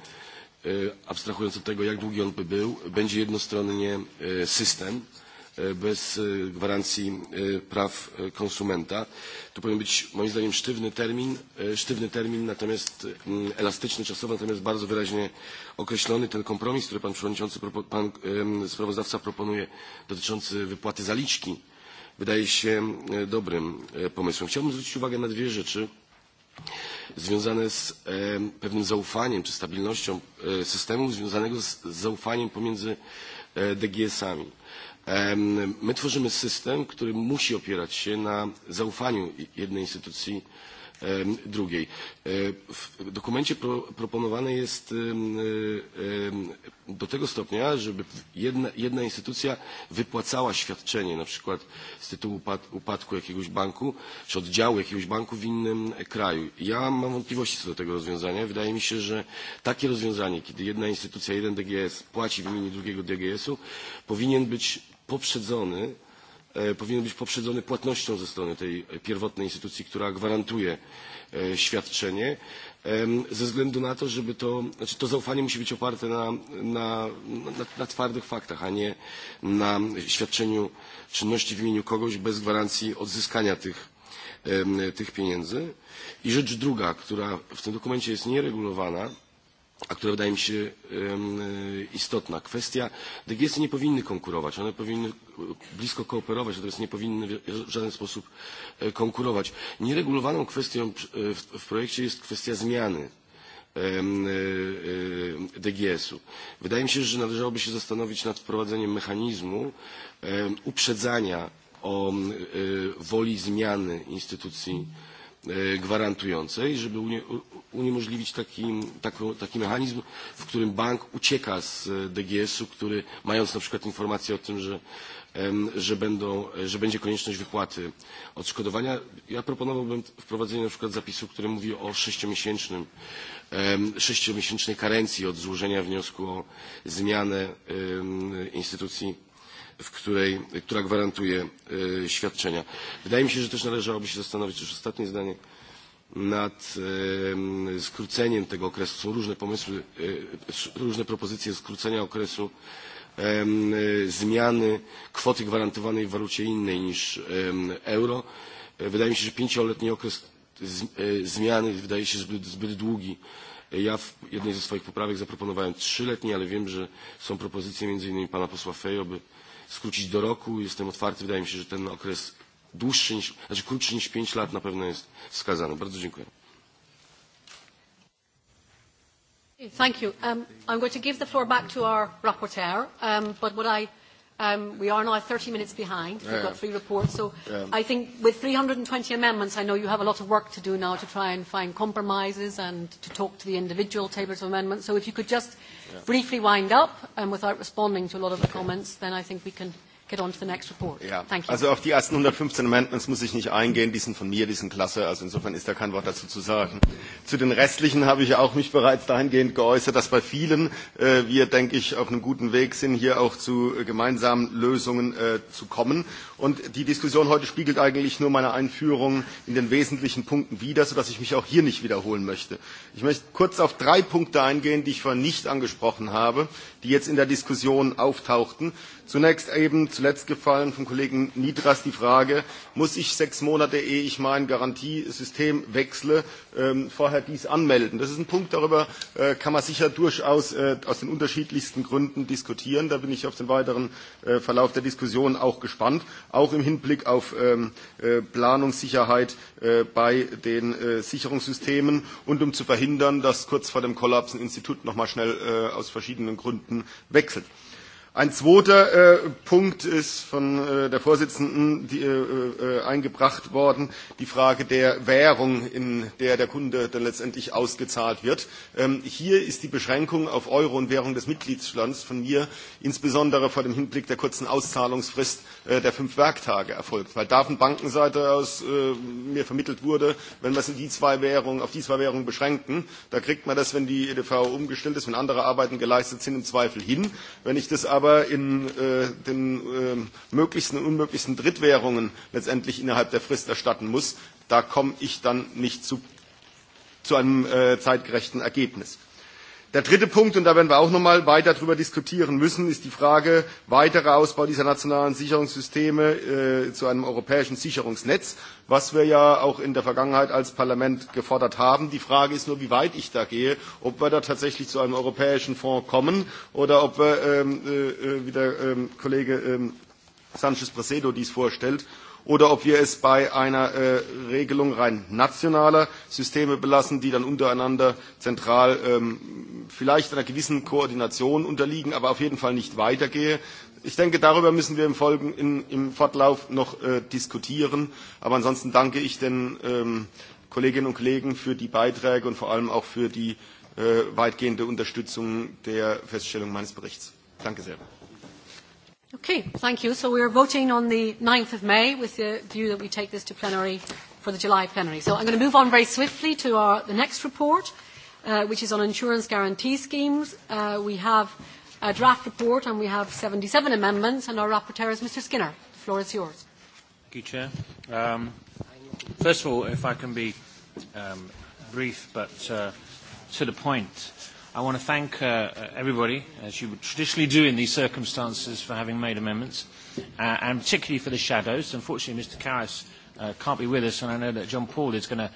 e, abstrahując od tego, jak długi on by był, będzie jednostronnie e, system, E, bez e, gwarancji e, praw konsumenta. Tu powinien być moim zdaniem sztywny termin, sztywny termin, natomiast mm, elastyczny czasowo, natomiast bardzo wyraźnie określony ten kompromis, który pan przewodniczący, pan sprawozdawca proponuje dotyczący wypłaty zaliczki wydaje się dobrym pomysłem. Chciałbym zwrócić uwagę na dwie rzeczy związane z pewnym zaufaniem czy stabilnością systemu związanego z zaufaniem pomiędzy DGS-ami. My tworzymy system, który musi opierać się na zaufaniu jednej instytucji drugiej. E, w dokumencie pro, proponowane jest do tego stopnia, żeby jedna, jedna instytucja wypłacała świadczenie, na przykład z tytułu upad, upadku jakiegoś banku czy oddziału jakiegoś banku w innym kraju. Ja mam wątpliwości co do tego rozwiązania. Wydaje mi się, że takie rozwiązanie, kiedy jedna instytucja, jeden DGS płaci w imieniu drugiego DGS-u, powinien być poprzedzony, e, powinien być poprzedzony płatnością ze strony tej pierwotnej instytucji, która gwarantuje e, świadczenie, ze względu na to, żeby to, znaczy to zaufanie musi być oparte na, na, na, na twardych faktach, a nie na świadczeniu czynności w imieniu kogoś bez gwarancji odzyskania tych, tych pieniędzy. I rzecz druga, która w tym dokumencie jest nieregulowana, a która wydaje mi się e, istotna. Kwestia, DGS nie powinny konkurować, one powinny e, blisko kooperować, natomiast nie powinny w żaden sposób e, konkurować. Nieregulowaną kwestią w projekcie jest kwestia zmiany DGS-u. Wydaje mi się, że należałoby się zastanowić nad wprowadzeniem mechanizmu uprzedzania o woli zmiany instytucji gwarantującej, żeby uniemożliwić taki, taki, taki mechanizm, w którym bank ucieka z e, DGS-u, który mając na przykład informację o tym, że, że, będą, że będzie konieczność wypłaty odszkodowania. Ja proponowałbym wprowadzenie na przykład zapisu, który mówi o sześciomiesięcznym, sześciomiesięcznej karencji od złożenia wniosku o zmianę instytucji w której, która gwarantuje y, e, świadczenia. Wydaje mi się, że też należałoby się zastanowić, już ostatnie zdanie, nad y, skróceniem tego okresu. Są różne pomysły, y, e, różne propozycje skrócenia okresu y, e, zmiany kwoty gwarantowanej w walucie innej niż euro. E, wydaje mi się, że pięcioletni okres z, zmiany wydaje się zbyt, zbyt długi. Ja w jednej ze swoich poprawek zaproponowałem trzyletni, ale wiem, że są propozycje między innymi pana posła Fejo, by skrócić do roku. Jestem otwarty. Wydaje mi się, że ten okres dłuższy niż, znaczy krótszy niż 5 lat na pewno jest wskazany. Bardzo dziękuję. Thank you. Um, I'm going to give the floor back to our rapporteur, um, but what I, um, we are now 30 minutes behind. We've yeah. got three reports, so yeah. I think with 320 amendments, I know you have a lot of work to do now to try and find compromises and to talk to the individual tablers of amendments. So if you could just yeah. briefly wind up um, without responding to a lot of the comments, then I think we can – get on to the next report. Ja. Thank you. Also auf die ersten 115 Amendments muss ich nicht eingehen. Die sind von mir, die sind klasse. Also insofern ist da kein Wort dazu zu sagen. Zu den restlichen habe ich auch mich bereits dahingehend geäußert, dass bei vielen äh, wir, denke ich, auf einem guten Weg sind, hier auch zu äh, gemeinsamen Lösungen äh, zu kommen. Und die Diskussion heute spiegelt eigentlich nur meine Einführung in den wesentlichen Punkten wider, sodass ich mich auch hier nicht wiederholen möchte. Ich möchte kurz auf drei Punkte eingehen, die ich vorhin nicht angesprochen habe, die jetzt in der Diskussion auftauchten. Zunächst eben, zuletzt gefallen vom Kollegen Nidras die Frage, muss ich sechs Monate, ehe ich mein Garantiesystem wechsle, ähm, vorher dies anmelden? Das ist ein Punkt, darüber äh, kann man sicher durchaus äh, aus den unterschiedlichsten Gründen diskutieren. Da bin ich auf den weiteren äh, Verlauf der Diskussion auch gespannt, auch im Hinblick auf ähm, äh, Planungssicherheit äh, bei den äh, Sicherungssystemen und um zu verhindern, dass kurz vor dem Kollaps ein Institut nochmal schnell äh, aus verschiedenen Gründen wechselt. Ein zweiter äh, Punkt ist von äh, der Vorsitzenden die, äh, äh, eingebracht worden, die Frage der Währung, in der der Kunde dann letztendlich ausgezahlt wird. Ähm, hier ist die Beschränkung auf Euro und Währung des Mitgliedslands von mir insbesondere vor dem Hinblick der kurzen Auszahlungsfrist äh, der fünf Werktage erfolgt, weil da von Bankenseite aus äh, mir vermittelt wurde, wenn wir es in die zwei Währungen, auf die zwei Währungen beschränken, da kriegt man das, wenn die EDV umgestellt ist, wenn andere Arbeiten geleistet sind, im Zweifel hin. Wenn ich das aber aber in äh, den äh, möglichsten und unmöglichsten Drittwährungen letztendlich innerhalb der Frist erstatten muss, da komme ich dann nicht zu, zu einem äh, zeitgerechten Ergebnis. Der dritte Punkt, und da werden wir auch noch mal weiter darüber diskutieren müssen, ist die Frage weiterer Ausbau dieser nationalen Sicherungssysteme äh, zu einem europäischen Sicherungsnetz, was wir ja auch in der Vergangenheit als Parlament gefordert haben. Die Frage ist nur, wie weit ich da gehe, ob wir da tatsächlich zu einem europäischen Fonds kommen oder ob wir, ähm, äh, äh wie der ähm, Kollege ähm, Sanchez Presedo dies vorstellt, oder ob wir es bei einer äh, Regelung rein nationaler Systeme belassen, die dann untereinander zentral ähm, vielleicht einer gewissen Koordination unterliegen, aber auf jeden Fall nicht weitergehe. Ich denke, darüber müssen wir im, Folgen, in, im Fortlauf noch äh, diskutieren. Aber ansonsten danke ich den ähm, Kolleginnen und Kollegen für die Beiträge und vor allem auch für die äh, weitgehende Unterstützung der Feststellung meines Berichts. Danke sehr. Okay, thank you. So we are voting on the 9th of May with the view that we take this to plenary for the July plenary. So I'm going to move on very swiftly to our, the next report, uh, which is on insurance guarantee schemes. Uh, we have a draft report and we have 77 amendments and our rapporteur is Mr Skinner. The floor is yours. Thank you, Chair. Um, first of all, if I can be um, brief but uh, to the point, I want to thank uh, uh, everybody, as you would traditionally do in these circumstances, for having made amendments, uh, and particularly for the shadows. Unfortunately, Mr. Karras uh, can't be with us, and I know that John Paul is going to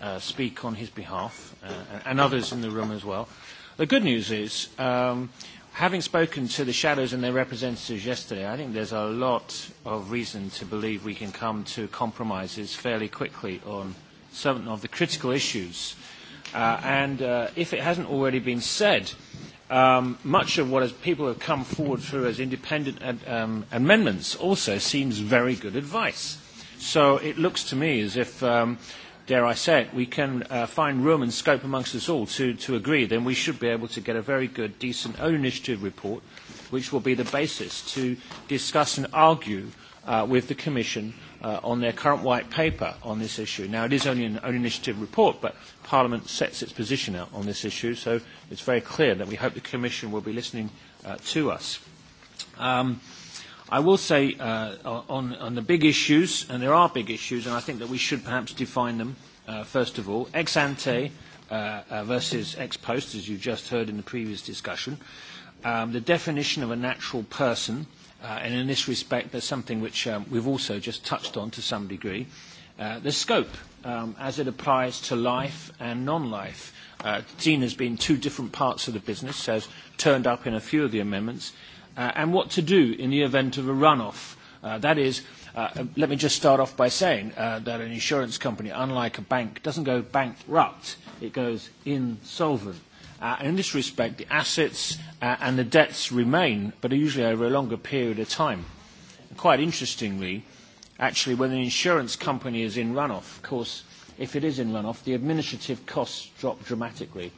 uh, speak on his behalf, uh, and others in the room as well. The good news is, um, having spoken to the shadows and their representatives yesterday, I think there's a lot of reason to believe we can come to compromises fairly quickly on certain of the critical issues uh, Uh, and uh, if it hasn't already been said, um, much of what has, people have come forward through as independent ad, um, amendments also seems very good advice. So it looks to me as if, um, dare I say it, we can uh, find room and scope amongst us all to, to agree, then we should be able to get a very good, decent own initiative report, which will be the basis to discuss and argue uh, with the Commission uh, on their current white paper on this issue. Now, it is only an own initiative report, but Parliament sets its position out on this issue, so it's very clear that we hope the Commission will be listening uh, to us. Um, I will say uh, on, on the big issues, and there are big issues, and I think that we should perhaps define them, uh, first of all, ex ante uh, uh, versus ex post, as you just heard in the previous discussion, um, the definition of a natural person, uh, Uh, and in this respect, there's something which um, we've also just touched on to some degree, uh, the scope um, as it applies to life and non-life. Uh, seen as being two different parts of the business, has turned up in a few of the amendments, uh, and what to do in the event of a runoff. Uh, that is, uh, um, let me just start off by saying uh, that an insurance company, unlike a bank, doesn't go bankrupt. It goes insolvent. Uh, and in this respect, the assets uh, and the debts remain, but are usually over a longer period of time. And quite interestingly, actually, when an insurance company is in runoff, of course, if it is in runoff, the administrative costs drop dramatically.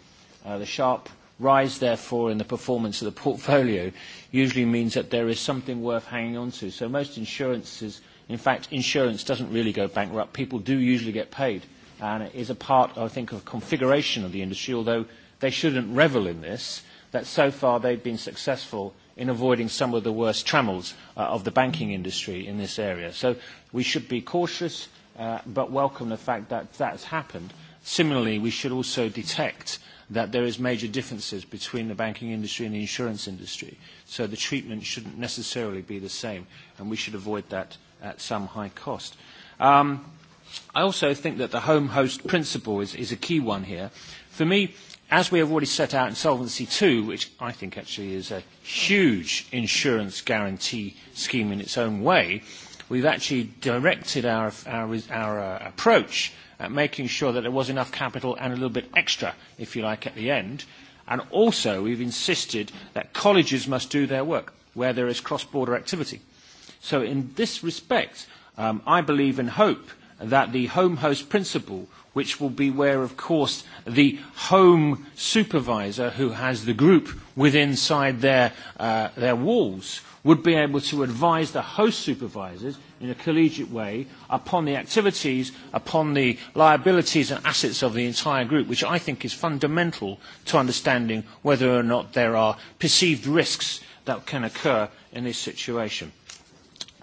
Uh, the sharp rise, therefore, in the performance of the portfolio usually means that there is something worth hanging on to. So most insurances, in fact, insurance doesn't really go bankrupt. People do usually get paid, and it is a part, I think, of configuration of the industry, although – they shouldn't revel in this, that so far they've been successful in avoiding some of the worst trammels uh, of the banking industry in this area. So we should be cautious, uh, but welcome the fact that that's happened. Similarly, we should also detect that there is major differences between the banking industry and the insurance industry. So the treatment shouldn't necessarily be the same, and we should avoid that at some high cost. Um, I also think that the home host principle is, is a key one here. For me, As we have already set out in Solvency II, which I think actually is a huge insurance guarantee scheme in its own way, we've actually directed our, our, our uh, approach at making sure that there was enough capital and a little bit extra, if you like, at the end. And also, we've insisted that colleges must do their work where there is cross-border activity. So in this respect, um, I believe and hope that the home host principle which will be where, of course, the home supervisor who has the group within inside their, uh, their walls would be able to advise the host supervisors in a collegiate way upon the activities, upon the liabilities and assets of the entire group, which I think is fundamental to understanding whether or not there are perceived risks that can occur in this situation.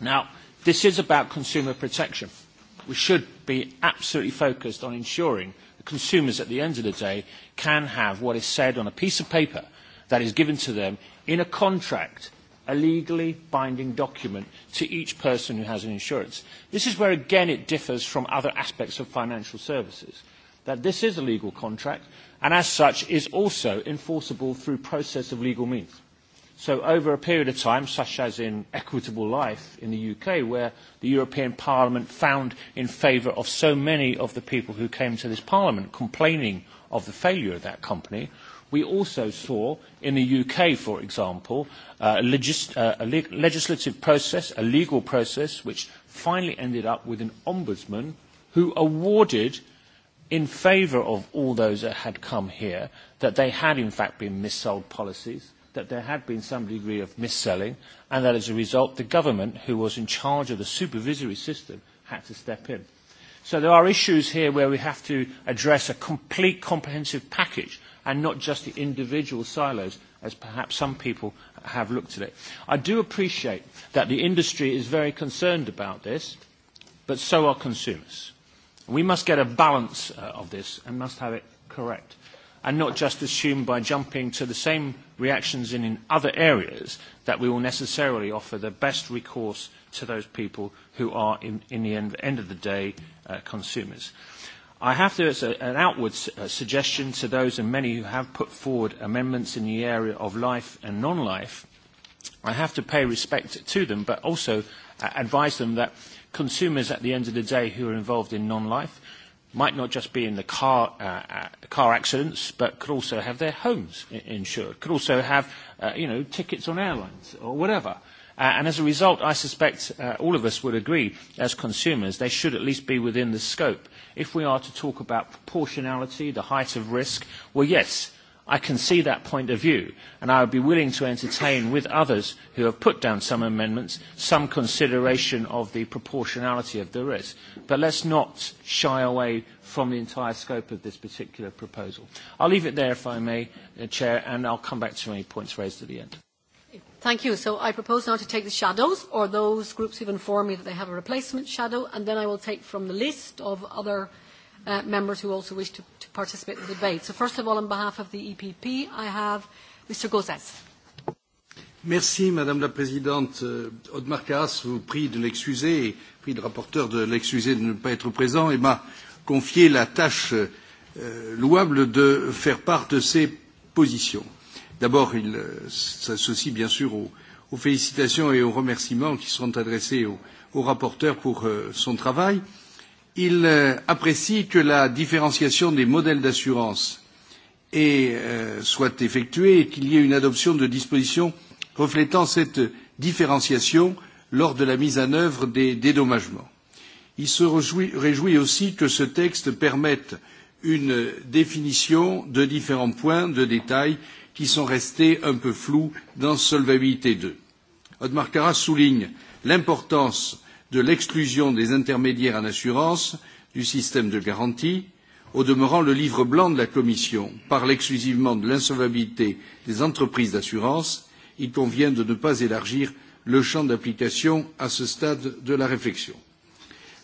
Now, this is about consumer protection we should be absolutely focused on ensuring the consumers at the end of the day can have what is said on a piece of paper that is given to them in a contract, a legally binding document to each person who has an insurance. This is where, again, it differs from other aspects of financial services, that this is a legal contract and, as such, is also enforceable through process of legal means. So over a period of time, such as in Equitable Life in the UK, where the European Parliament found in favour of so many of the people who came to this Parliament complaining of the failure of that company, we also saw in the UK, for example, uh, a, legis- uh, a le- legislative process, a legal process, which finally ended up with an ombudsman who awarded in favour of all those that had come here that they had in fact been missold policies that there had been some degree of mis-selling, and that as a result, the government, who was in charge of the supervisory system, had to step in. So there are issues here where we have to address a complete comprehensive package and not just the individual silos as perhaps some people have looked at it. I do appreciate that the industry is very concerned about this, but so are consumers. We must get a balance uh, of this and must have it correct and not just assume by jumping to the same reactions in, in other areas that we will necessarily offer the best recourse to those people who are, in, in the end, end of the day, uh, consumers. I have to, as a, an outward su- uh, suggestion to those and many who have put forward amendments in the area of life and non-life, I have to pay respect to them, but also uh, advise them that consumers at the end of the day who are involved in non-life might not just be in the car, uh, uh car accidents, but could also have their homes insured, could also have, uh, you know, tickets on airlines or whatever. Uh, and as a result, I suspect uh, all of us would agree, as consumers, they should at least be within the scope. If we are to talk about proportionality, the height of risk, well, yes, I can see that point of view, and I would be willing to entertain with others who have put down some amendments some consideration of the proportionality of the risk. But let's not shy away from the entire scope of this particular proposal. I'll leave it there, if I may, uh, Chair, and I'll come back to any points raised at the end. Thank you. So I propose now to take the shadows or those groups who've informed me that they have a replacement shadow, and then I will take from the list of other uh, members who also wish to, to participate in the debate. So first of all, on behalf of the EPP, I have Mr. Gauzès. Merci, Madame la Présidente. Euh, Audemars Carras vous prie de l'excuser, prie le rapporteur de l'excuser de ne pas être présent et m'a confié la tâche euh, louable de faire part de ses positions. D'abord, il euh, s'associe bien sûr aux, aux félicitations et aux remerciements qui seront adressés au, au rapporteur pour euh, son travail. Euh, Il euh, apprécie que la différenciation des modèles d'assurance et, euh, soit effectuée et qu'il y ait une adoption de dispositions reflétant cette différenciation lors de la mise en œuvre des dédommagements. Il se réjouit, réjouit aussi que ce texte permette une définition de différents points de détail qui sont restés un peu flous dans Solvabilité 2. Otmar Karas souligne l'importance de l'exclusion des intermédiaires en assurance du système de garantie, au demeurant le livre blanc de la Commission parle exclusivement de l'insolvabilité des entreprises d'assurance, il convient de ne pas élargir le champ d'application à ce stade de la réflexion.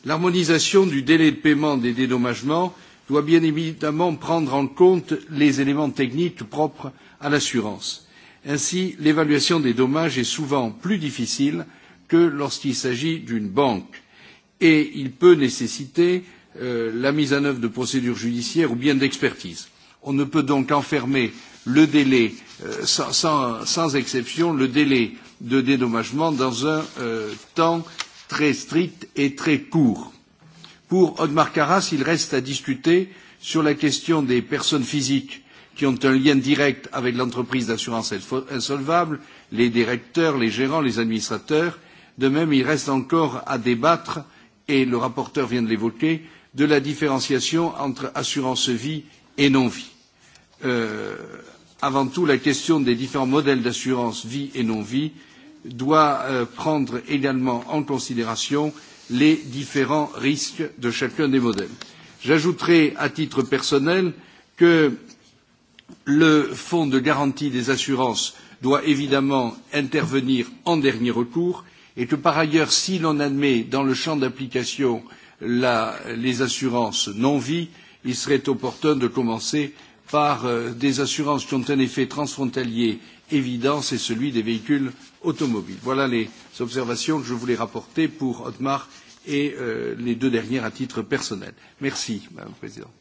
L'harmonisation du délai de paiement des dédommagements doit bien évidemment prendre en compte les éléments techniques propres à l'assurance. Ainsi, l'évaluation des dommages est souvent plus difficile que lorsqu'il s'agit d'une banque et il peut nécessiter euh, la mise en œuvre de procédures judiciaires ou bien d'expertise. On ne peut donc enfermer le délai euh, sans, sans, sans exception le délai de dédommagement dans un euh, temps très strict et très court. Pour Odmar Karas, il reste à discuter sur la question des personnes physiques qui ont un lien direct avec l'entreprise d'assurance insolvable, les directeurs, les gérants, les administrateurs, De même, il reste encore à débattre, et le rapporteur vient de l'évoquer, de la différenciation entre assurance vie et non vie. Euh, avant tout, la question des différents modèles d'assurance vie et non vie doit euh, prendre également en considération les différents risques de chacun des modèles. J'ajouterai à titre personnel que le fonds de garantie des assurances doit évidemment intervenir en dernier recours et que par ailleurs, si l'on admet dans le champ d'application la, les assurances non-vie, il serait opportun de commencer par euh, des assurances qui ont un effet transfrontalier évident, c'est celui des véhicules automobiles. Voilà les observations que je voulais rapporter pour Otmar et euh, les deux dernières à titre personnel. Merci, Madame la Présidente.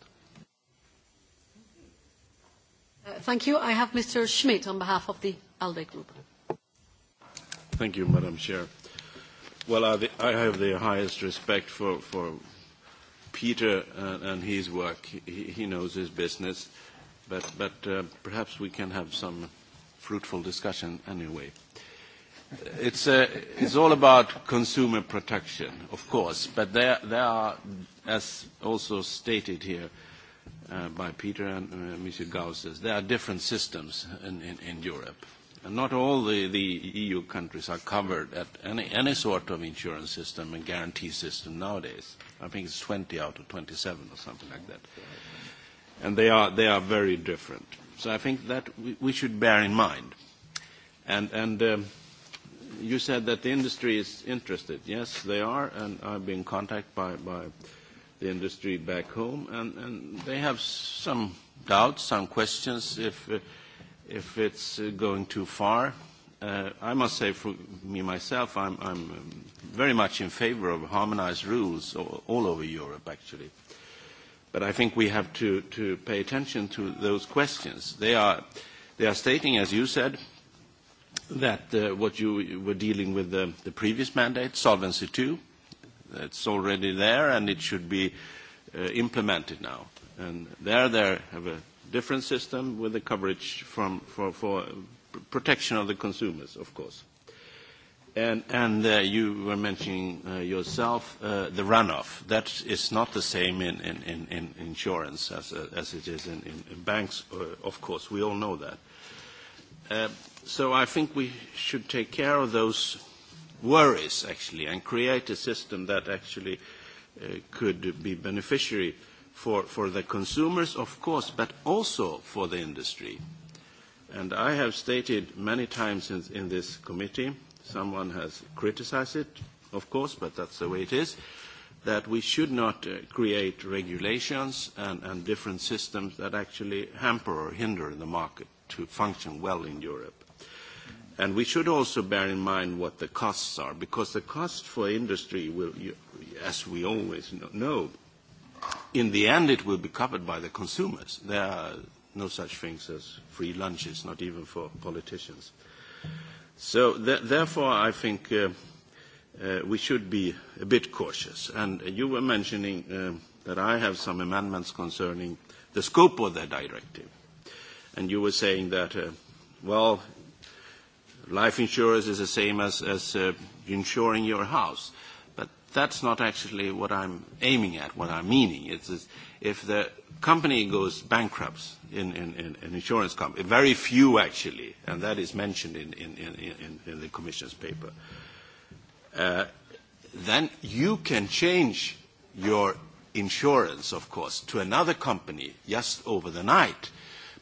Uh, thank you. I have Mr. Schmidt on behalf of the ALDE Group. Thank you, Madam Chair. Well, I, I have the highest respect for, for Peter and, and his work. He, he knows his business, but, but uh, perhaps we can have some fruitful discussion anyway. It's, uh, it's all about consumer protection, of course, but there, there are, as also stated here uh, by Peter and uh, Mr. Gauss, there are different systems in, in, in Europe. Uh, not all the, the EU countries are covered at any, any sort of insurance system and guarantee system nowadays. I think it's 20 out of 27 or something like that. And they are, they are very different. So I think that we, we should bear in mind. And, and um, you said that the industry is interested. Yes, they are, and I've been contacted by, by the industry back home, and, and they have some doubts, some questions if uh, – if it's uh, going too far. Uh, I must say for me myself, I'm, I'm um, very much in favor of harmonized rules all, all over Europe, actually. But I think we have to, to pay attention to those questions. They are, they are stating, as you said, that uh, what you were dealing with the, the previous mandate, Solvency II, it's already there and it should be uh, implemented now. And there, there have a different system with the coverage from, for, for protection of the consumers, of course. And, and uh, you were mentioning uh, yourself uh, the runoff. That is not the same in, in, in, in insurance as, uh, as it is in, in, in banks, uh, of course. We all know that. Uh, so I think we should take care of those worries, actually, and create a system that actually uh, could be beneficiary uh, for, for the consumers, of course, but also for the industry. And I have stated many times in, in this committee, someone has criticized it, of course, but that's the way it is, that we should not uh, create regulations and, and different systems that actually hamper or hinder the market to function well in Europe. And we should also bear in mind what the costs are, because the cost for industry will, as we always know, in the end, it will be covered by the consumers. There are no such things as free lunches, not even for politicians. So th- therefore, I think uh, uh, we should be a bit cautious. And you were mentioning um, uh, that I have some amendments concerning the scope of the directive. And you were saying that, uh, well, life insurance is the same as, as uh, insuring your house. Uh, that's not actually what I'm aiming at, what I'm meaning. It's, it's if the company goes bankrupt in, in, in an insurance company, very few actually, and that is mentioned in, in, in, in the Commission's paper, uh, then you can change your insurance, of course, to another company just over the night. Uh,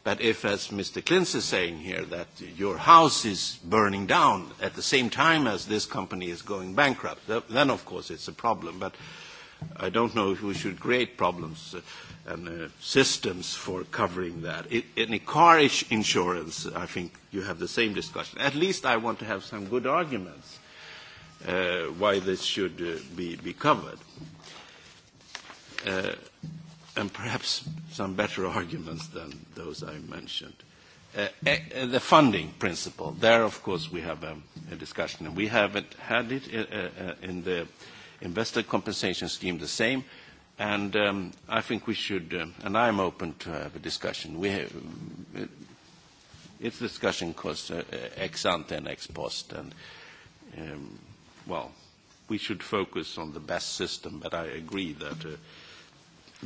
But if, as Mr. Klintz is saying here, that your house is burning down at the same time as this company is going bankrupt, then of course it's a problem. But I don't know if we should create problems uh, and uh, systems for covering that. It, in a car insurance, I think you have the same discussion. At least I want to have some good arguments uh, why this should uh, be, be covered. Uh, and perhaps some better arguments than those I mentioned. Uh, uh, uh, the funding principle, there, of course, we have um, a discussion, and we haven't had it uh, uh, in the investor compensation scheme the same, and um, I think we should, uh, and I'm open to have a discussion. We have, it, it's discussion costs ex ante and ex post, and, um, well, we should focus on the best system, but I agree that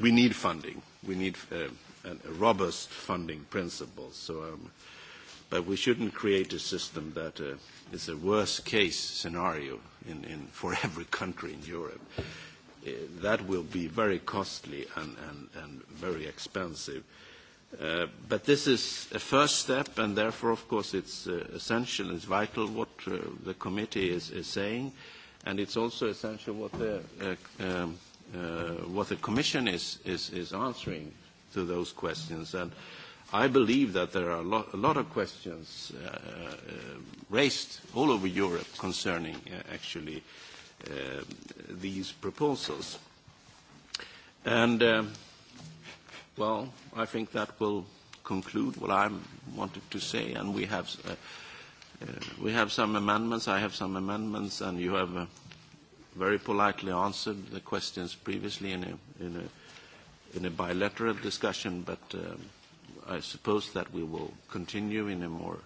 we need funding. We need uh, a, a robust funding principle. So, um, but we shouldn't create a system that uh, is a worst-case scenario in, in, for every country in Europe. Uh, that will be very costly and, and, and very expensive. Uh, but this is a first step, and therefore, of course, it's uh, essential, it's vital what uh, the committee is, is saying, and it's also essential what the uh, um, uh, what the Commission is, is, is answering to those questions. And I believe that there are a lot, a lot of questions uh, uh, raised all over Europe concerning uh, actually uh, these proposals. And, um, well, I think that will conclude what I wanted to say, and we have, uh, uh, we have some amendments. I have some amendments, and you have uh, very politely answered the questions previously in a, in a, in a bilateral discussion, but um, I suppose that we will continue in a more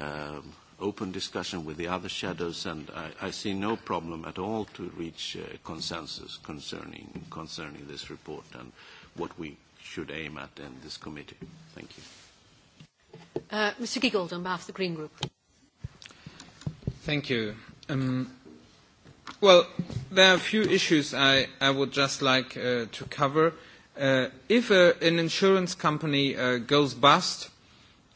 um, open discussion with the other shadows, and I, I see no problem at all to reach uh, consensus concerning, concerning this report and what we should aim at in this committee. Thank you. Uh, Mr. Giegold, on behalf of the Green Group. Thank you. Um, Well, there are a few issues I, I would just like uh, to cover. Uh, if uh, an insurance company uh, goes bust,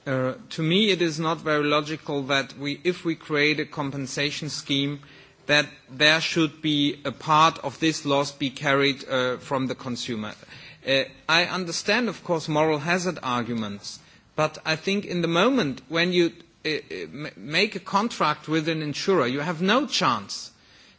uh, to me it is not very logical that we, if we create a compensation scheme, that there should be a part of this loss be carried uh, from the consumer. Uh, I understand, of course, moral hazard arguments, but I think in the moment when you uh, uh make a contract with an insurer, you have no chance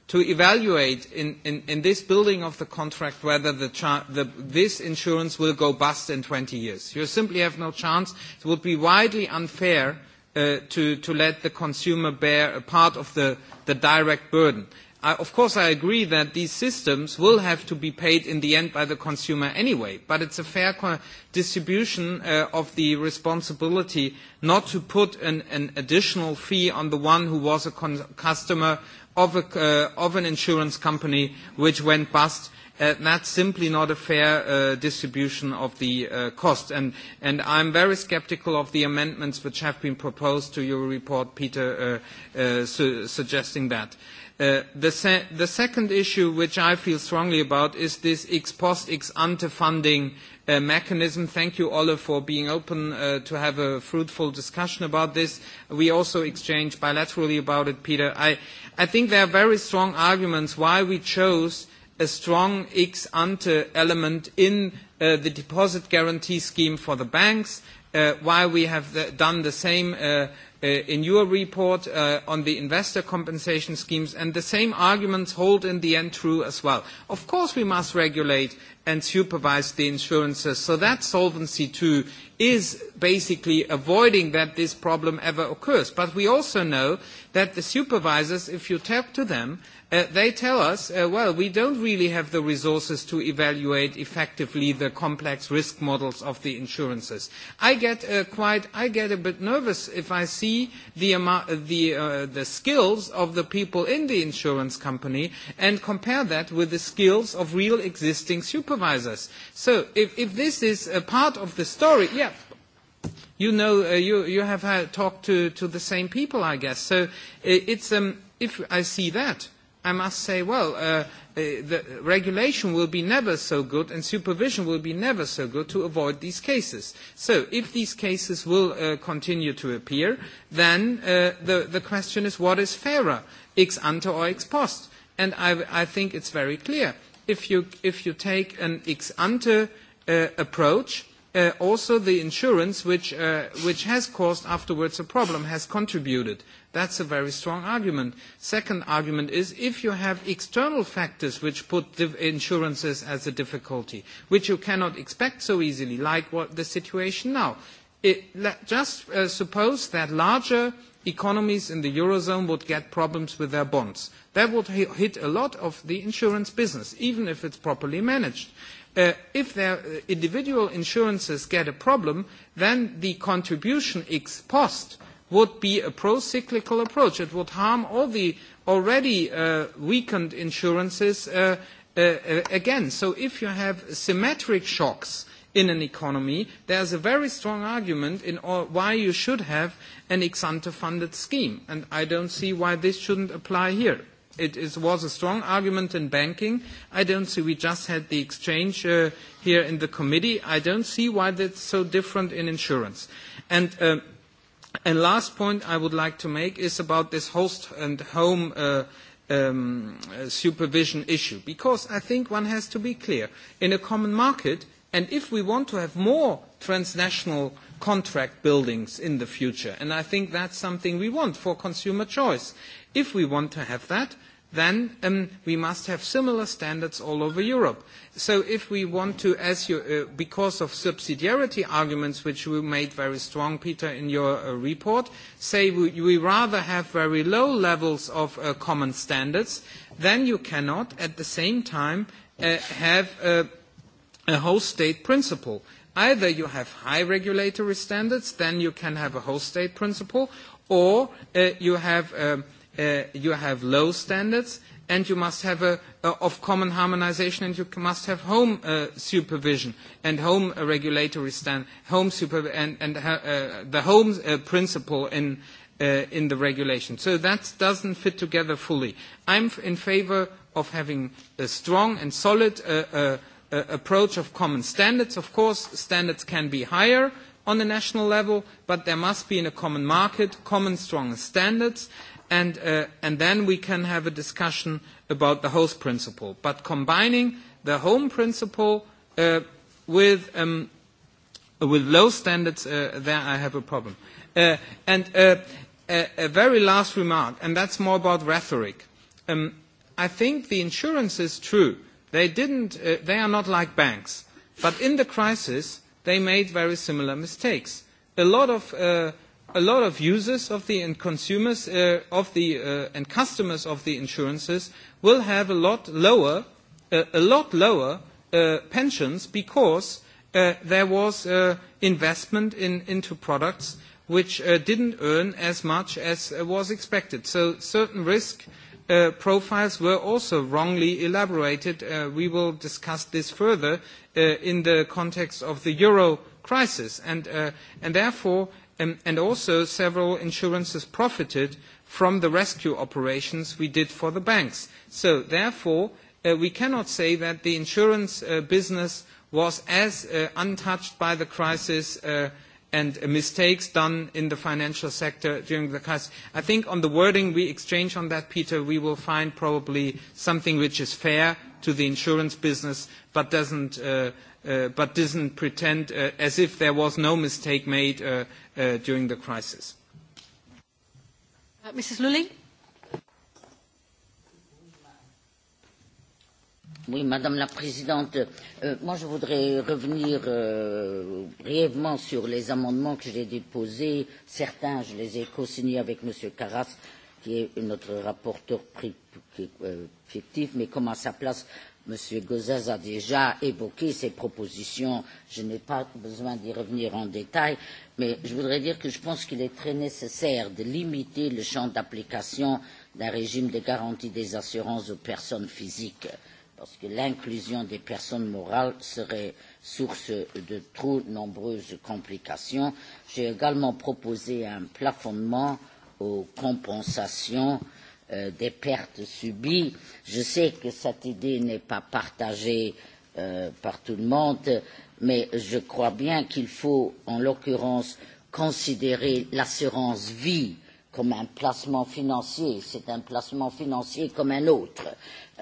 to evaluate in, in, in this building of the contract whether the cha- the, this insurance will go bust in 20 years. You simply have no chance. It would be widely unfair uh, to, to let the consumer bear a part of the, the direct burden. I, of course, I agree that these systems will have to be paid in the end by the consumer anyway, but it's a fair co- distribution uh, of the responsibility not to put an, an additional fee on the one who was a con- customer of, a, uh, of an insurance company which went bust uh, that's simply not a fair uh, distribution of the uh, cost. And, and I'm very skeptical of the amendments which have been proposed to your report, Peter, uh, uh, su suggesting that. Uh, the, se the second issue which I feel strongly about is this ex post ex ante funding uh, uh, mechanism. Thank you, Ola, for being open uh, to have a fruitful discussion about this. We also exchanged bilaterally about it, Peter. I, I think there are very strong arguments why we chose a strong ex-ante element in uh, the deposit guarantee scheme for the banks, uh, uh, why we have the, done the same uh, uh, in your report uh, on the investor compensation schemes, and the same arguments hold in the end true as well. Of course, we must regulate and supervise the insurances so that Solvency II is basically avoiding that this problem ever occurs. But we also know that the supervisors, if you talk to them, uh, Uh, they tell us, uh, well, we don't really have the resources to evaluate effectively the complex risk models of the insurances. I get uh, quite, I get a bit nervous if I see the amount, uh, the, uh, the skills of the people in the insurance company and compare that with the skills of real existing supervisors. So if, if this is a part of the story, yeah, you know, uh, you, you have uh, talked to, to the same people, I guess. So it's, um, if I see that, I must say, well, uh, uh, the regulation will be never so good and supervision will be never so good to avoid these cases. So if these cases will uh, continue to appear, then uh, the, the question is what is fairer, ex ante or ex post? And I, I think it's very clear. If you, if you take an ex ante uh, approach, uh, also the insurance which, uh, which has caused afterwards a problem has contributed That's a very strong argument. Second argument is if you have external factors which put insurances as a difficulty, which you cannot expect so easily, like what the situation now. It, let, just uh, suppose that larger economies in the eurozone would get problems with their bonds. That would hit a lot of the insurance business, even if it's properly managed. Uh, if their uh, individual insurances get a problem, then the contribution ex post would be a pro-cyclical approach. It would harm all the already uh, weakened insurances uh, uh, uh, again. So if you have symmetric shocks in an economy, there's a very strong argument in all, why you should have an ex-ante funded scheme. And I don't see why this shouldn't apply here. It is, was a strong argument in banking. I don't see, we just had the exchange uh, here in the committee. I don't see why that's so different in insurance. And uh, um, And last point I would like to make is about this host and home uh, um, supervision issue, because I think one has to be clear. In a common market, and if we want to have more transnational contract buildings in the future, and I think that's something we want for consumer choice, if we want to have that, then um, we must have similar standards all over Europe. So if we want to, as you, uh, because of subsidiarity arguments, which you made very strong, Peter, in your uh, report, say we, we rather have very low levels of uh, common standards, then you cannot at the same time uh, have uh, a, a host state principle. Either you have high regulatory standards, then you can have a host state principle, or uh, you have... Uh, um, uh, you have low standards and you must have a, a of common harmonization and you must have home uh, supervision and home uh, regulatory stand home super and, and uh, uh, the home uh, principle in uh, in the regulation so that doesn't fit together fully i'm in favor of having a strong and solid uh, uh, uh, approach of common standards of course standards can be higher on the national level but there must be in a common market common strong standards uh, and, uh, and then we can have a discussion about the host principle. But combining the home principle uh, with, um, with low standards, uh, there I have a problem. Uh, and uh, a, a very last remark, and that's more about rhetoric. Um, I think the insurance is true. They, didn't, uh, they are not like banks. But in the crisis, they made very similar mistakes. A lot of uh, a lot of users of the and consumers uh, of the uh, and customers of the insurances will have a lot lower uh, a lot lower uh, pensions because uh, there was uh, investment in, into products which uh, didn't earn as much as uh, was expected. So certain risk uh, profiles were also wrongly elaborated. Uh, we will discuss this further uh, in the context of the euro crisis. And, uh, and therefore, uh, um, and also several insurances profited from the rescue operations we did for the banks. So therefore, uh, we cannot say that the insurance uh, business was as uh, untouched by the crisis uh, and uh, mistakes done in the financial sector during the crisis. I think on the wording we exchange on that, Peter, we will find probably something which is fair to the insurance business, but doesn't, uh, uh, but doesn't pretend uh, as if there was no mistake made uh, uh, during the crisis. Uh, Mrs. Lully? Oui, Madame la Présidente, euh, moi je voudrais revenir euh, brièvement sur les amendements que j'ai déposés. Certains, je les ai co-signés avec M. Carras, qui est notre rapporteur euh, fictif, mais comme à sa place, M. Gauzès a déjà évoqué ses propositions, je n'ai pas besoin d'y revenir en détail, mais je voudrais dire que je pense qu'il est très nécessaire de limiter le champ d'application d'un régime de garantie des assurances aux personnes physiques, parce que l'inclusion des personnes morales serait source de trop nombreuses complications. J'ai également proposé un plafonnement euh, aux compensations euh, des pertes subies. Je sais que cette idée n'est pas partagée euh, par tout le monde, mais je crois bien qu'il faut, en l'occurrence, considérer l'assurance vie comme un placement financier. C'est un placement financier comme un autre.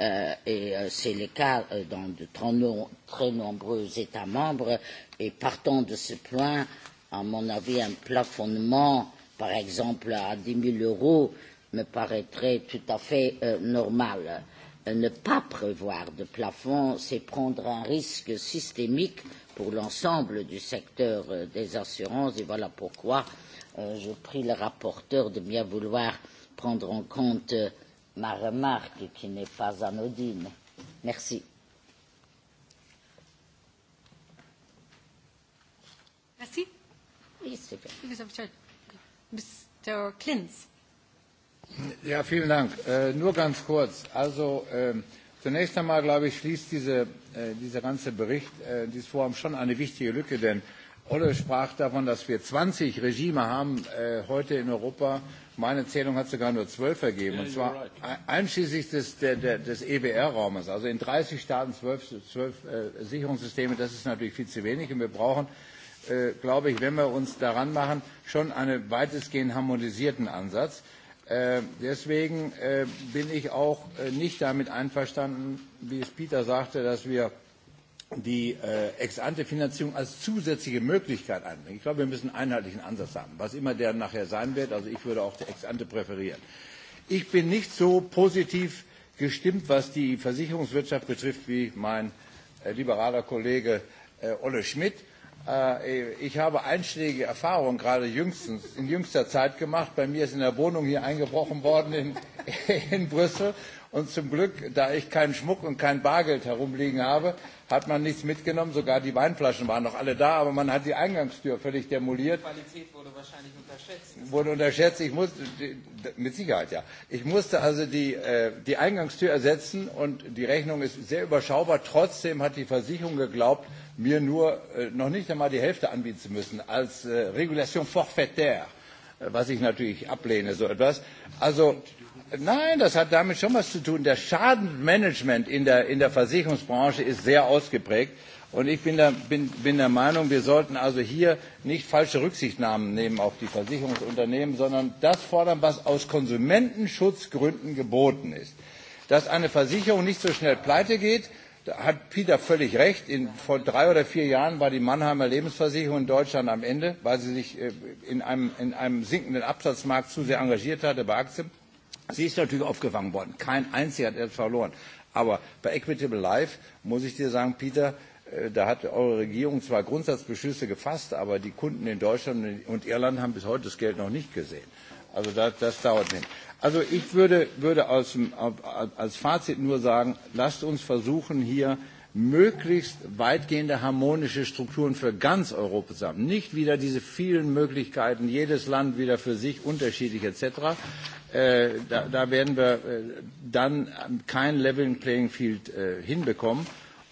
Euh, et euh, c'est le cas euh, dans de très, no très nombreux États membres. Et partant de ce point, à mon avis, un plafonnement par exemple à 10 000 euros, me paraîtrait tout à fait euh, normal. Euh, ne pas prévoir de plafond, c'est prendre un risque systémique pour l'ensemble du secteur euh, des assurances et voilà pourquoi euh, je prie le rapporteur de bien vouloir prendre en compte euh, ma remarque qui n'est pas anodine. Merci. Merci. Oui, c'est bien. Mr. Klintz. Ja, vielen Dank. Äh, nur ganz kurz. Also äh, zunächst einmal, glaube ich, schließt diese, äh, dieser ganze Bericht, äh, dieses Forum schon eine wichtige Lücke, denn Olle sprach davon, dass wir 20 Regime haben äh, heute in Europa. Meine Zählung hat sogar nur zwölf ergeben, yeah, und zwar right. einschließlich des, der, der, des EBR-Raumes. Also in 30 Staaten zwölf, zwölf äh, Sicherungssysteme, das ist natürlich viel zu wenig. Und wir brauchen äh, glaube ich, wenn wir uns daran machen, schon einen weitestgehend harmonisierten Ansatz. Äh, deswegen äh, bin ich auch äh, nicht damit einverstanden, wie es Peter sagte, dass wir die äh, Ex-ante-Finanzierung als zusätzliche Möglichkeit einbringen. Ich glaube, wir müssen einen einheitlichen Ansatz haben, was immer der nachher sein wird. Also ich würde auch die Ex-ante präferieren. Ich bin nicht so positiv gestimmt, was die Versicherungswirtschaft betrifft, wie mein äh, liberaler Kollege äh, Olle Schmidt. Äh, ich habe einschlägige Erfahrungen gerade jüngstens, in jüngster Zeit gemacht. Bei mir ist in der Wohnung hier eingebrochen worden in, in Brüssel. Und zum Glück, da ich keinen Schmuck und kein Bargeld herumliegen habe, hat man nichts mitgenommen. Sogar die Weinflaschen waren noch alle da, aber man hat die Eingangstür völlig demoliert. Die Qualität wurde wahrscheinlich unterschätzt. Wurde unterschätzt. Ich musste, mit Sicherheit ja. Ich musste also die, äh, die Eingangstür ersetzen und die Rechnung ist sehr überschaubar. Trotzdem hat die Versicherung geglaubt, mir nur äh, noch nicht einmal die Hälfte anbieten zu müssen als äh, Regulation forfaitaire, äh, was ich natürlich ablehne, so etwas. Also nein, das hat damit schon was zu tun. Der Schadenmanagement in der, in der Versicherungsbranche ist sehr ausgeprägt. Und ich bin der, bin, bin der Meinung, wir sollten also hier nicht falsche Rücksichtnahmen nehmen auf die Versicherungsunternehmen, sondern das fordern, was aus Konsumentenschutzgründen geboten ist. Dass eine Versicherung nicht so schnell pleite geht, Da hat Peter völlig recht. In, vor drei oder vier Jahren war die Mannheimer Lebensversicherung in Deutschland am Ende, weil sie sich äh, in einem, in einem sinkenden Absatzmarkt zu sehr engagiert hatte bei Aktien. Sie ist natürlich aufgefangen worden. Kein einziger hat etwas verloren. Aber bei Equitable Life muss ich dir sagen, Peter, äh, da hat eure Regierung zwar Grundsatzbeschlüsse gefasst, aber die Kunden in Deutschland und Irland haben bis heute das Geld noch nicht gesehen. Also das, das dauert nicht. Also ich würde, würde aus dem, als Fazit nur sagen, lasst uns versuchen, hier möglichst weitgehende harmonische Strukturen für ganz Europa zu haben. Nicht wieder diese vielen Möglichkeiten, jedes Land wieder für sich unterschiedlich etc. Äh, da, da werden wir äh, dann kein Leveling Playing Field äh, hinbekommen.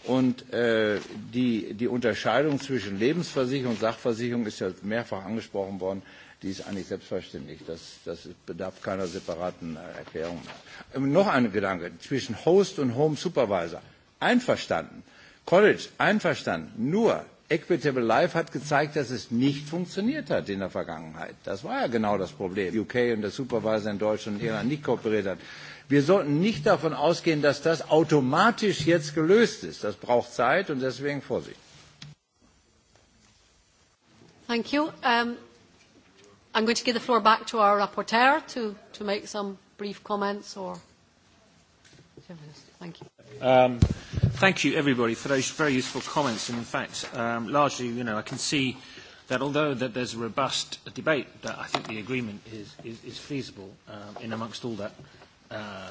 Und äh, die, die Unterscheidung zwischen Lebensversicherung und Sachversicherung ist ja mehrfach angesprochen worden. Äh, die ist eigentlich selbstverständlich. Das, das bedarf keiner separaten äh, Erklärung mehr. Ähm, noch ein Gedanke zwischen Host und Home Supervisor. Einverstanden. College, einverstanden. Nur Equitable Life hat gezeigt, dass es nicht funktioniert hat in der Vergangenheit. Das war ja genau das Problem. UK und der Supervisor in Deutschland und Irland nicht kooperiert hat. Wir sollten nicht davon ausgehen, dass das automatisch jetzt gelöst ist. Das braucht Zeit und deswegen Vorsicht. Thank you. Um, I'm going to give the floor back to our rapporteur to, to make some brief comments or... Thank you. Um, thank you, everybody, for those very useful comments. And in fact, um, largely, you know, I can see that although that there's a robust debate, that I think the agreement is, is, is feasible um, in amongst all that uh,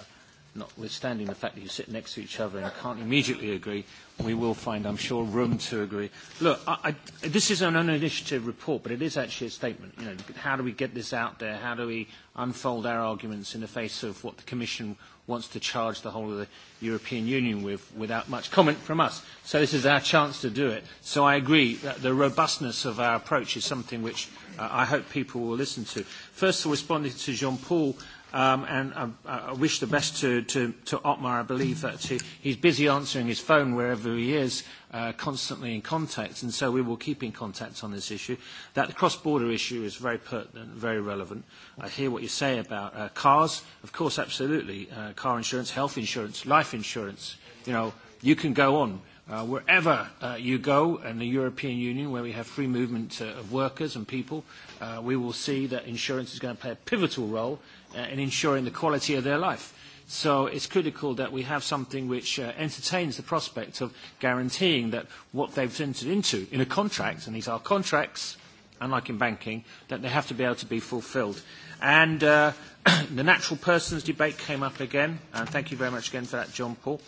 notwithstanding the fact that you sit next to each other and can't immediately agree, we will find, I'm sure, room to agree. Look, I, I, this is an uninitiative report, but it is actually a statement. You know, how do we get this out there? How do we unfold our arguments in the face of what the Commission wants to charge the whole of the European Union with without much comment from us? So this is our chance to do it. So I agree that the robustness of our approach is something which uh, I hope people will listen to. First of all, responding to Jean-Paul, Um, and I, I wish the best to, to, to Otmar. I believe that he, he's busy answering his phone wherever he is, uh, constantly in contact, and so we will keep in contact on this issue. That cross-border issue is very pertinent, very relevant. I hear what you say about uh, cars. Of course, absolutely. Uh, car insurance, health insurance, life insurance. You know, you can go on. Uh, wherever uh, you go in the European Union, where we have free movement uh, of workers and people, uh, we will see that insurance is going to play a pivotal role and uh, ensuring the quality of their life. So it's critical that we have something which uh, entertains the prospect of guaranteeing that what they've entered into in a contract, and these are contracts, unlike in banking, that they have to be able to be fulfilled. And uh, the natural persons debate came up again, and thank you very much again for that, John Paul.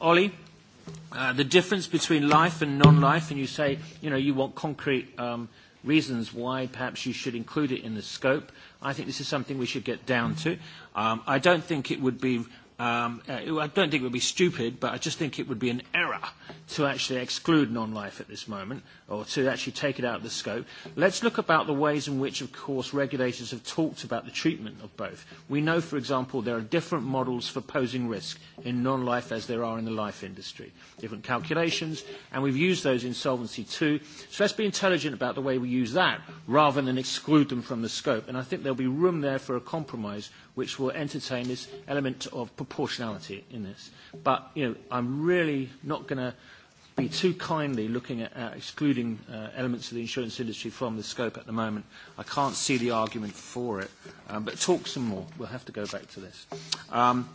Ollie, uh, the difference between life and non-life, and you say, you know, you want concrete um, – reasons why perhaps you should include it in the scope. I think this is something we should get down to. Um, I don't think it would be Um, uh, I don't think it would be stupid, but I just think it would be an error to actually exclude non-life at this moment, or to actually take it out of the scope. Let's look about the ways in which, of course, regulators have talked about the treatment of both. We know, for example, there are different models for posing risk in non-life as there are in the life industry, different calculations, and we've used those in Solvency II. So let's be intelligent about the way we use that, rather than exclude them from the scope. And I think there'll be room there for a compromise which will entertain this element of proportionality in this. But, you know, I'm really not going to be too kindly looking at uh, excluding uh, elements of the insurance industry from the scope at the moment. I can't see the argument for it, um, but talk some more. We'll have to go back to this. Um,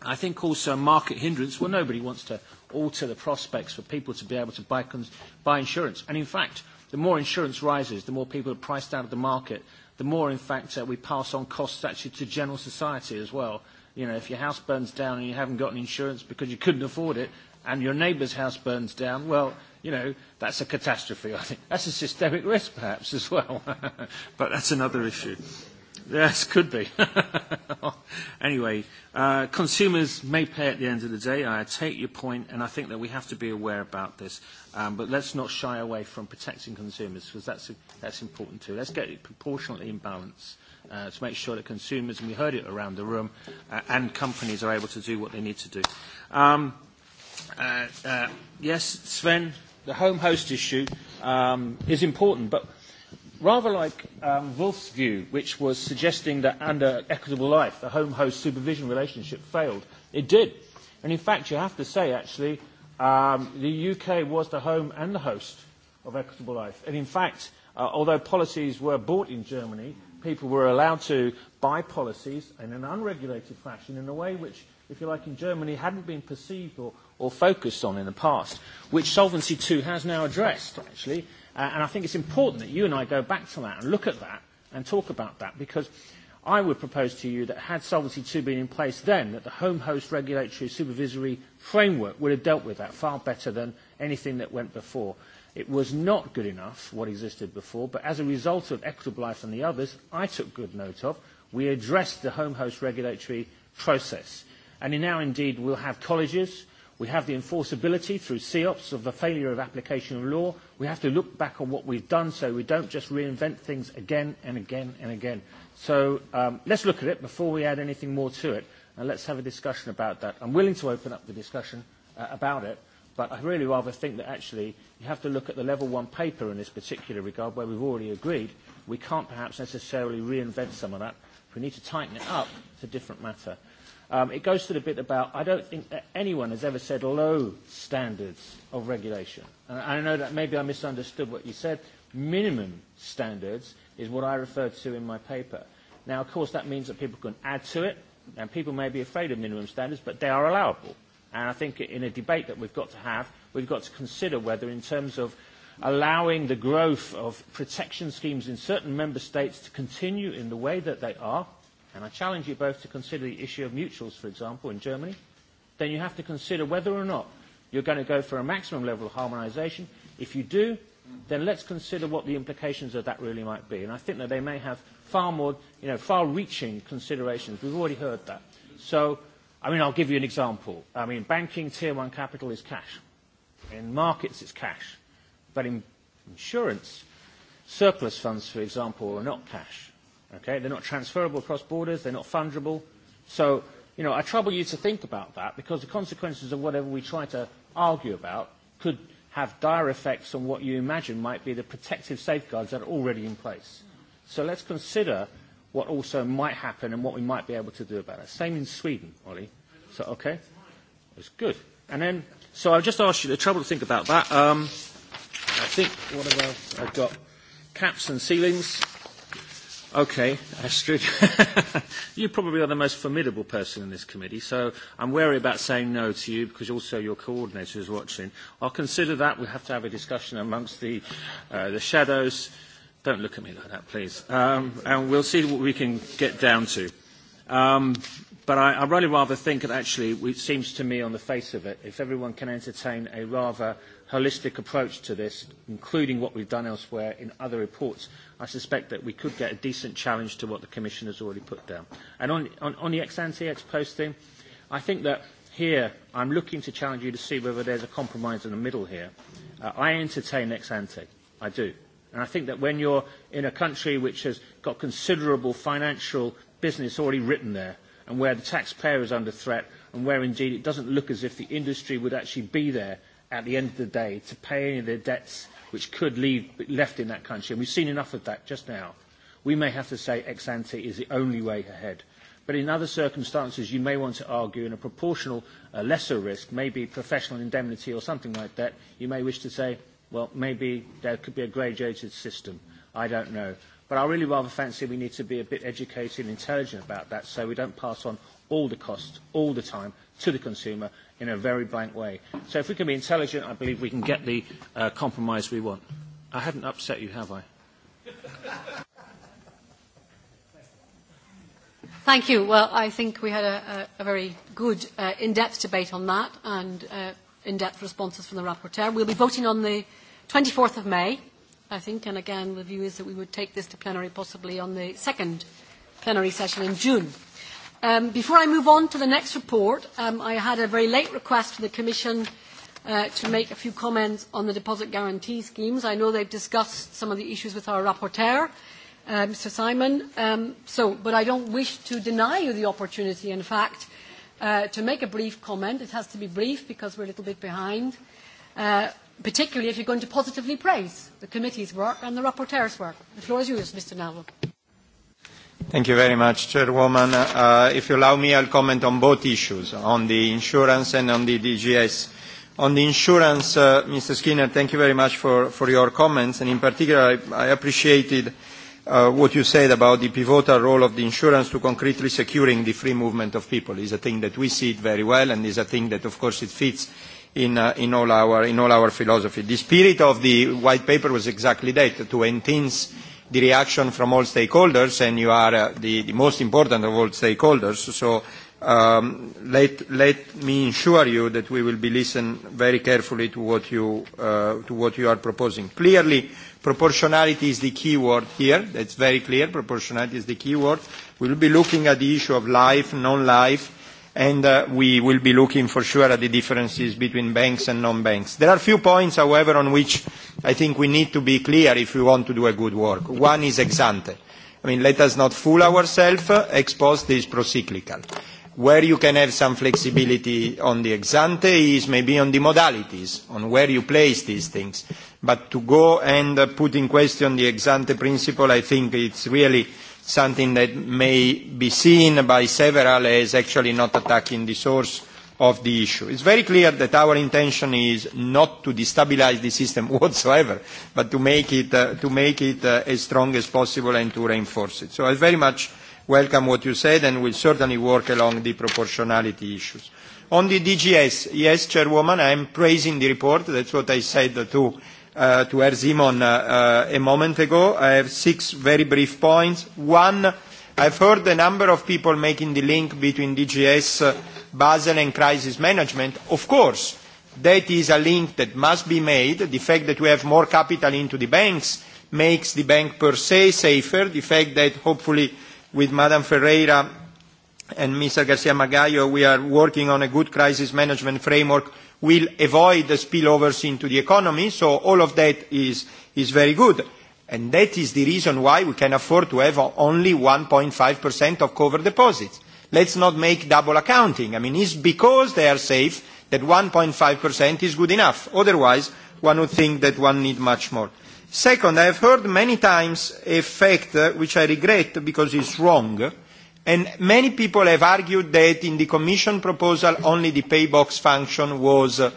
I think also market hindrance. Well, nobody wants to alter the prospects for people to be able to buy, cons- buy insurance. And in fact, the more insurance rises, the more people are priced out of the market, the more, in fact, uh, we pass on costs actually to general society as well. You know, if your house burns down and you haven't got an insurance because you couldn't afford it, and your neighbour's house burns down, well, you know, that's a catastrophe, I think. That's a systemic risk, perhaps, as well. but that's another issue. Yes, could be. anyway, uh, consumers may pay at the end of the day. I take your point, and I think that we have to be aware about this. Um, but let's not shy away from protecting consumers, because that's, a, that's important too. Let's get it proportionately in balance uh, to make sure that consumers, and we heard it around the room, uh, and companies are able to do what they need to do. Um, uh, uh, yes, Sven, the home host issue um, is important, but rather like um, Wolf's view, which was suggesting that under equitable life, the home host supervision relationship failed. It did. And in fact, you have to say, actually, um, the UK was the home and the host of equitable life. And in fact, uh, although policies were bought in Germany, people were allowed to buy policies in an unregulated fashion in a way which, if you like, in Germany hadn't been perceived or, or focused on in the past, which Solvency II has now addressed, actually, Uh, and I think it's important that you and I go back to that and look at that and talk about that because I would propose to you that had Solvency II been in place then, that the home host regulatory supervisory framework would have dealt with that far better than anything that went before. It was not good enough, what existed before, but as a result of Equitable Life and the others, I took good note of, we addressed the home host regulatory process. And now, indeed, we'll have colleges, We have the enforceability through CEOPS of the failure of application of law. We have to look back on what we've done so we don't just reinvent things again and again and again. So um, let's look at it before we add anything more to it, and let's have a discussion about that. I'm willing to open up the discussion uh, about it, but I really rather think that actually you have to look at the level one paper in this particular regard where we've already agreed we can't perhaps necessarily reinvent some of that. We need to tighten it up. It's a different matter. Um, it goes to the bit about I don't think that anyone has ever said low standards of regulation. And I know that maybe I misunderstood what you said. Minimum standards is what I referred to in my paper. Now, of course, that means that people can add to it, and people may be afraid of minimum standards, but they are allowable. And I think in a debate that we've got to have, we've got to consider whether, in terms of allowing the growth of protection schemes in certain member states to continue in the way that they are, and I challenge you both to consider the issue of mutuals, for example, in Germany, then you have to consider whether or not you're going to go for a maximum level of harmonisation. If you do, then let's consider what the implications of that really might be. And I think that they may have far more, you know, far-reaching considerations. We've already heard that. So, I mean, I'll give you an example. I mean, banking tier one capital is cash. In markets, it's cash. But in insurance, surplus funds, for example, are not cash. Okay? They're not transferable across borders. They're not fungible. So, you know, I trouble you to think about that because the consequences of whatever we try to argue about could have dire effects on what you imagine might be the protective safeguards that are already in place. So let's consider what also might happen and what we might be able to do about it. Same in Sweden, Ollie. So, okay? It's good. And then, so I'll just ask you the trouble to think about that. Um, I think, what have I, I've got? Caps and ceilings. Okay, Astrid. you probably are the most formidable person in this committee, so I'm wary about saying no to you because also your coordinator is watching. I'll consider that. We have to have a discussion amongst the, uh, the shadows. Don't look at me like that, please. Um, and we'll see what we can get down to. Um, but I, I really rather think that actually it seems to me on the face of it, if everyone can entertain a rather holistic approach to this, including what we've done elsewhere in other reports, I suspect that we could get a decent challenge to what the Commission has already put down. And on, on, on the ex-ante, ex-post thing, I think that here I'm looking to challenge you to see whether there's a compromise in the middle here. Uh, I entertain ex-ante. I do. And I think that when you're in a country which has got considerable financial business already written there, and where the taxpayer is under threat, and where indeed it doesn't look as if the industry would actually be there at the end of the day to pay any of their debts which could leave left in that country, and we've seen enough of that just now, we may have to say ex ante is the only way ahead. But in other circumstances, you may want to argue in a proportional uh, lesser risk, maybe professional indemnity or something like that, you may wish to say, well, maybe there could be a graduated system. I don't know. But I really rather fancy we need to be a bit educated and intelligent about that so we don't pass on all the costs all the time to the consumer in a very blank way. So if we can be intelligent, I believe we can get the uh, compromise we want. I haven't upset you, have I? Thank you. Well, I think we had a, a, a very good uh, in-depth debate on that and uh, in-depth responses from the rapporteur. We'll be voting on the 24th of May, I think, and again, the view is that we would take this to plenary possibly on the second plenary session in June. Um, before I move on to the next report, um, I had a very late request for the Commission uh, to make a few comments on the deposit guarantee schemes. I know they've discussed some of the issues with our rapporteur, uh, um, Mr. Simon, um, so, but I don't wish to deny you the opportunity, in fact, uh, to make a brief comment. It has to be brief because we're a little bit behind, uh, particularly if you're going to positively praise the committee's work and the rapporteur's work. The floor is yours, Mr. Neville. Thank you very much, Chairwoman. Uh, if you allow me, I'll comment on both issues, on the insurance and on the DGS. On the insurance, uh, Mr. Skinner, thank you very much for, for your comments, and in particular, I, I appreciated uh, what you said about the pivotal role of the insurance to concretely securing the free movement of people. It's a thing that we see it very well, and is a thing that, of course, it fits in, uh, in, all our, in all our philosophy. The spirit of the white paper was exactly that, to enhance the reaction from all stakeholders, and you are uh, the, the most important of all stakeholders. So um, let, let me ensure you that we will be listening very carefully to what, you, uh, to what you are proposing. Clearly, proportionality is the key word here. That's very clear. Proportionality is the key word. We will be looking at the issue of life, non-life, and uh, we will be looking for sure at the differences between banks and non-banks. There are a few points, however, on which I think we need to be clear if we want to do a good work. One is ex ante. I mean, let us not fool ourselves. Ex post is procyclical. Where you can have some flexibility on the ex ante is maybe on the modalities, on where you place these things. But to go and uh, put in question the ex ante principle, I think it's really something that may be seen by several as actually not attacking the source of the issue. It's very clear that our intention is not to destabilize the system whatsoever, but to make it, uh, to make it uh, as strong as possible and to reinforce it. So I very much welcome what you said and will certainly work along the proportionality issues. On the DGS, yes, Chairwoman, I am praising the report. That's what I said to uh, to Herr Simon uh, uh, a moment ago. I have six very brief points. One, I've heard a number of people making the link between DGS, uh, Basel and crisis management. Of course, that is a link that must be made. The fact that we have more capital into the banks makes the bank per se safer. The fact that hopefully with Madam Ferreira and Mr. Garcia Magallo we are working on a good crisis management framework will avoid the spillovers into the economy. So all of that is, is very good. And that is the reason why we can afford to have only 1.5% of covered deposits. Let's not make double accounting. I mean, it's because they are safe that 1.5% is good enough. Otherwise, one would think that one needs much more. Second, I have heard many times a fact uh, which I regret because it's wrong, uh, And many people have argued that in the Commission proposal only the pay box function was uh,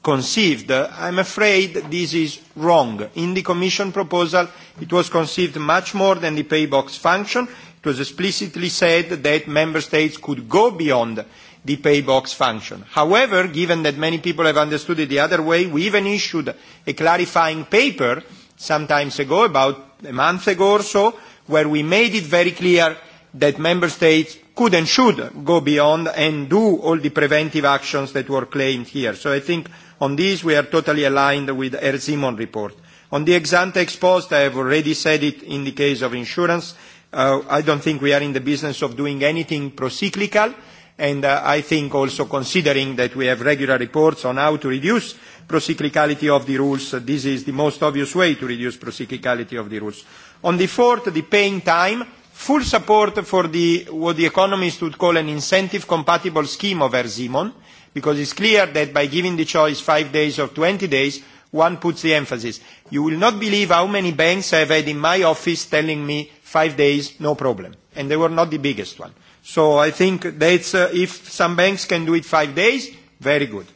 conceived. I'm afraid this is wrong. In the Commission proposal, it was conceived much more than the pay box function. It was explicitly said that member states could go beyond the pay box function. However, given that many people have understood it the other way, we even issued a clarifying paper some time ago, about a month ago or so, where we made it very clear that member states could and should go beyond and do all the preventive actions that were claimed here. So I think on this we are totally aligned with the Erzimon report. On the ex-ante ex-post, I have already said it in the case of insurance. Uh, I don't think we are in the business of doing anything procyclical, and uh, I think also considering that we have regular reports on how to reduce procyclicality of the rules, uh, this is the most obvious way to reduce procyclicality of the rules. On the fourth, the paying time, full support for the, what the economists would call an incentive-compatible scheme of Erzimon, because it's clear that by giving the choice five days or 20 days, one puts the emphasis. You will not believe how many banks I've had in my office telling me five days, no problem. And they were not the biggest one. So I think that's, uh, if some banks can do it five days, very good.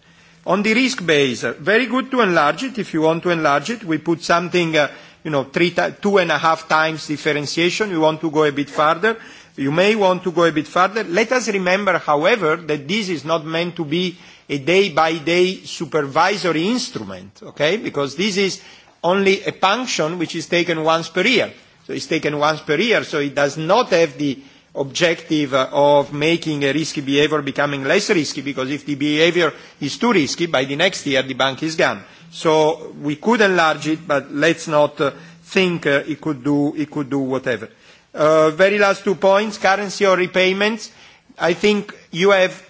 On the risk base, uh, very good to enlarge it. If you want to enlarge it, we put something uh, you know, three two and a half times differentiation. You want to go a bit further. You may want to go a bit further. Let us remember, however, that this is not meant to be a day-by-day -day supervisory instrument, okay? Because this is only a function which is taken once per year. So it's taken once per year, so it does not have the objective of making a risky behavior becoming less risky because if the behavior is too risky, by the next year the bank is gone. So we could enlarge it, but let's not uh, think uh, it, could do, it could do whatever. Uh, very last two points, currency or repayments. I think you have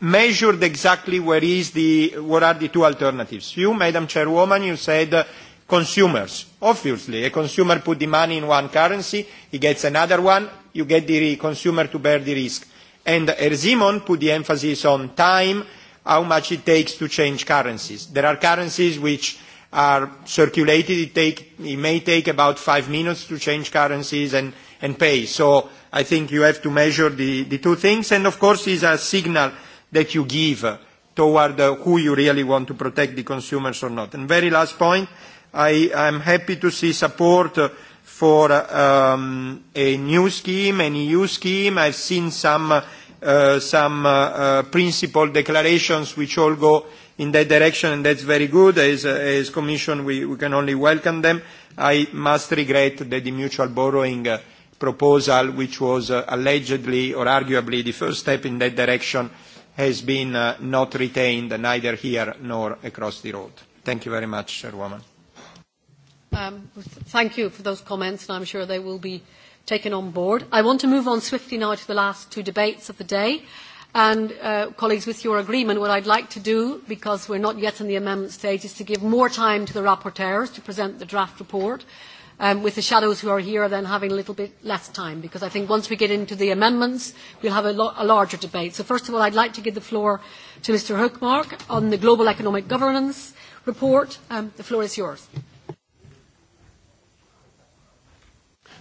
measured exactly where is the, what are the two alternatives. You, Madam Chairwoman, you said uh, consumers Obviously, a consumer put the money in one currency, he gets another one, you get the consumer to bear the risk. And Erzimon put the emphasis on time, how much it takes to change currencies. There are currencies which are circulated, it, take, it may take about five minutes to change currencies and, and pay. So I think you have to measure the, the two things. And of course, it's a signal that you give toward uh, who you really want to protect the consumers or not. And very last point, uh, I, I'm happy to see support for um, a new scheme, an EU scheme. I've seen some, uh, some uh, uh, principle declarations which all go in that direction, and that's very good. As, uh, as Commission, we, we can only welcome them. I must regret that the mutual borrowing uh, proposal, which was uh, allegedly or arguably the first step in that direction, has been uh, not retained, neither here nor across the road. Thank you very much, Chairwoman. Um, thank you for those comments, and I'm sure they will be taken on board. I want to move on swiftly now to the last two debates of the day. And, uh, colleagues, with your agreement, what I'd like to do, because we're not yet in the amendment stage, is to give more time to the rapporteurs to present the draft report, um, with the shadows who are here then having a little bit less time, because I think once we get into the amendments, we'll have a, lo- a larger debate. So first of all, I'd like to give the floor to Mr. Hookmark on the Global Economic Governance report. Um, the floor is yours. Thank you.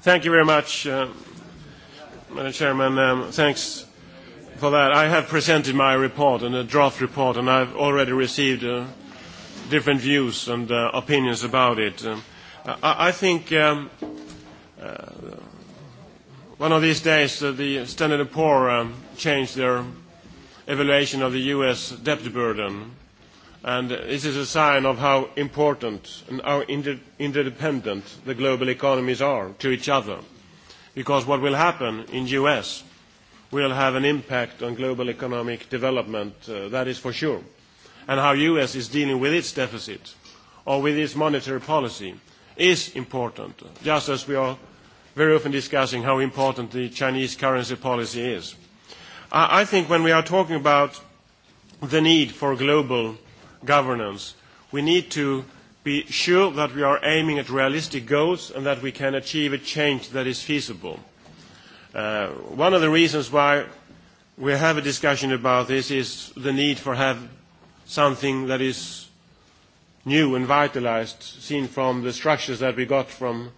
Thank you very much, uh, Madam Chairman. Um, thanks for that. I have presented my report and a draft report, and I've already received uh, different views and uh, opinions about it. Um, I, I think um, uh, one of these days uh, the Standard & Poor um, changed their evaluation of the U.S. debt burden. Uh, and this is a sign of how important and how inter interdependent the global economies are to each other. Because what will happen in U.S. will have an impact on global economic development, uh, that is for sure. And how U.S. is dealing with its deficit or with its monetary policy is important, just as we are very often discussing how important the Chinese currency policy is. I, I think when we are talking about the need for global governance. We need to be sure that we are aiming at realistic goals and that we can achieve a change that is feasible. Uh, one of the reasons why we have a discussion about this is the need for have something that is new and vitalized, seen from the structures that we got from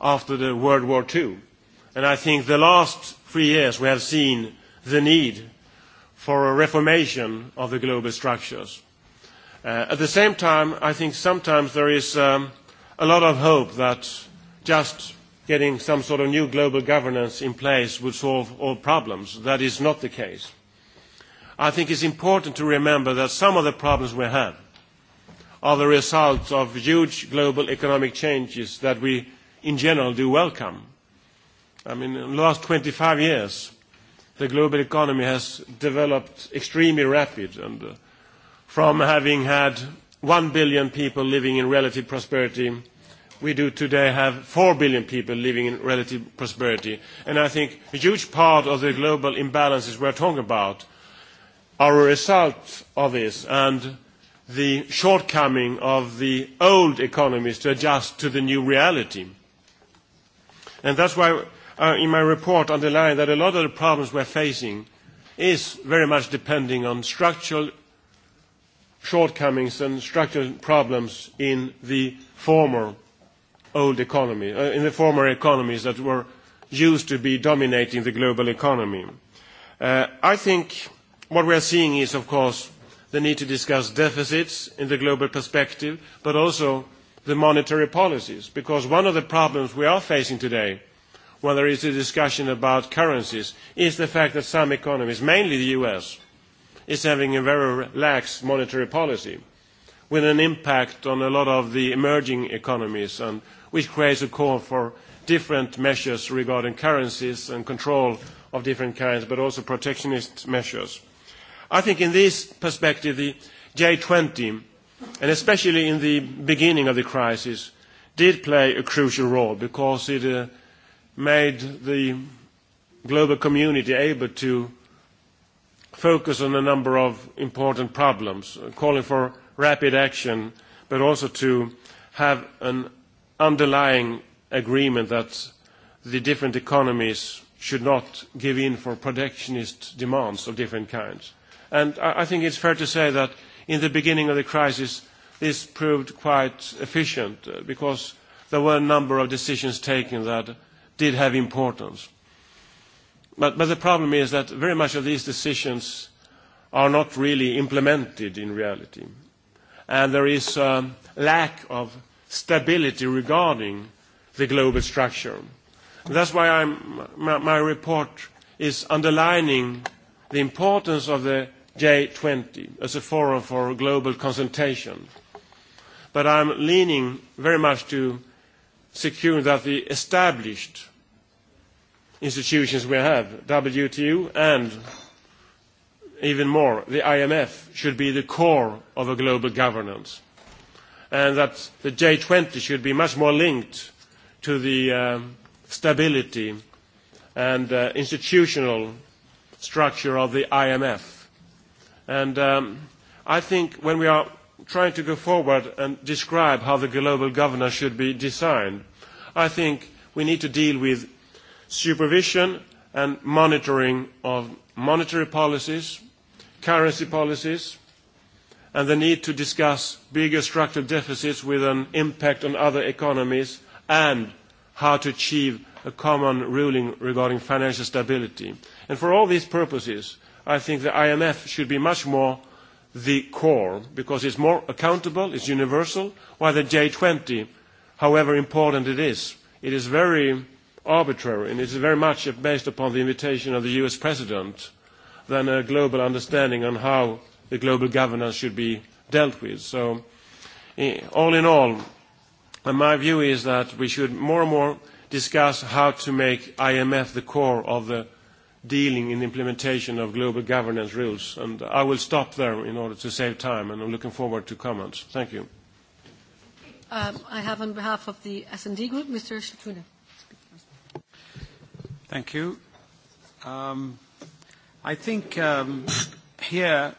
after the World War II. And I think the last three years we have seen the need for a reformation of the global structures. Uh, at the same time, I think sometimes there is um, a lot of hope that just getting some sort of new global governance in place would solve all problems. That is not the case. I think it's important to remember that some of the problems we have are the result of huge global economic changes that we, in general, do welcome. I mean, in the last 25 years, the global economy has developed extremely rapid, and uh, from having had 1 billion people living in relative prosperity, we do today have 4 billion people living in relative prosperity. And I think a huge part of the global imbalances we're talking about are a result of this and the shortcoming of the old economies to adjust to the new reality. And that's why uh, in my report underline that a lot of the problems we're facing is very much depending on structural shortcomings and structural problems in the former old economy, uh, in the former economies that were used to be dominating the global economy. Uh, I think what we are seeing is, of course, the need to discuss deficits in the global perspective, but also the monetary policies, because one of the problems we are facing today when there is a discussion about currencies is the fact that some economies, mainly the U.S., is having a very lax monetary policy with an impact on a lot of the emerging economies, and which creates a call for different measures regarding currencies and control of different kinds, but also protectionist measures. I think in this perspective, the J20, and especially in the beginning of the crisis, did play a crucial role because it uh, made the global community able to focus on a number of important problems, calling for rapid action, but also to have an underlying agreement that the different economies should not give in for protectionist demands of different kinds. And I, I think it's fair to say that in the beginning of the crisis, this proved quite efficient uh, because there were a number of decisions taken that did have importance. But, but the problem is that very much of these decisions are not really implemented in reality. And there is a lack of stability regarding the global structure. And that's why I'm, my, my report is underlining the importance of the J20 as a forum for global consultation. But I'm leaning very much to secure that the established institutions we have, WTO and even more, the IMF should be the core of a global governance. And that the J20 should be much more linked to the um, stability and uh, institutional structure of the IMF. And um, I think when we are trying to go forward and describe how the global governance should be designed, I think we need to deal with supervision and monitoring of monetary policies, currency policies, and the need to discuss bigger structural deficits with an impact on other economies, and how to achieve a common ruling regarding financial stability. And for all these purposes, I think the IMF should be much more the core, because it's more accountable, it's universal, while the J20, however important it is, it is very arbitrary, and it's very much based upon the invitation of the U.S. president than a global understanding on how the global governance should be dealt with. So all in all, uh, my view is that we should more and more discuss how to make IMF the core of the dealing in the implementation of global governance rules. And I will stop there in order to save time, and I'm looking forward to comments. Thank you. Um, I have on behalf of the S&D Group, Mr. Scicluna. Thank you. Um, I think um, here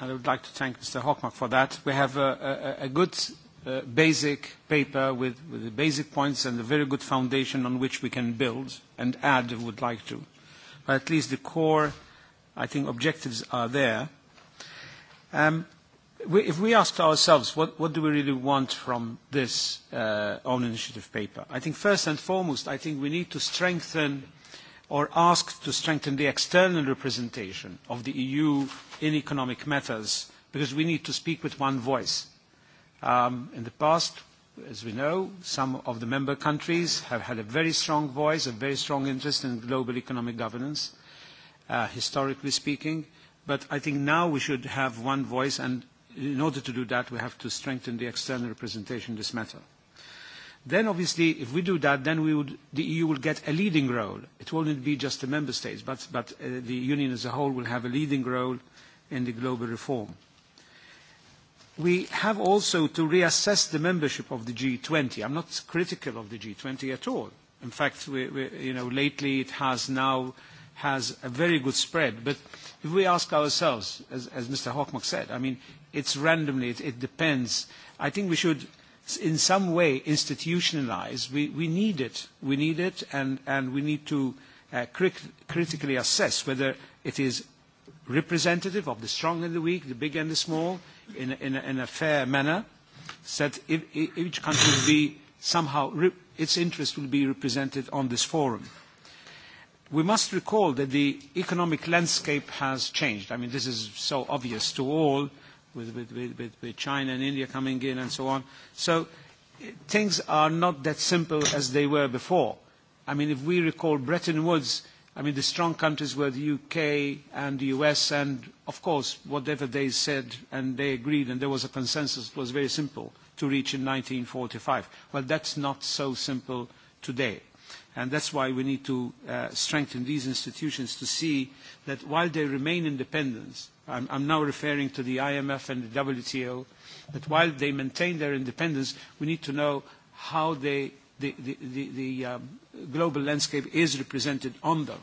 I would like to thank Mr. Hochmark for that. We have a, a, a good uh, basic paper with, with the basic points and a very good foundation on which we can build and add if we would like to. But at least the core, I think, objectives are there. Um, if we asked ourselves, what, what do we really want from this uh, own initiative paper? I think first and foremost, I think we need to strengthen or ask to strengthen the external representation of the EU in economic matters because we need to speak with one voice. Um, in the past, as we know, some of the member countries have had a very strong voice, a very strong interest in global economic governance, uh, historically speaking. But I think now we should have one voice and in order to do that, we have to strengthen the external representation in this matter. Then, obviously, if we do that, then we would, the EU will get a leading role. It won't be just the member states, but, but uh, the Union as a whole will have a leading role in the global reform. We have also to reassess the membership of the G20. I'm not critical of the G20 at all. In fact, we, we, you know, lately it has now has a very good spread. But if we ask ourselves, as, as Mr. Hochmark said, I mean, It's randomly. It, it depends. I think we should, in some way, institutionalize. We, we need it. We need it, and, and we need to uh, cri critically assess whether it is representative of the strong and the weak, the big and the small, in a, in a, in a fair manner, so that if, if each country will be somehow, re its interest will be represented on this forum. We must recall that the economic landscape has changed. I mean, this is so obvious to all, with, with, with, with China and India coming in and so on. So eh, things are not that simple as they were before. I mean, if we recall Bretton Woods, I mean, the strong countries were the UK and the US, and of course, whatever they said and they agreed, and there was a consensus, it was very simple to reach in 1945. Well, that's not so simple today. And that's why we need to uh, strengthen these institutions to see that while they remain independent, I'm, I'm now referring to the IMF and the WTO, that while they maintain their independence, we need to know how they, the, the, the, the um, global landscape is represented on them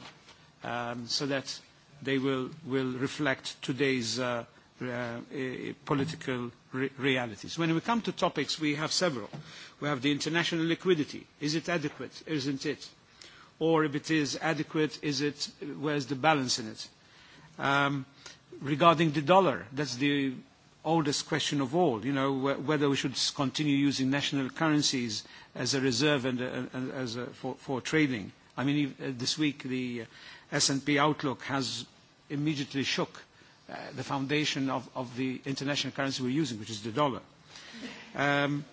um, so that they will, will reflect today's uh, uh, eh, eh, political re realities. When we come to topics, we have several. We have the international liquidity. Is it adequate? Isn't it? Or if it is adequate, is it, where's the balance in it? Um, regarding the dollar, that's the oldest question of all, you know, wh whether we should continue using national currencies as a reserve and, uh, and uh, as a, for, for trading. I mean, if, e-, uh, this week the S&P outlook has immediately shook uh, the foundation of, of the international currency we're using, which is the dollar. Um,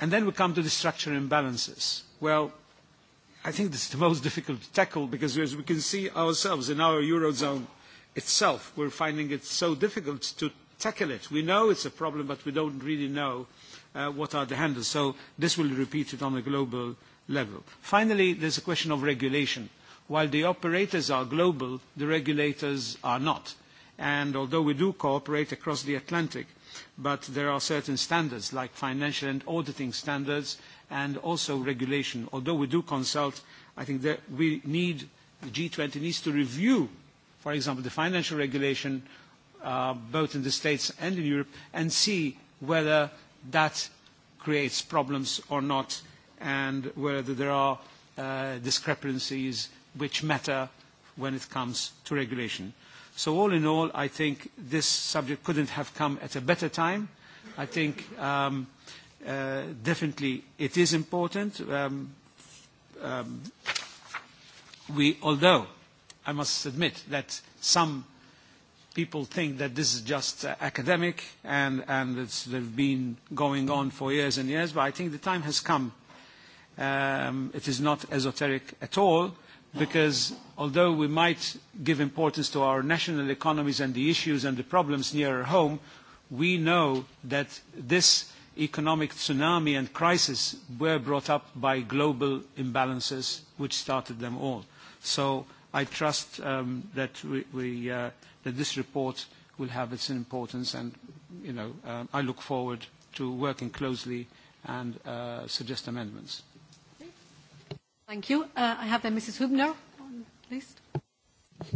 and then we come to the structure imbalances. Well, I think this is the most difficult to tackle because as we can see ourselves in our Eurozone itself, we're finding it so difficult to tackle it. We know it's a problem, but we don't really know uh, what are the handles. So this will be repeated on a global level. Finally, there's a question of regulation. While the operators are global, the regulators are not. Uh, and although we do cooperate across the Atlantic, but there are certain standards like financial and auditing standards and also regulation. Although we do consult, I think that we need, the G20 needs to review, for example, the financial regulation uh, both in the States and in Europe and see whether that creates problems or not and whether there are uh, discrepancies which matter when it comes to regulation. So all in all, I think this subject couldn't have come at a better time. I think um, uh, definitely it is important. Um, um, we, although I must admit that some people think that this is just uh, academic and, and it's they've been going on for years and years, but I think the time has come. Um, it is not esoteric at all because although we might give importance to our national economies and the issues and the problems nearer home, we know that this economic tsunami and crisis were brought up by global imbalances which started them all. So I trust um, that, we, we, uh, that this report will have its importance and you know, um, I look forward to working closely and uh, suggest amendments. Thank you. Uh, I have then Mrs. Hübner on the list.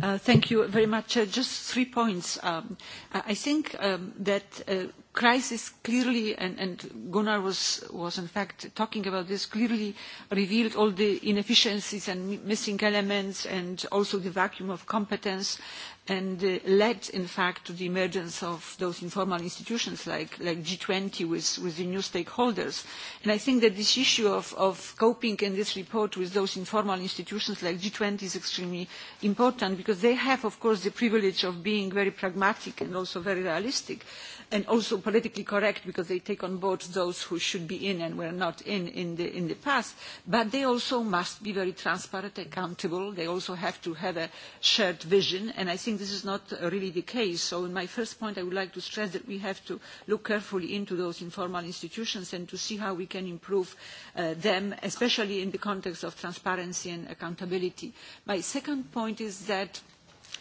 Uh, thank you very much. Uh, just three points. Um, I think um, that uh, crisis clearly, and, and Gunnar was, was in fact talking about this, clearly revealed all the inefficiencies and missing elements and also the vacuum of competence and uh, led in fact to the emergence of those informal institutions like, like G20 with, with the new stakeholders. And I think that this issue of, of coping in this report with those informal institutions like G20 is extremely important because they have of course the privilege of being very pragmatic and also very realistic and also politically correct because they take on board those who should be in and were not in in the, in the past. But they also must be very transparent, accountable. They also have to have a shared vision. And I think this is not really the case. So in my first point, I would like to stress that we have to look carefully into those informal institutions and to see how we can improve uh, them, especially in the context of transparency and accountability. My second point is that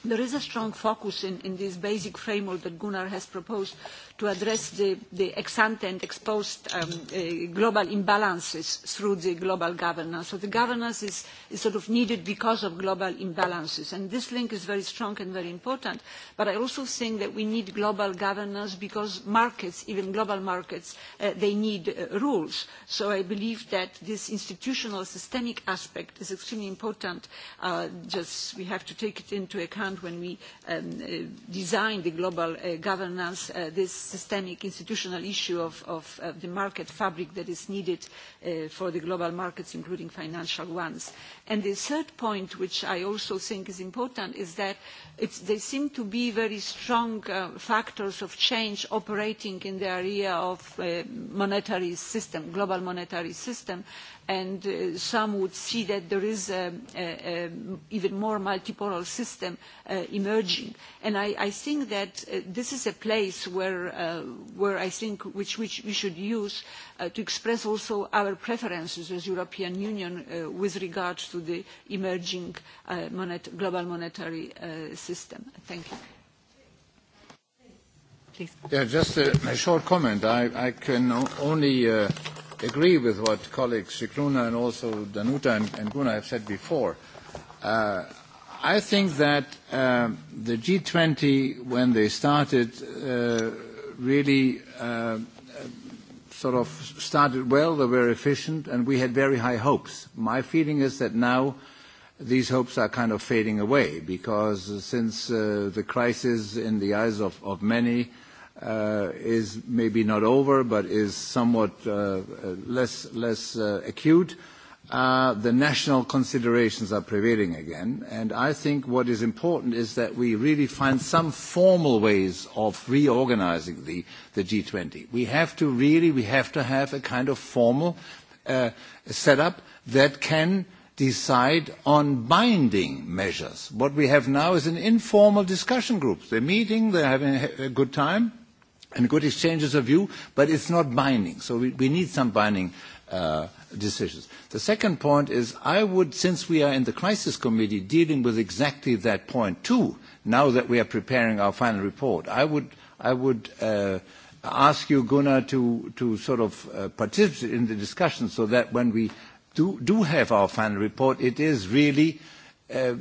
There is a strong focus in, in this basic framework that Gunnar has proposed to address the, the ex-ante and exposed um, uh, global imbalances through the global governance. So the governance is, is sort of needed because of global imbalances. And this link is very strong and very important. But I also think that we need global governance because markets, even global markets, uh, they need uh, rules. So I believe that this institutional systemic aspect is extremely important. Uh, just we have to take it into account fund when we um, uh, designed the global uh, governance uh, this systemic institutional issue of, of the market fabric that is needed for the global markets including financial ones. And the third point which i also think is important is that there seem to be very strong factors of change operating in the area of monetary system global monetary system and uh, some would see that there is an even more multipolar system uh, emerging. And I, I think that uh, this is a place where, uh, where I think which, which we should use uh, to express also our preferences as European Union uh, with regard to the emerging uh, monet global monetary uh, system. Thank you. Please. Yeah, just a, a short comment. I, I can only uh, agree with what colleagues Shikruna and also Danuta and, and Guna have said before. Uh, I think that um, the G20, when they started, uh, really uh, sort of started well. They were efficient, and we had very high hopes. My feeling is that now these hopes are kind of fading away because since uh, the crisis in the eyes of, of many – uh, is maybe not over, but is somewhat uh, uh, less, less uh, acute, uh, the national considerations are prevailing again. And I think what is important is that we really find some formal ways of reorganizing the, the G20. We have to really, we have to have a kind of formal uh, setup that can decide on binding measures. What we have now is an informal discussion group. They're meeting, they're having a good time, and good exchanges of view, but it's not binding. So we, we need some binding uh, decisions. The second point is I would, since we are in the crisis committee dealing with exactly that point too, now that we are preparing our final report, I would, I would uh, ask you, Gunnar, to, to sort of uh, participate in the discussion so that when we do, do have our final report, it is really uh,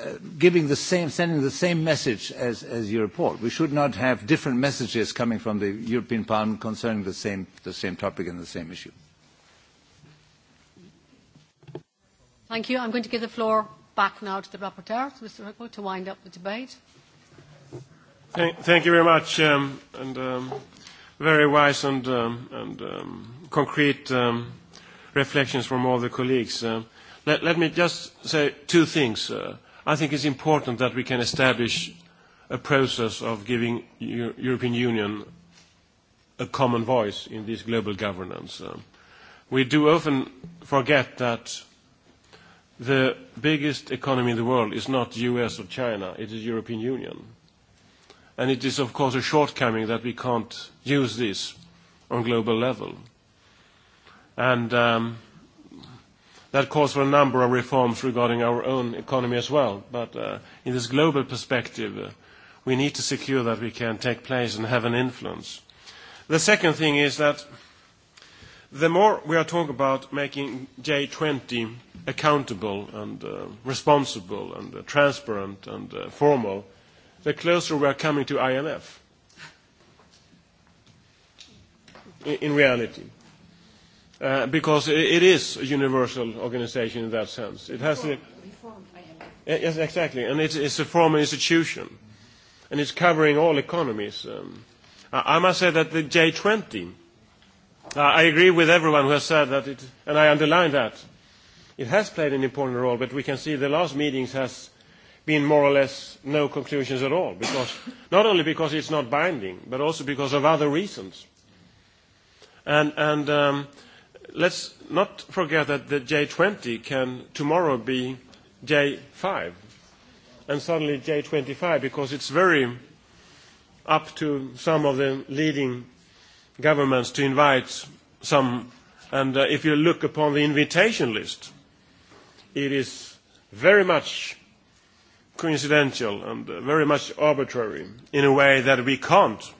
uh, giving the same, sending the same message as, as your report. We should not have different messages coming from the European Parliament concerning the same, the same topic and the same issue. Thank you. I'm going to give the floor back now to the rapporteur, Mr. Hickman, to wind up the debate. Thank, thank you very much, um, and um, very wise and, um, and um, concrete um, reflections from all the colleagues. Um, let, let me just say two things. Uh, I think it's important that we can establish a process of giving Euro European Union a common voice in this global governance. Um, we do often forget that the biggest economy in the world is not U.S. or China, it is European Union. And it is, of course, a shortcoming that we can't use this on global level. And um, That calls for a number of reforms regarding our own economy as well. But uh, in this global perspective, uh, we need to secure that we can take place and have an influence. The second thing is that the more we are talking about making J20 accountable and uh, responsible and uh, transparent and uh, formal, the closer we are coming to IMF in, in reality uh, because it is a universal organization in that sense. It has reform, the, reform, yes, exactly, and it's, it's a formal institution, and it's covering all economies. Um, I, I must say that the J20, uh, I agree with everyone who has said that it, and I underline that it has played an important role, but we can see the last meetings has been more or less no conclusions at all, because not only because it's not binding, but also because of other reasons. And, and um, let's not forget that the J20 can tomorrow be J5 and suddenly J25 because it's very up to some of the leading governments to invite some. And uh, if you look upon the invitation list, it is very much coincidental and uh, very much arbitrary in a way that we can't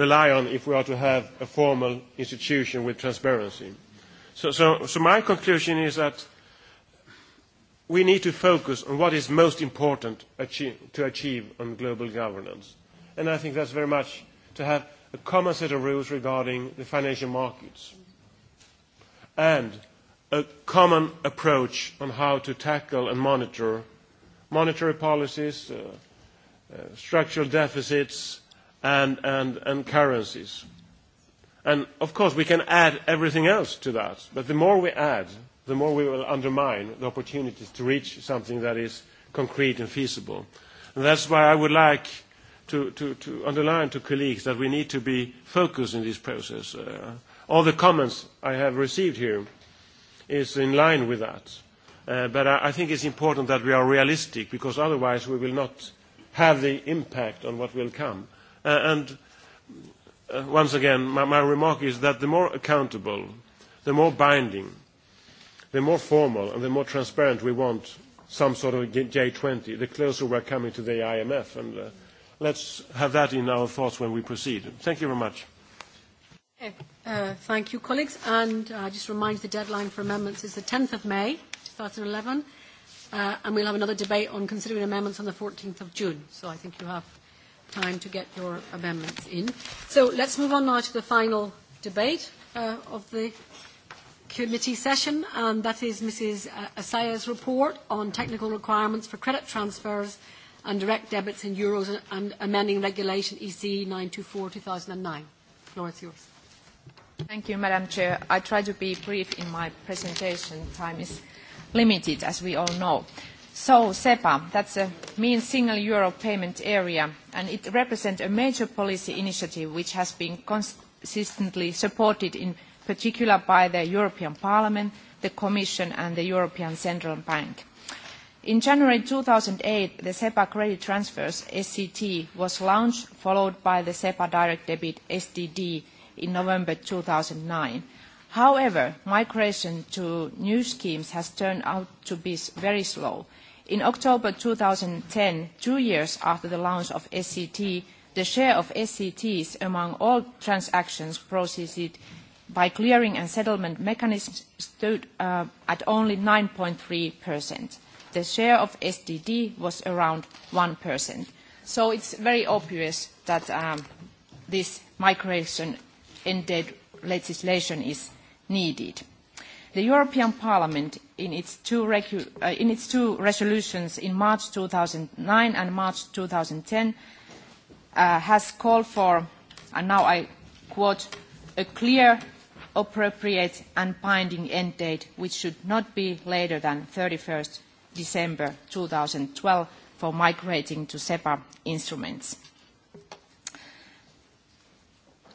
rely on if we are to have a formal institution with transparency. So, so, so my conclusion is that we need to focus on what is most important achieve, to achieve on global governance. And I think that's very much to have a common set of rules regarding the financial markets and a common approach on how to tackle and monitor monetary policies, uh, uh, structural deficits, and, and, and currencies. And of course, we can add everything else to that, but the more we add, the more we will undermine the opportunities to reach something that is concrete and feasible. And that's why I would like to, to, to underline to colleagues that we need to be focused in this process. Uh, all the comments I have received here is in line with that. Uh, but I, I think it's important that we are realistic, because otherwise we will not have the impact on what will come. Uh, Uh, and uh, once again, my, my remark is that the more accountable, the more binding, the more formal, and the more transparent we want some sort of J20, the closer we're coming to the IMF. And uh, let's have that in our thoughts when we proceed. Thank you very much. Uh, thank you, colleagues. And I uh, just remind you the deadline for amendments is the 10th of May, 2011. Uh, and we'll have another debate on considering amendments on the 14th of June. So I think you have time to get your amendments in. So let's move on now to the final debate uh, of the committee session, and that is Mrs. Uh, Asaya's report on technical requirements for credit transfers and direct debits in euros and amending Regulation EC 924-2009. Floor is yours. Thank you, Madam Chair. I try to be brief in my presentation. Time is limited, as we all know. Uh, So SEPA, that's a mean single euro payment area, and it represents a major policy initiative which has been consistently supported in particular by the European Parliament, the Commission and the European Central Bank. In January 2008, the SEPA credit transfers, SCT, was launched, followed by the SEPA direct debit, SDD, in November 2009. However, migration to new schemes has turned out to be very slow. In October 2010, two years after the launch of SCT, the share of SCTs among all transactions processed by clearing and settlement mechanisms stood uh, at only 9.3%. The share of SDD was around 1%. So it's very obvious that um, this migration ended legislation is needed. The European Parliament in its two, recu uh, in its two resolutions in March 2009 and March 2010 uh, has called for, and now I quote, a clear, appropriate and binding end date which should not be later than 31st December 2012 for migrating to SEPA instruments.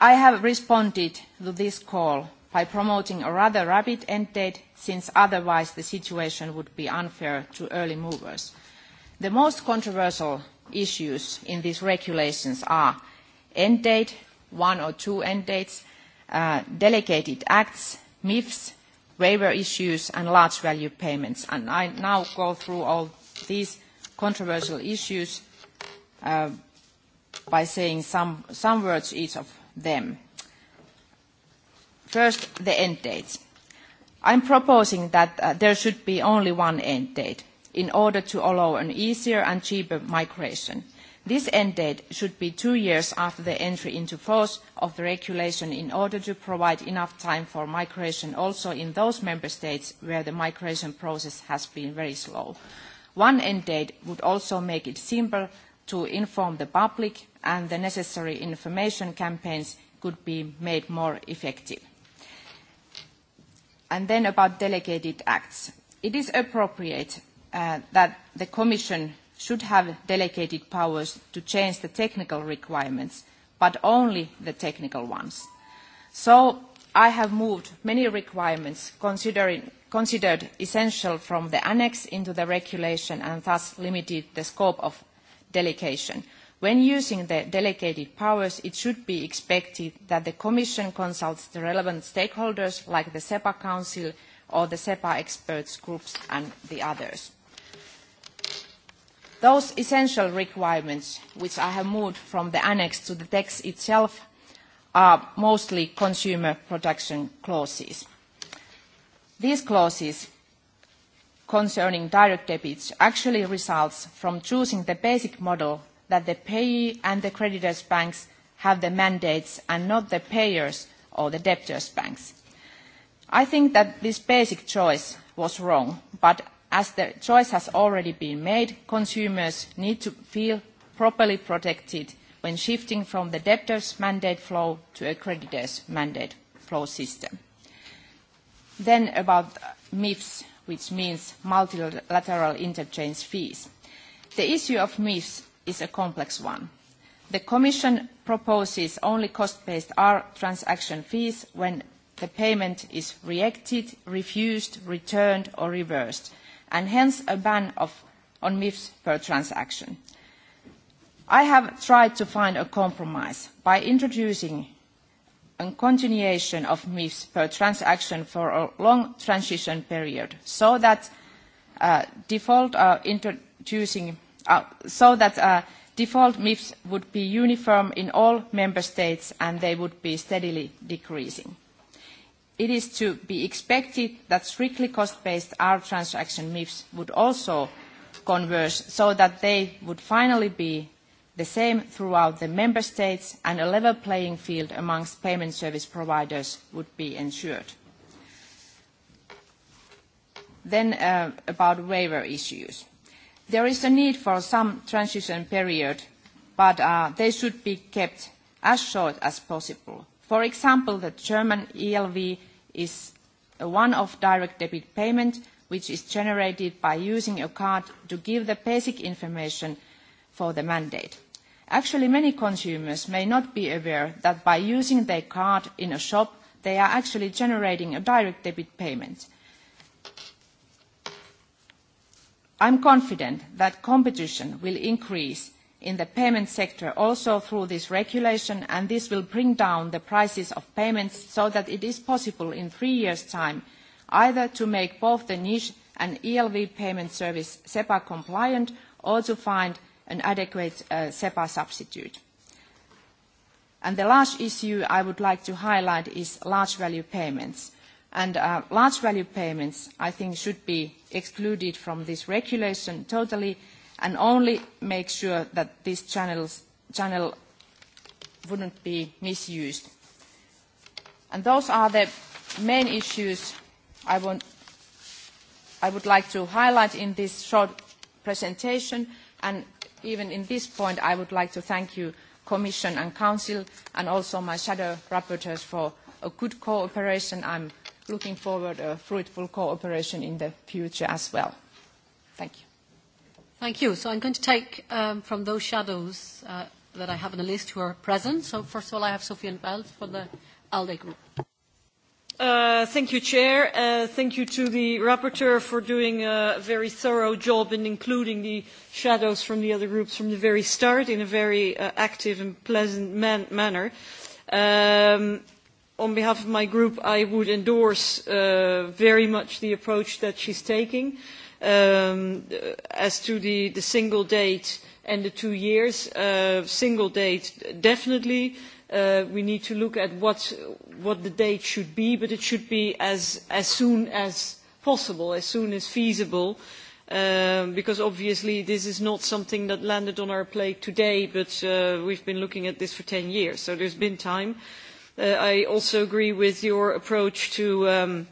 I have responded to this call by promoting a rather rapid end date, since otherwise the situation would be unfair to early movers. The most controversial issues in these regulations are end date, one or two end dates, uh, delegated acts, MIFs, waiver issues, and large value payments. And I now go through all these controversial issues uh, by saying some, some words each of them. First, the end dates. I'm proposing that uh, there should be only one end date in order to allow an easier and cheaper migration. This end date should be two years after the entry into force of the regulation in order to provide enough time for migration also in those member states where the migration process has been very slow. One end date would also make it simple to inform the public and the necessary information campaigns could be made more effective. And then about delegated acts. It is appropriate uh, that the Commission should have delegated powers to change the technical requirements, but only the technical ones. So I have moved many requirements considered essential from the annex into the regulation and thus limited the scope of delegation. When using the delegated powers, it should be expected that the Commission consults the relevant stakeholders like the SEPA Council or the SEPA experts groups and the others. Those essential requirements, which I have moved from the annex to the text itself, are mostly consumer protection clauses. These clauses concerning direct debits actually results from choosing the basic model that the payee and the creditors' banks have the mandates and not the payers or the debtors' banks. I think that this basic choice was wrong, but as the choice has already been made, consumers need to feel properly protected when shifting from the debtor's mandate flow to a creditor's mandate flow system. Then about MIFs, which means multilateral interchange fees. The issue of MIFs is a complex one. The Commission proposes only cost-based R transaction fees when the payment is rejected, refused, returned, or reversed, and hence a ban of, on MIFs per transaction. I have tried to find a compromise by introducing a continuation of MIFs per transaction for a long transition period so that uh, default uh, introducing uh, so that uh, default MIFs would be uniform in all member states and they would be steadily decreasing. It is to be expected that strictly cost-based R transaction MIFs would also converge so that they would finally be the same throughout the member states and a level playing field amongst payment service providers would be ensured. Then uh, about waiver issues. There is a need for some transition period, but uh, they should be kept as short as possible. For example, the German ELV is a one-off direct debit payment, which is generated by using a card to give the basic information for the mandate. Actually, many consumers may not be aware that by using their card in a shop, they are actually generating a direct debit payment. I'm confident that competition will increase in the payment sector also through this regulation, and this will bring down the prices of payments so that it is possible in three years' time either to make both the niche and ELV payment service SEPA compliant or to find an adequate uh, SEPA substitute. And the last issue I would like to highlight is large value payments. And, uh, large value payments, I think, should be excluded from this regulation totally and only make sure that this channels, channel wouldn't be misused. And those are the main issues I, want, I would like to highlight in this short presentation. And even in this point, I would like to thank you, Commission and Council, and also my shadow rapporteurs for a good cooperation. I'm looking forward to fruitful cooperation in the future as well. Thank you. Thank you. So I'm going to take um, from those shadows uh, that I have on the list who are present. So first of all, I have Sophie and Belt for the ALDE group. Uh, thank you, Chair. Uh, thank you to the rapporteur for doing a very thorough job in including the shadows from the other groups from the very start in a very uh, active and pleasant man manner. Um, on behalf of my group, I would endorse uh, very much the approach that she's taking um, as to the, the single date and the two years. Uh, single date, definitely. Uh, we need to look at what, what the date should be, but it should be as, as soon as possible, as soon as feasible, um, because obviously this is not something that landed on our plate today, but uh, we've been looking at this for 10 years, so there's been time. Uh, Uh, I also agree with your approach to, um,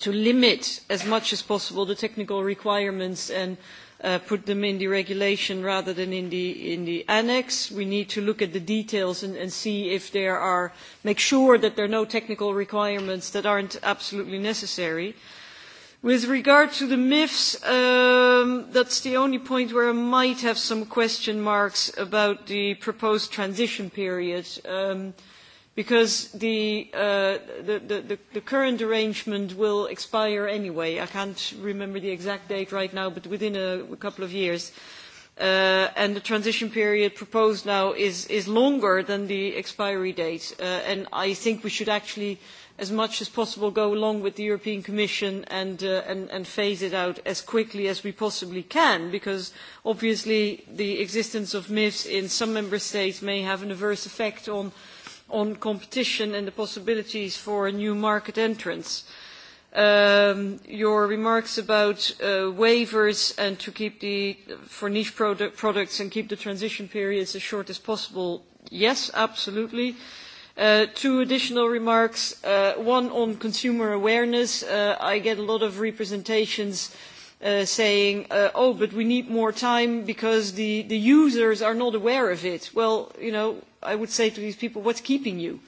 to limit as much as possible the technical requirements and uh, put them in the regulation rather than in the, in the annex. We need to look at the details and, and see if there are, make sure that there are no technical requirements that aren't absolutely necessary. With regard to the MIFs, um, that's the only point where I might have some question marks about the proposed transition period. Um, uh, because the, uh, the, the, the current arrangement will expire anyway. I can't remember the exact date right now, but within a, a couple of years. Uh, and the transition period proposed now is, is longer than the expiry date. Uh, and I think we should actually, as much as possible, go along with the European Commission and, uh, and, and phase it out as quickly as we possibly can, because obviously the existence of MIFs in some member states may have an adverse effect on uh, on competition and the possibilities for new market entrants. Um, your remarks about uh, waivers and to keep the for niche product, products and keep the transition periods as short as possible. Yes, absolutely. Uh, two additional remarks. Uh, one on consumer awareness. Uh, I get a lot of representations uh, saying, uh, oh, but we need more time because the, the users are not aware of it. Well, you know, I would say to these people, what's keeping you?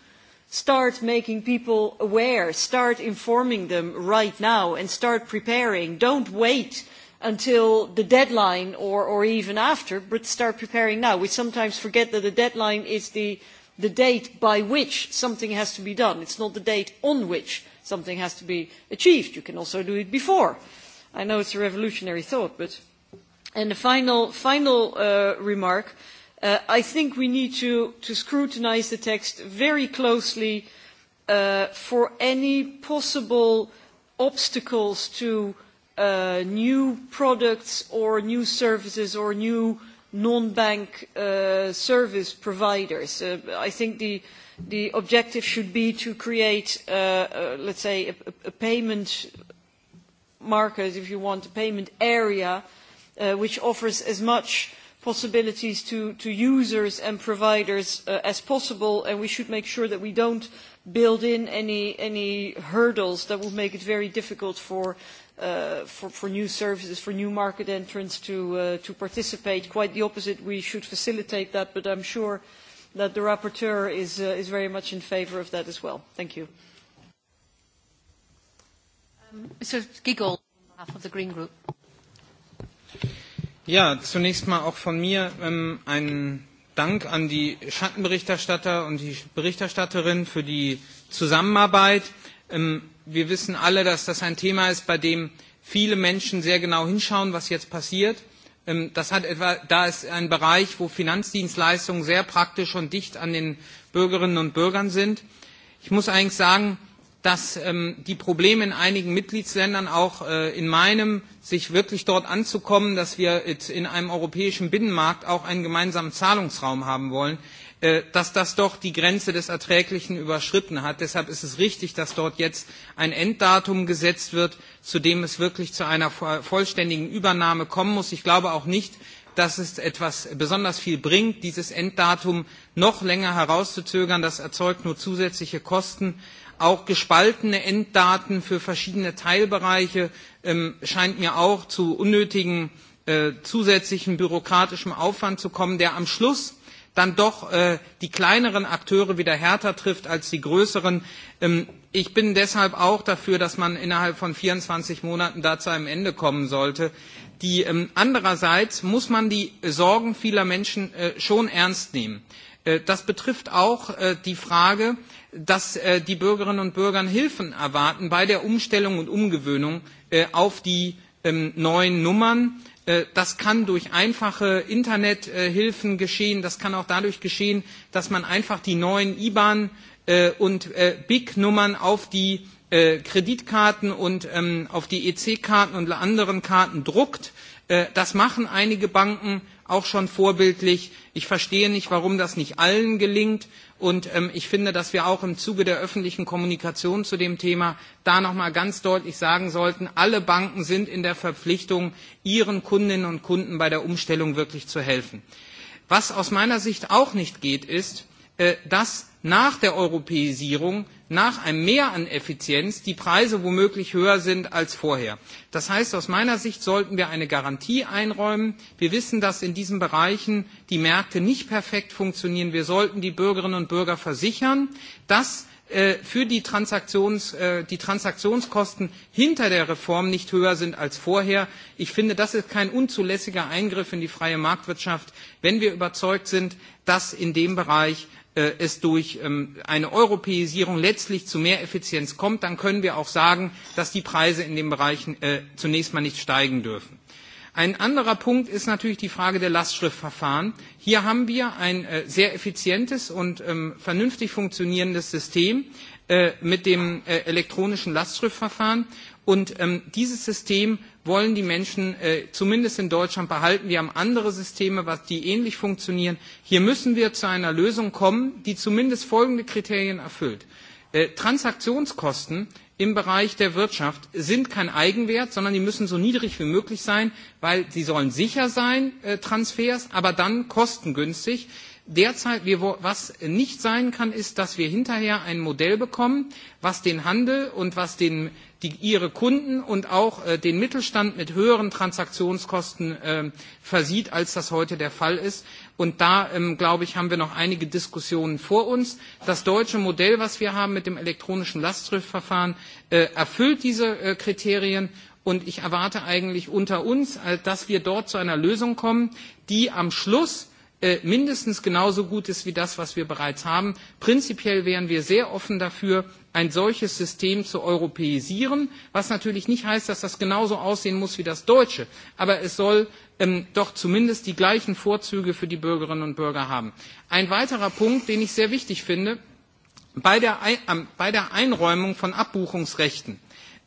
Start making people aware, start informing them right now, and start preparing. Don't wait until the deadline or, or even after, but start preparing now. We sometimes forget that the deadline is the, the date by which something has to be done. It's not the date on which something has to be achieved. You can also do it before. I know it's a revolutionary thought, but... And the final, final uh, remark, uh, Uh, I think we need to, to scrutinize the text very closely uh, for any possible obstacles to uh, new products or new services or new non-bank uh, service providers. Uh, I think the, the objective should be to create, uh, uh, let's say, a, a payment market, if you want, a payment area uh, which offers as much possibilities to, to users and providers uh, as possible, and we should make sure that we don't build in any, any hurdles that will make it very difficult for, uh, for, for new services, for new market entrants to, uh, to participate. Quite the opposite, we should facilitate that, but I'm sure that the rapporteur is, uh, is very much in favour of that as well. Thank you. Um, Mr Giggle, on behalf of the Green Group. Ja, zunächst mal auch von mir ähm, einen Dank an die Schattenberichterstatter und die Berichterstatterin für die Zusammenarbeit. Ähm, wir wissen alle, dass das ein Thema ist, bei dem viele Menschen sehr genau hinschauen, was jetzt passiert. Ähm, das hat etwa, da ist ein Bereich, wo Finanzdienstleistungen sehr praktisch und dicht an den Bürgerinnen und Bürgern sind. Ich muss eigentlich sagen, dass ähm, die Probleme in einigen Mitgliedsländern, auch äh, in meinem, sich wirklich dort anzukommen, dass wir in einem europäischen Binnenmarkt auch einen gemeinsamen Zahlungsraum haben wollen, äh, dass das doch die Grenze des Erträglichen überschritten hat. Deshalb ist es richtig, dass dort jetzt ein Enddatum gesetzt wird, zu dem es wirklich zu einer vollständigen Übernahme kommen muss. Ich glaube auch nicht, dass es etwas besonders viel bringt, dieses Enddatum noch länger herauszuzögern. Das erzeugt nur zusätzliche Kosten. Äh, auch gespaltene Enddaten für verschiedene Teilbereiche ähm, scheint mir auch zu unnötigen äh, zusätzlichen bürokratischem Aufwand zu kommen, der am Schluss dann doch äh, die kleineren Akteure wieder härter trifft als die größeren. Ähm, ich bin deshalb auch dafür, dass man innerhalb von 24 Monaten da zu einem Ende kommen sollte. Die, ähm, andererseits muss man die Sorgen vieler Menschen äh, schon ernst nehmen. Äh, das betrifft auch äh, die Frage, äh, dass äh, die Bürgerinnen und Bürger Hilfen erwarten bei der Umstellung und Umgewöhnung äh, auf die ähm, neuen Nummern. Äh, das kann durch einfache Internethilfen geschehen. Das kann auch dadurch geschehen, dass man einfach die neuen IBAN äh, und äh, BIC-Nummern auf die äh, Kreditkarten und ähm, auf die EC-Karten und anderen Karten druckt. Äh, das machen einige Banken auch schon vorbildlich. Ich verstehe nicht, warum das nicht allen gelingt. Und ähm, ich finde, dass wir auch im Zuge der öffentlichen Kommunikation zu dem Thema da nochmal ganz deutlich sagen sollten, alle Banken sind in der Verpflichtung, ihren Kundinnen und Kunden bei der Umstellung wirklich zu helfen. Was aus meiner Sicht auch nicht geht, ist, äh, dass nach der Europäisierung nach einem Mehr an Effizienz die Preise womöglich höher sind als vorher. Das heißt, aus meiner Sicht sollten wir eine Garantie einräumen. Wir wissen, dass in diesen Bereichen die Märkte nicht perfekt funktionieren. Wir sollten die Bürgerinnen und Bürger versichern, dass äh, für die, Transaktions, äh, die Transaktionskosten hinter der Reform nicht höher sind als vorher. Ich finde, das ist kein unzulässiger Eingriff in die freie Marktwirtschaft, wenn wir überzeugt sind, dass in dem Bereich Äh, es durch ähm, eine Europäisierung letztlich zu mehr Effizienz kommt, dann können wir auch sagen, dass die Preise in den Bereichen äh, zunächst mal nicht steigen dürfen. Ein anderer Punkt ist natürlich die Frage der Lastschriftverfahren. Hier haben wir ein äh, sehr effizientes und ähm, vernünftig funktionierendes System mit dem elektronischen Lastschriftverfahren. Und ähm, dieses System wollen die Menschen äh, zumindest in Deutschland behalten. Wir haben andere Systeme, was, die ähnlich funktionieren. Hier müssen wir zu einer Lösung kommen, die zumindest folgende Kriterien erfüllt. Äh, Transaktionskosten im Bereich der Wirtschaft sind kein Eigenwert, sondern die müssen so niedrig wie möglich sein, weil sie sollen sicher sein, äh, Transfers, aber dann kostengünstig. Derzeit, wir, was nicht sein kann, ist, dass wir hinterher ein Modell bekommen, was den Handel und was den die ihre Kunden und auch äh, den Mittelstand mit höheren Transaktionskosten äh, versieht, als das heute der Fall ist. Und da, ähm, glaube ich, haben wir noch einige Diskussionen vor uns. Das deutsche Modell, was wir haben mit dem elektronischen Lastschriftverfahren, äh, erfüllt diese äh, Kriterien. Und ich erwarte eigentlich unter uns, äh, dass wir dort zu einer Lösung kommen, die am Schluss Äh, mindestens genauso gut ist wie das, was wir bereits haben. Prinzipiell wären wir sehr offen dafür, ein solches System zu europäisieren, was natürlich nicht heißt, dass das genauso aussehen muss wie das deutsche, aber es soll ähm, doch zumindest die gleichen Vorzüge für die Bürgerinnen und Bürger haben. Ein weiterer Punkt, den ich sehr wichtig finde, bei der, ähm, bei der Einräumung von Abbuchungsrechten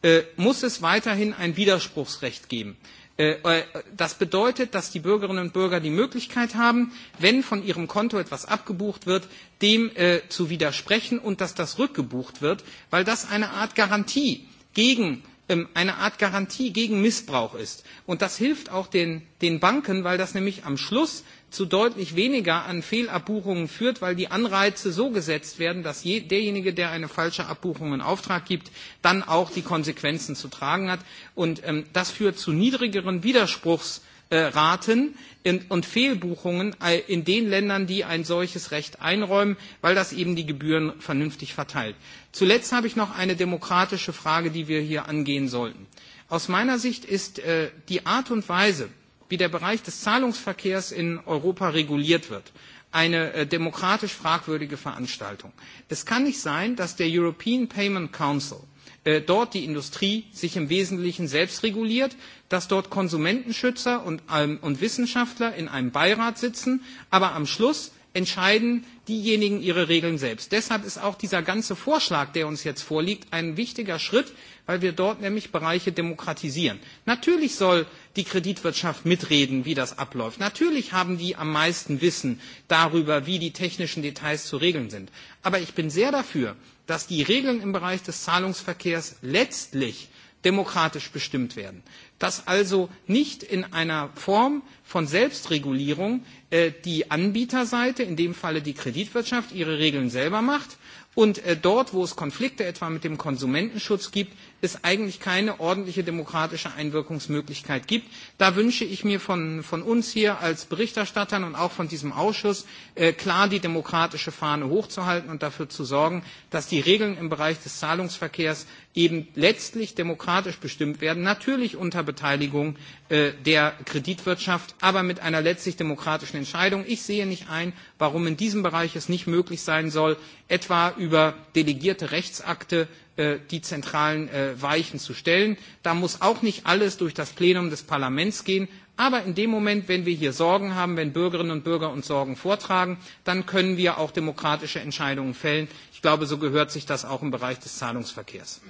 äh, muss es weiterhin ein Widerspruchsrecht geben. Äh, Äh, äh, das bedeutet, dass die Bürgerinnen und Bürger die Möglichkeit haben, wenn von ihrem Konto etwas abgebucht wird, dem äh, zu widersprechen und dass das rückgebucht wird, weil das eine Art Garantie gegen ähm, eine Art Garantie gegen Missbrauch ist. Und das hilft auch den, den Banken, weil das nämlich am Schluss zu deutlich weniger an Fehlabbuchungen führt, weil die Anreize so gesetzt werden, dass je, derjenige, der eine falsche Abbuchung in Auftrag gibt, dann auch die Konsequenzen zu tragen hat. Und ähm, das führt zu niedrigeren Widerspruchsraten äh, und, und Fehlbuchungen äh, in den Ländern, die ein solches Recht einräumen, weil das eben die Gebühren vernünftig verteilt. Zuletzt habe ich noch eine demokratische Frage, die wir hier angehen sollten. Aus meiner Sicht ist äh, die Art und Weise, wie der Bereich des Zahlungsverkehrs in Europa reguliert wird eine äh, demokratisch fragwürdige Veranstaltung. Es kann nicht sein, dass der European Payment Council äh, dort die Industrie sich im Wesentlichen selbst reguliert, dass dort Konsumentenschützer und, ähm, und Wissenschaftler in einem Beirat sitzen, aber am Schluss entscheiden diejenigen ihre Regeln selbst. Deshalb ist auch dieser ganze Vorschlag, der uns jetzt vorliegt, ein wichtiger Schritt weil wir dort nämlich Bereiche demokratisieren. Natürlich soll die Kreditwirtschaft mitreden, wie das abläuft. Natürlich haben die am meisten Wissen darüber, wie die technischen Details zu regeln sind. Aber ich bin sehr dafür, dass die Regeln im Bereich des Zahlungsverkehrs letztlich demokratisch bestimmt werden. Dass also nicht in einer Form von Selbstregulierung äh, die Anbieterseite, in dem Falle die Kreditwirtschaft, ihre Regeln selber macht und äh, dort, wo es Konflikte etwa mit dem Konsumentenschutz gibt, es eigentlich keine ordentliche demokratische Einwirkungsmöglichkeit gibt. Da wünsche ich mir von, von uns hier als Berichterstattern und auch von diesem Ausschuss äh, klar die demokratische Fahne hochzuhalten und dafür zu sorgen, dass die Regeln im Bereich des Zahlungsverkehrs eben letztlich demokratisch bestimmt werden, natürlich unter Beteiligung äh, der Kreditwirtschaft, aber mit einer letztlich demokratischen Entscheidung. Ich sehe nicht ein, warum in diesem Bereich es nicht möglich sein soll, etwa über delegierte Rechtsakte äh, die zentralen äh, Weichen zu stellen. Da muss auch nicht alles durch das Plenum des Parlaments gehen, Aber in dem Moment, wenn wir hier Sorgen haben, wenn Bürgerinnen und Bürger uns Sorgen vortragen, dann können wir auch demokratische Entscheidungen fällen glaube, so gehört sich das auch im Bereich des Zahlungsverkehrs.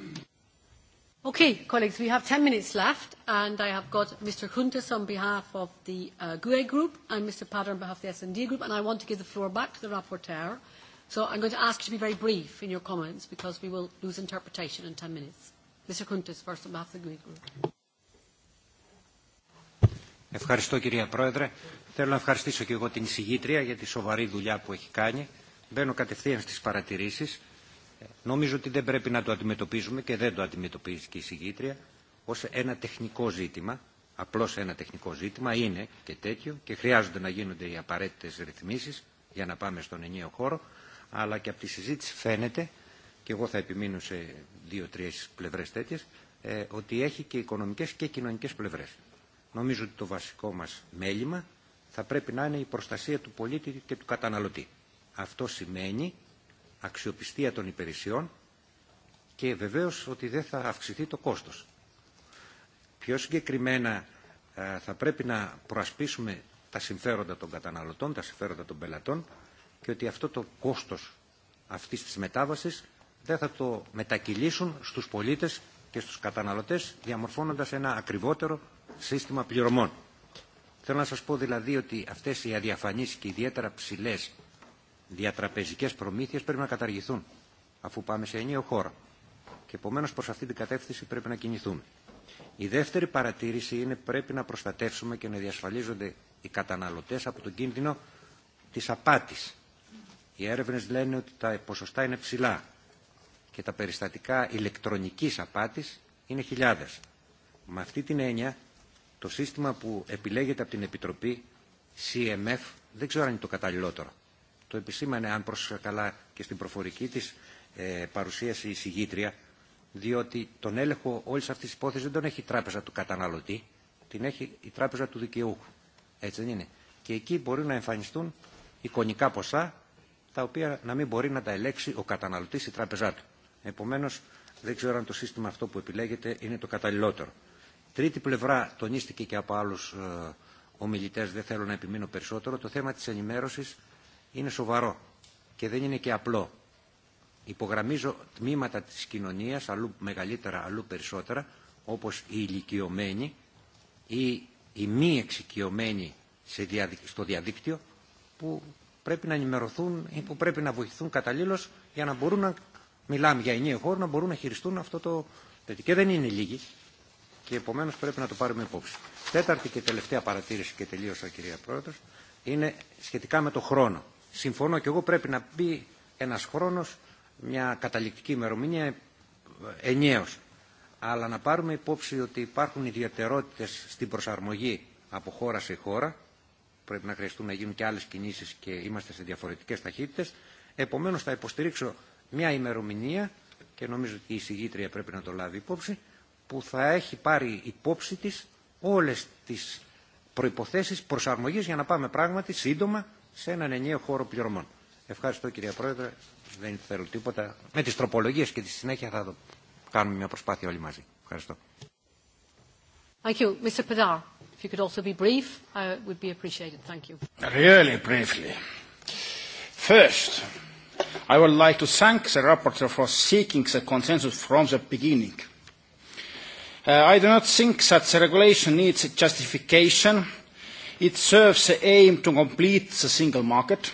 Okay, colleagues, we have 10 minutes left, and I have got Mr. Huntis on behalf of the uh, GUE group and Mr. Patter on behalf of the S&D group, and I want to give the floor back to the rapporteur. So I'm going to ask you to be very brief in your comments because we will lose interpretation in 10 minutes. Mr. Huntis, first on behalf of the GUE group. Ευχαριστώ κυρία Πρόεδρε. Θέλω να ευχαριστήσω και εγώ την εισηγήτρια για τη σοβαρή δουλειά που έχει κάνει μπαίνω κατευθείαν στις παρατηρήσεις. Νομίζω ότι δεν πρέπει να το αντιμετωπίζουμε και δεν το αντιμετωπίζει και η συγγήτρια ως ένα τεχνικό ζήτημα, απλώς ένα τεχνικό ζήτημα, είναι και τέτοιο και χρειάζονται να γίνονται οι απαραίτητες ρυθμίσεις για να πάμε στον ενιαίο χώρο, αλλά και από τη συζήτηση φαίνεται, και εγώ θα επιμείνω σε δύο-τρεις πλευρές τέτοιες, ε, ότι έχει και οικονομικές και κοινωνικές πλευρές. Νομίζω ότι το βασικό μας μέλημα θα πρέπει να είναι η προστασία του πολίτη και του καταναλωτή. Αυτό σημαίνει αξιοπιστία των υπηρεσιών και βεβαίως ότι δεν θα αυξηθεί το κόστος. Πιο συγκεκριμένα θα πρέπει να προασπίσουμε τα συμφέροντα των καταναλωτών, τα συμφέροντα των πελατών και ότι αυτό το κόστος αυτής της μετάβασης δεν θα το μετακυλήσουν στους πολίτες και στους καταναλωτές διαμορφώνοντας ένα ακριβότερο σύστημα πληρωμών. Θέλω να σας πω δηλαδή ότι αυτές οι αδιαφανείς και ιδιαίτερα ψηλές διατραπεζικές προμήθειες πρέπει να καταργηθούν αφού πάμε σε ενιαίο χώρο. Και επομένως προς αυτή την κατεύθυνση πρέπει να κινηθούμε. Η δεύτερη παρατήρηση είναι πρέπει να προστατεύσουμε και να διασφαλίζονται οι καταναλωτές από τον κίνδυνο της απάτης. Οι έρευνες λένε ότι τα ποσοστά είναι ψηλά και τα περιστατικά ηλεκτρονικής απάτης είναι χιλιάδες. Με αυτή την έννοια, το σύστημα που επιλέγεται από την Επιτροπή, CMF, δεν ξέρω αν είναι το καταλληλότερο. Το επισήμανε αν προς καλά και στην προφορική της ε, παρουσίαση η συγγήτρια, διότι τον έλεγχο όλης αυτής της υπόθεσης δεν τον έχει η τράπεζα του καταναλωτή, την έχει η τράπεζα του δικαιούχου. Έτσι δεν είναι. Και εκεί μπορεί να εμφανιστούν εικονικά ποσά, τα οποία να μην μπορεί να τα ελέξει ο καταναλωτής η τράπεζά του. Επομένως, δεν ξέρω αν το σύστημα αυτό που επιλέγεται είναι το καταλληλότερο. Τρίτη πλευρά τονίστηκε και από άλλους ε, ομιλητές, δεν θέλω να επιμείνω περισσότερο, το θέμα της ενημέρωσης είναι σοβαρό και δεν είναι και απλό. Υπογραμμίζω τμήματα της κοινωνίας, αλλού μεγαλύτερα, αλλού περισσότερα, όπως οι ηλικιωμένοι ή οι μη εξοικειωμένοι σε διαδικ... στο διαδίκτυο, που πρέπει να ενημερωθούν ή που πρέπει να βοηθηθούν καταλήλως για να μπορούν να μιλάμε για ενίο χώρο, να μπορούν να χειριστούν αυτό το τέτοιο. Και δεν είναι λίγοι και επομένως πρέπει να το πάρουμε υπόψη. Τέταρτη και τελευταία παρατήρηση και τελείωσα κυρία Πρόεδρος, είναι σχετικά με το χρόνο συμφωνώ και εγώ πρέπει να μπει ένας χρόνος, μια καταληκτική ημερομηνία ενιαίως. Αλλά να πάρουμε υπόψη ότι υπάρχουν ιδιαιτερότητες στην προσαρμογή από χώρα σε χώρα, πρέπει να χρειαστούν να γίνουν και άλλες κινήσεις και είμαστε σε διαφορετικές ταχύτητες. Επομένως θα υποστηρίξω μια ημερομηνία και νομίζω ότι η συγγήτρια πρέπει να το λάβει υπόψη, που θα έχει πάρει υπόψη της όλες τις προϋποθέσεις προσαρμογής για να πάμε πράγματι σύντομα σε έναν ενιαίο χώρο πληρωμών. Ευχαριστώ κυρία Πρόεδρε, δεν θέλω τίποτα. Με τις τροπολογίες και τη συνέχεια θα το κάνουμε μια προσπάθεια όλοι μαζί. Ευχαριστώ. Thank you. Mr. Padar, if you could also be brief, uh, would be appreciated. Thank you. Really briefly. First, I would like to thank the rapporteur for seeking the consensus from the beginning. Uh, I do not think that the regulation needs justification It serves the aim to complete the single market.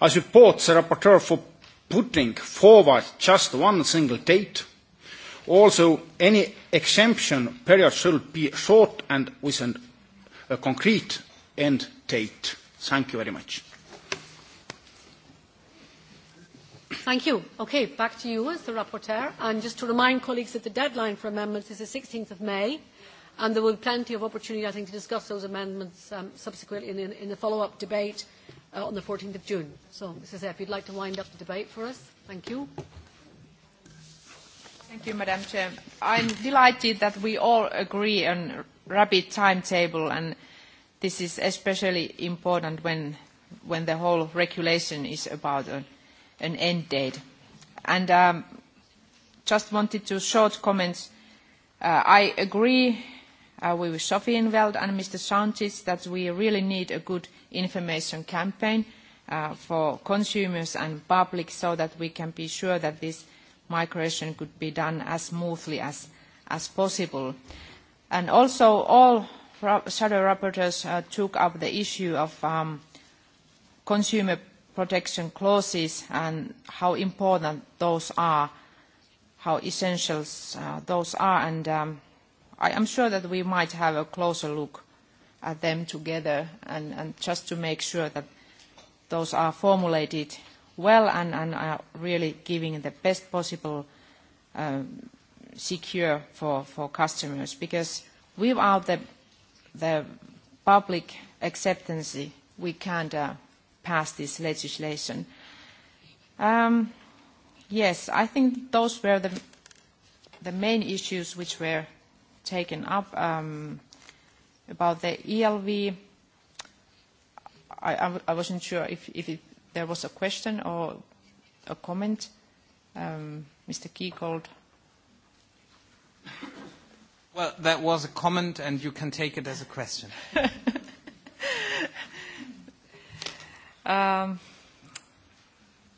I support the rapporteur for putting forward just one single date. Also, any exemption period should be short and with an, a concrete end date. Thank you very much. Thank you. Okay, back to you as the rapporteur. And just to remind colleagues that the deadline for amendments is the 16th of May and there will be plenty of opportunity, I think, to discuss those amendments um, subsequently in, in, in the follow-up debate uh, on the 14th of June. So, Mrs. Epp, you'd like to wind up the debate for us. Thank you. Thank you, Madam Chair. I'm delighted that we all agree on rapid timetable, and this is especially important when, when the whole regulation is about an, an end date. And um, just wanted to short comments. Uh, I agree uh, with Sophienveld and Mr. Sanchez that we really need a good information campaign uh, for consumers and public so that we can be sure that this migration could be done as smoothly as, as possible. And also all shadow rapporteurs uh, took up the issue of um, consumer protection clauses and how important those are, how essential uh, those are. And um, I am sure that we might have a closer look at them together and, and just to make sure that those are formulated well and, and are really giving the best possible um, secure for, for customers. Because without the, the public acceptance, we can't uh, pass this legislation. Um, yes, I think those were the, the main issues which were taken up um, about the ELV. I, I, I wasn't sure if, if it, there was a question or a comment. Um, Mr. Kiegold. Well, that was a comment, and you can take it as a question. um,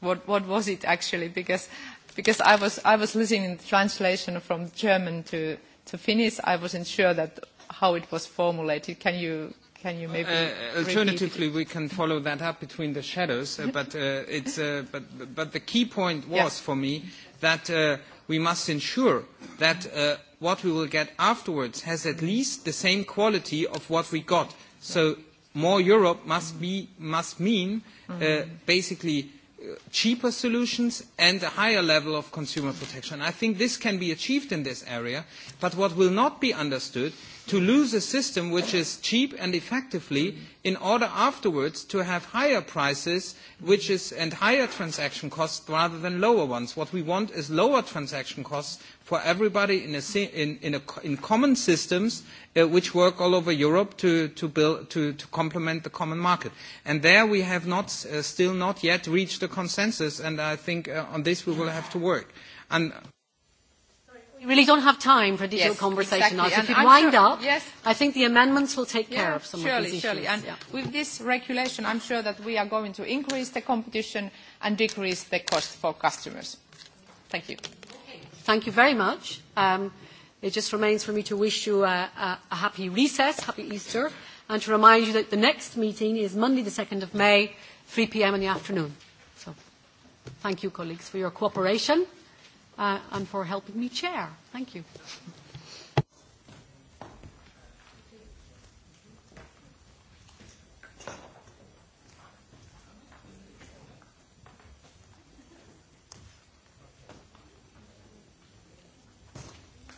what, what was it actually? Because, because I, was, I was listening in the translation from German to, uh, to finish. I wasn't sure that how it was formulated. Can you can you maybe uh, alternatively repeat? we can follow that up between the shadows uh, but uh, it's uh, but but the key point was yeah. for me that uh, we must ensure that uh, what we will get afterwards has at least the same quality of what we got so more europe must be must mean uh, mm-hmm. basically uh, cheaper solutions and a higher level of consumer protection. I think this can be achieved in this area, but what will not be understood to lose a system which is cheap and effectively in order afterwards to have higher prices which is, and higher transaction costs rather than lower ones. What we want is lower transaction costs for everybody in, a, in, in, a, in common systems uh, which work all over Europe to, to, build, to, to complement the common market. And there we have not, uh, still not yet reached a consensus, and I think uh, on this we will have to work. And We really don't have time for detailed yes, conversation exactly. now. So and if you wind sure, up, yes. I think the amendments will take yeah, care of some surely, of these surely. issues. And yeah. With this regulation, I'm sure that we are going to increase the competition and decrease the cost for customers. Thank you. Okay. Thank you very much. Um, it just remains for me to wish you a, a, a happy recess, happy Easter, and to remind you that the next meeting is Monday the 2nd of May, 3 p.m. in the afternoon. So thank you, colleagues, for your cooperation uh, and for helping me chair. Thank you.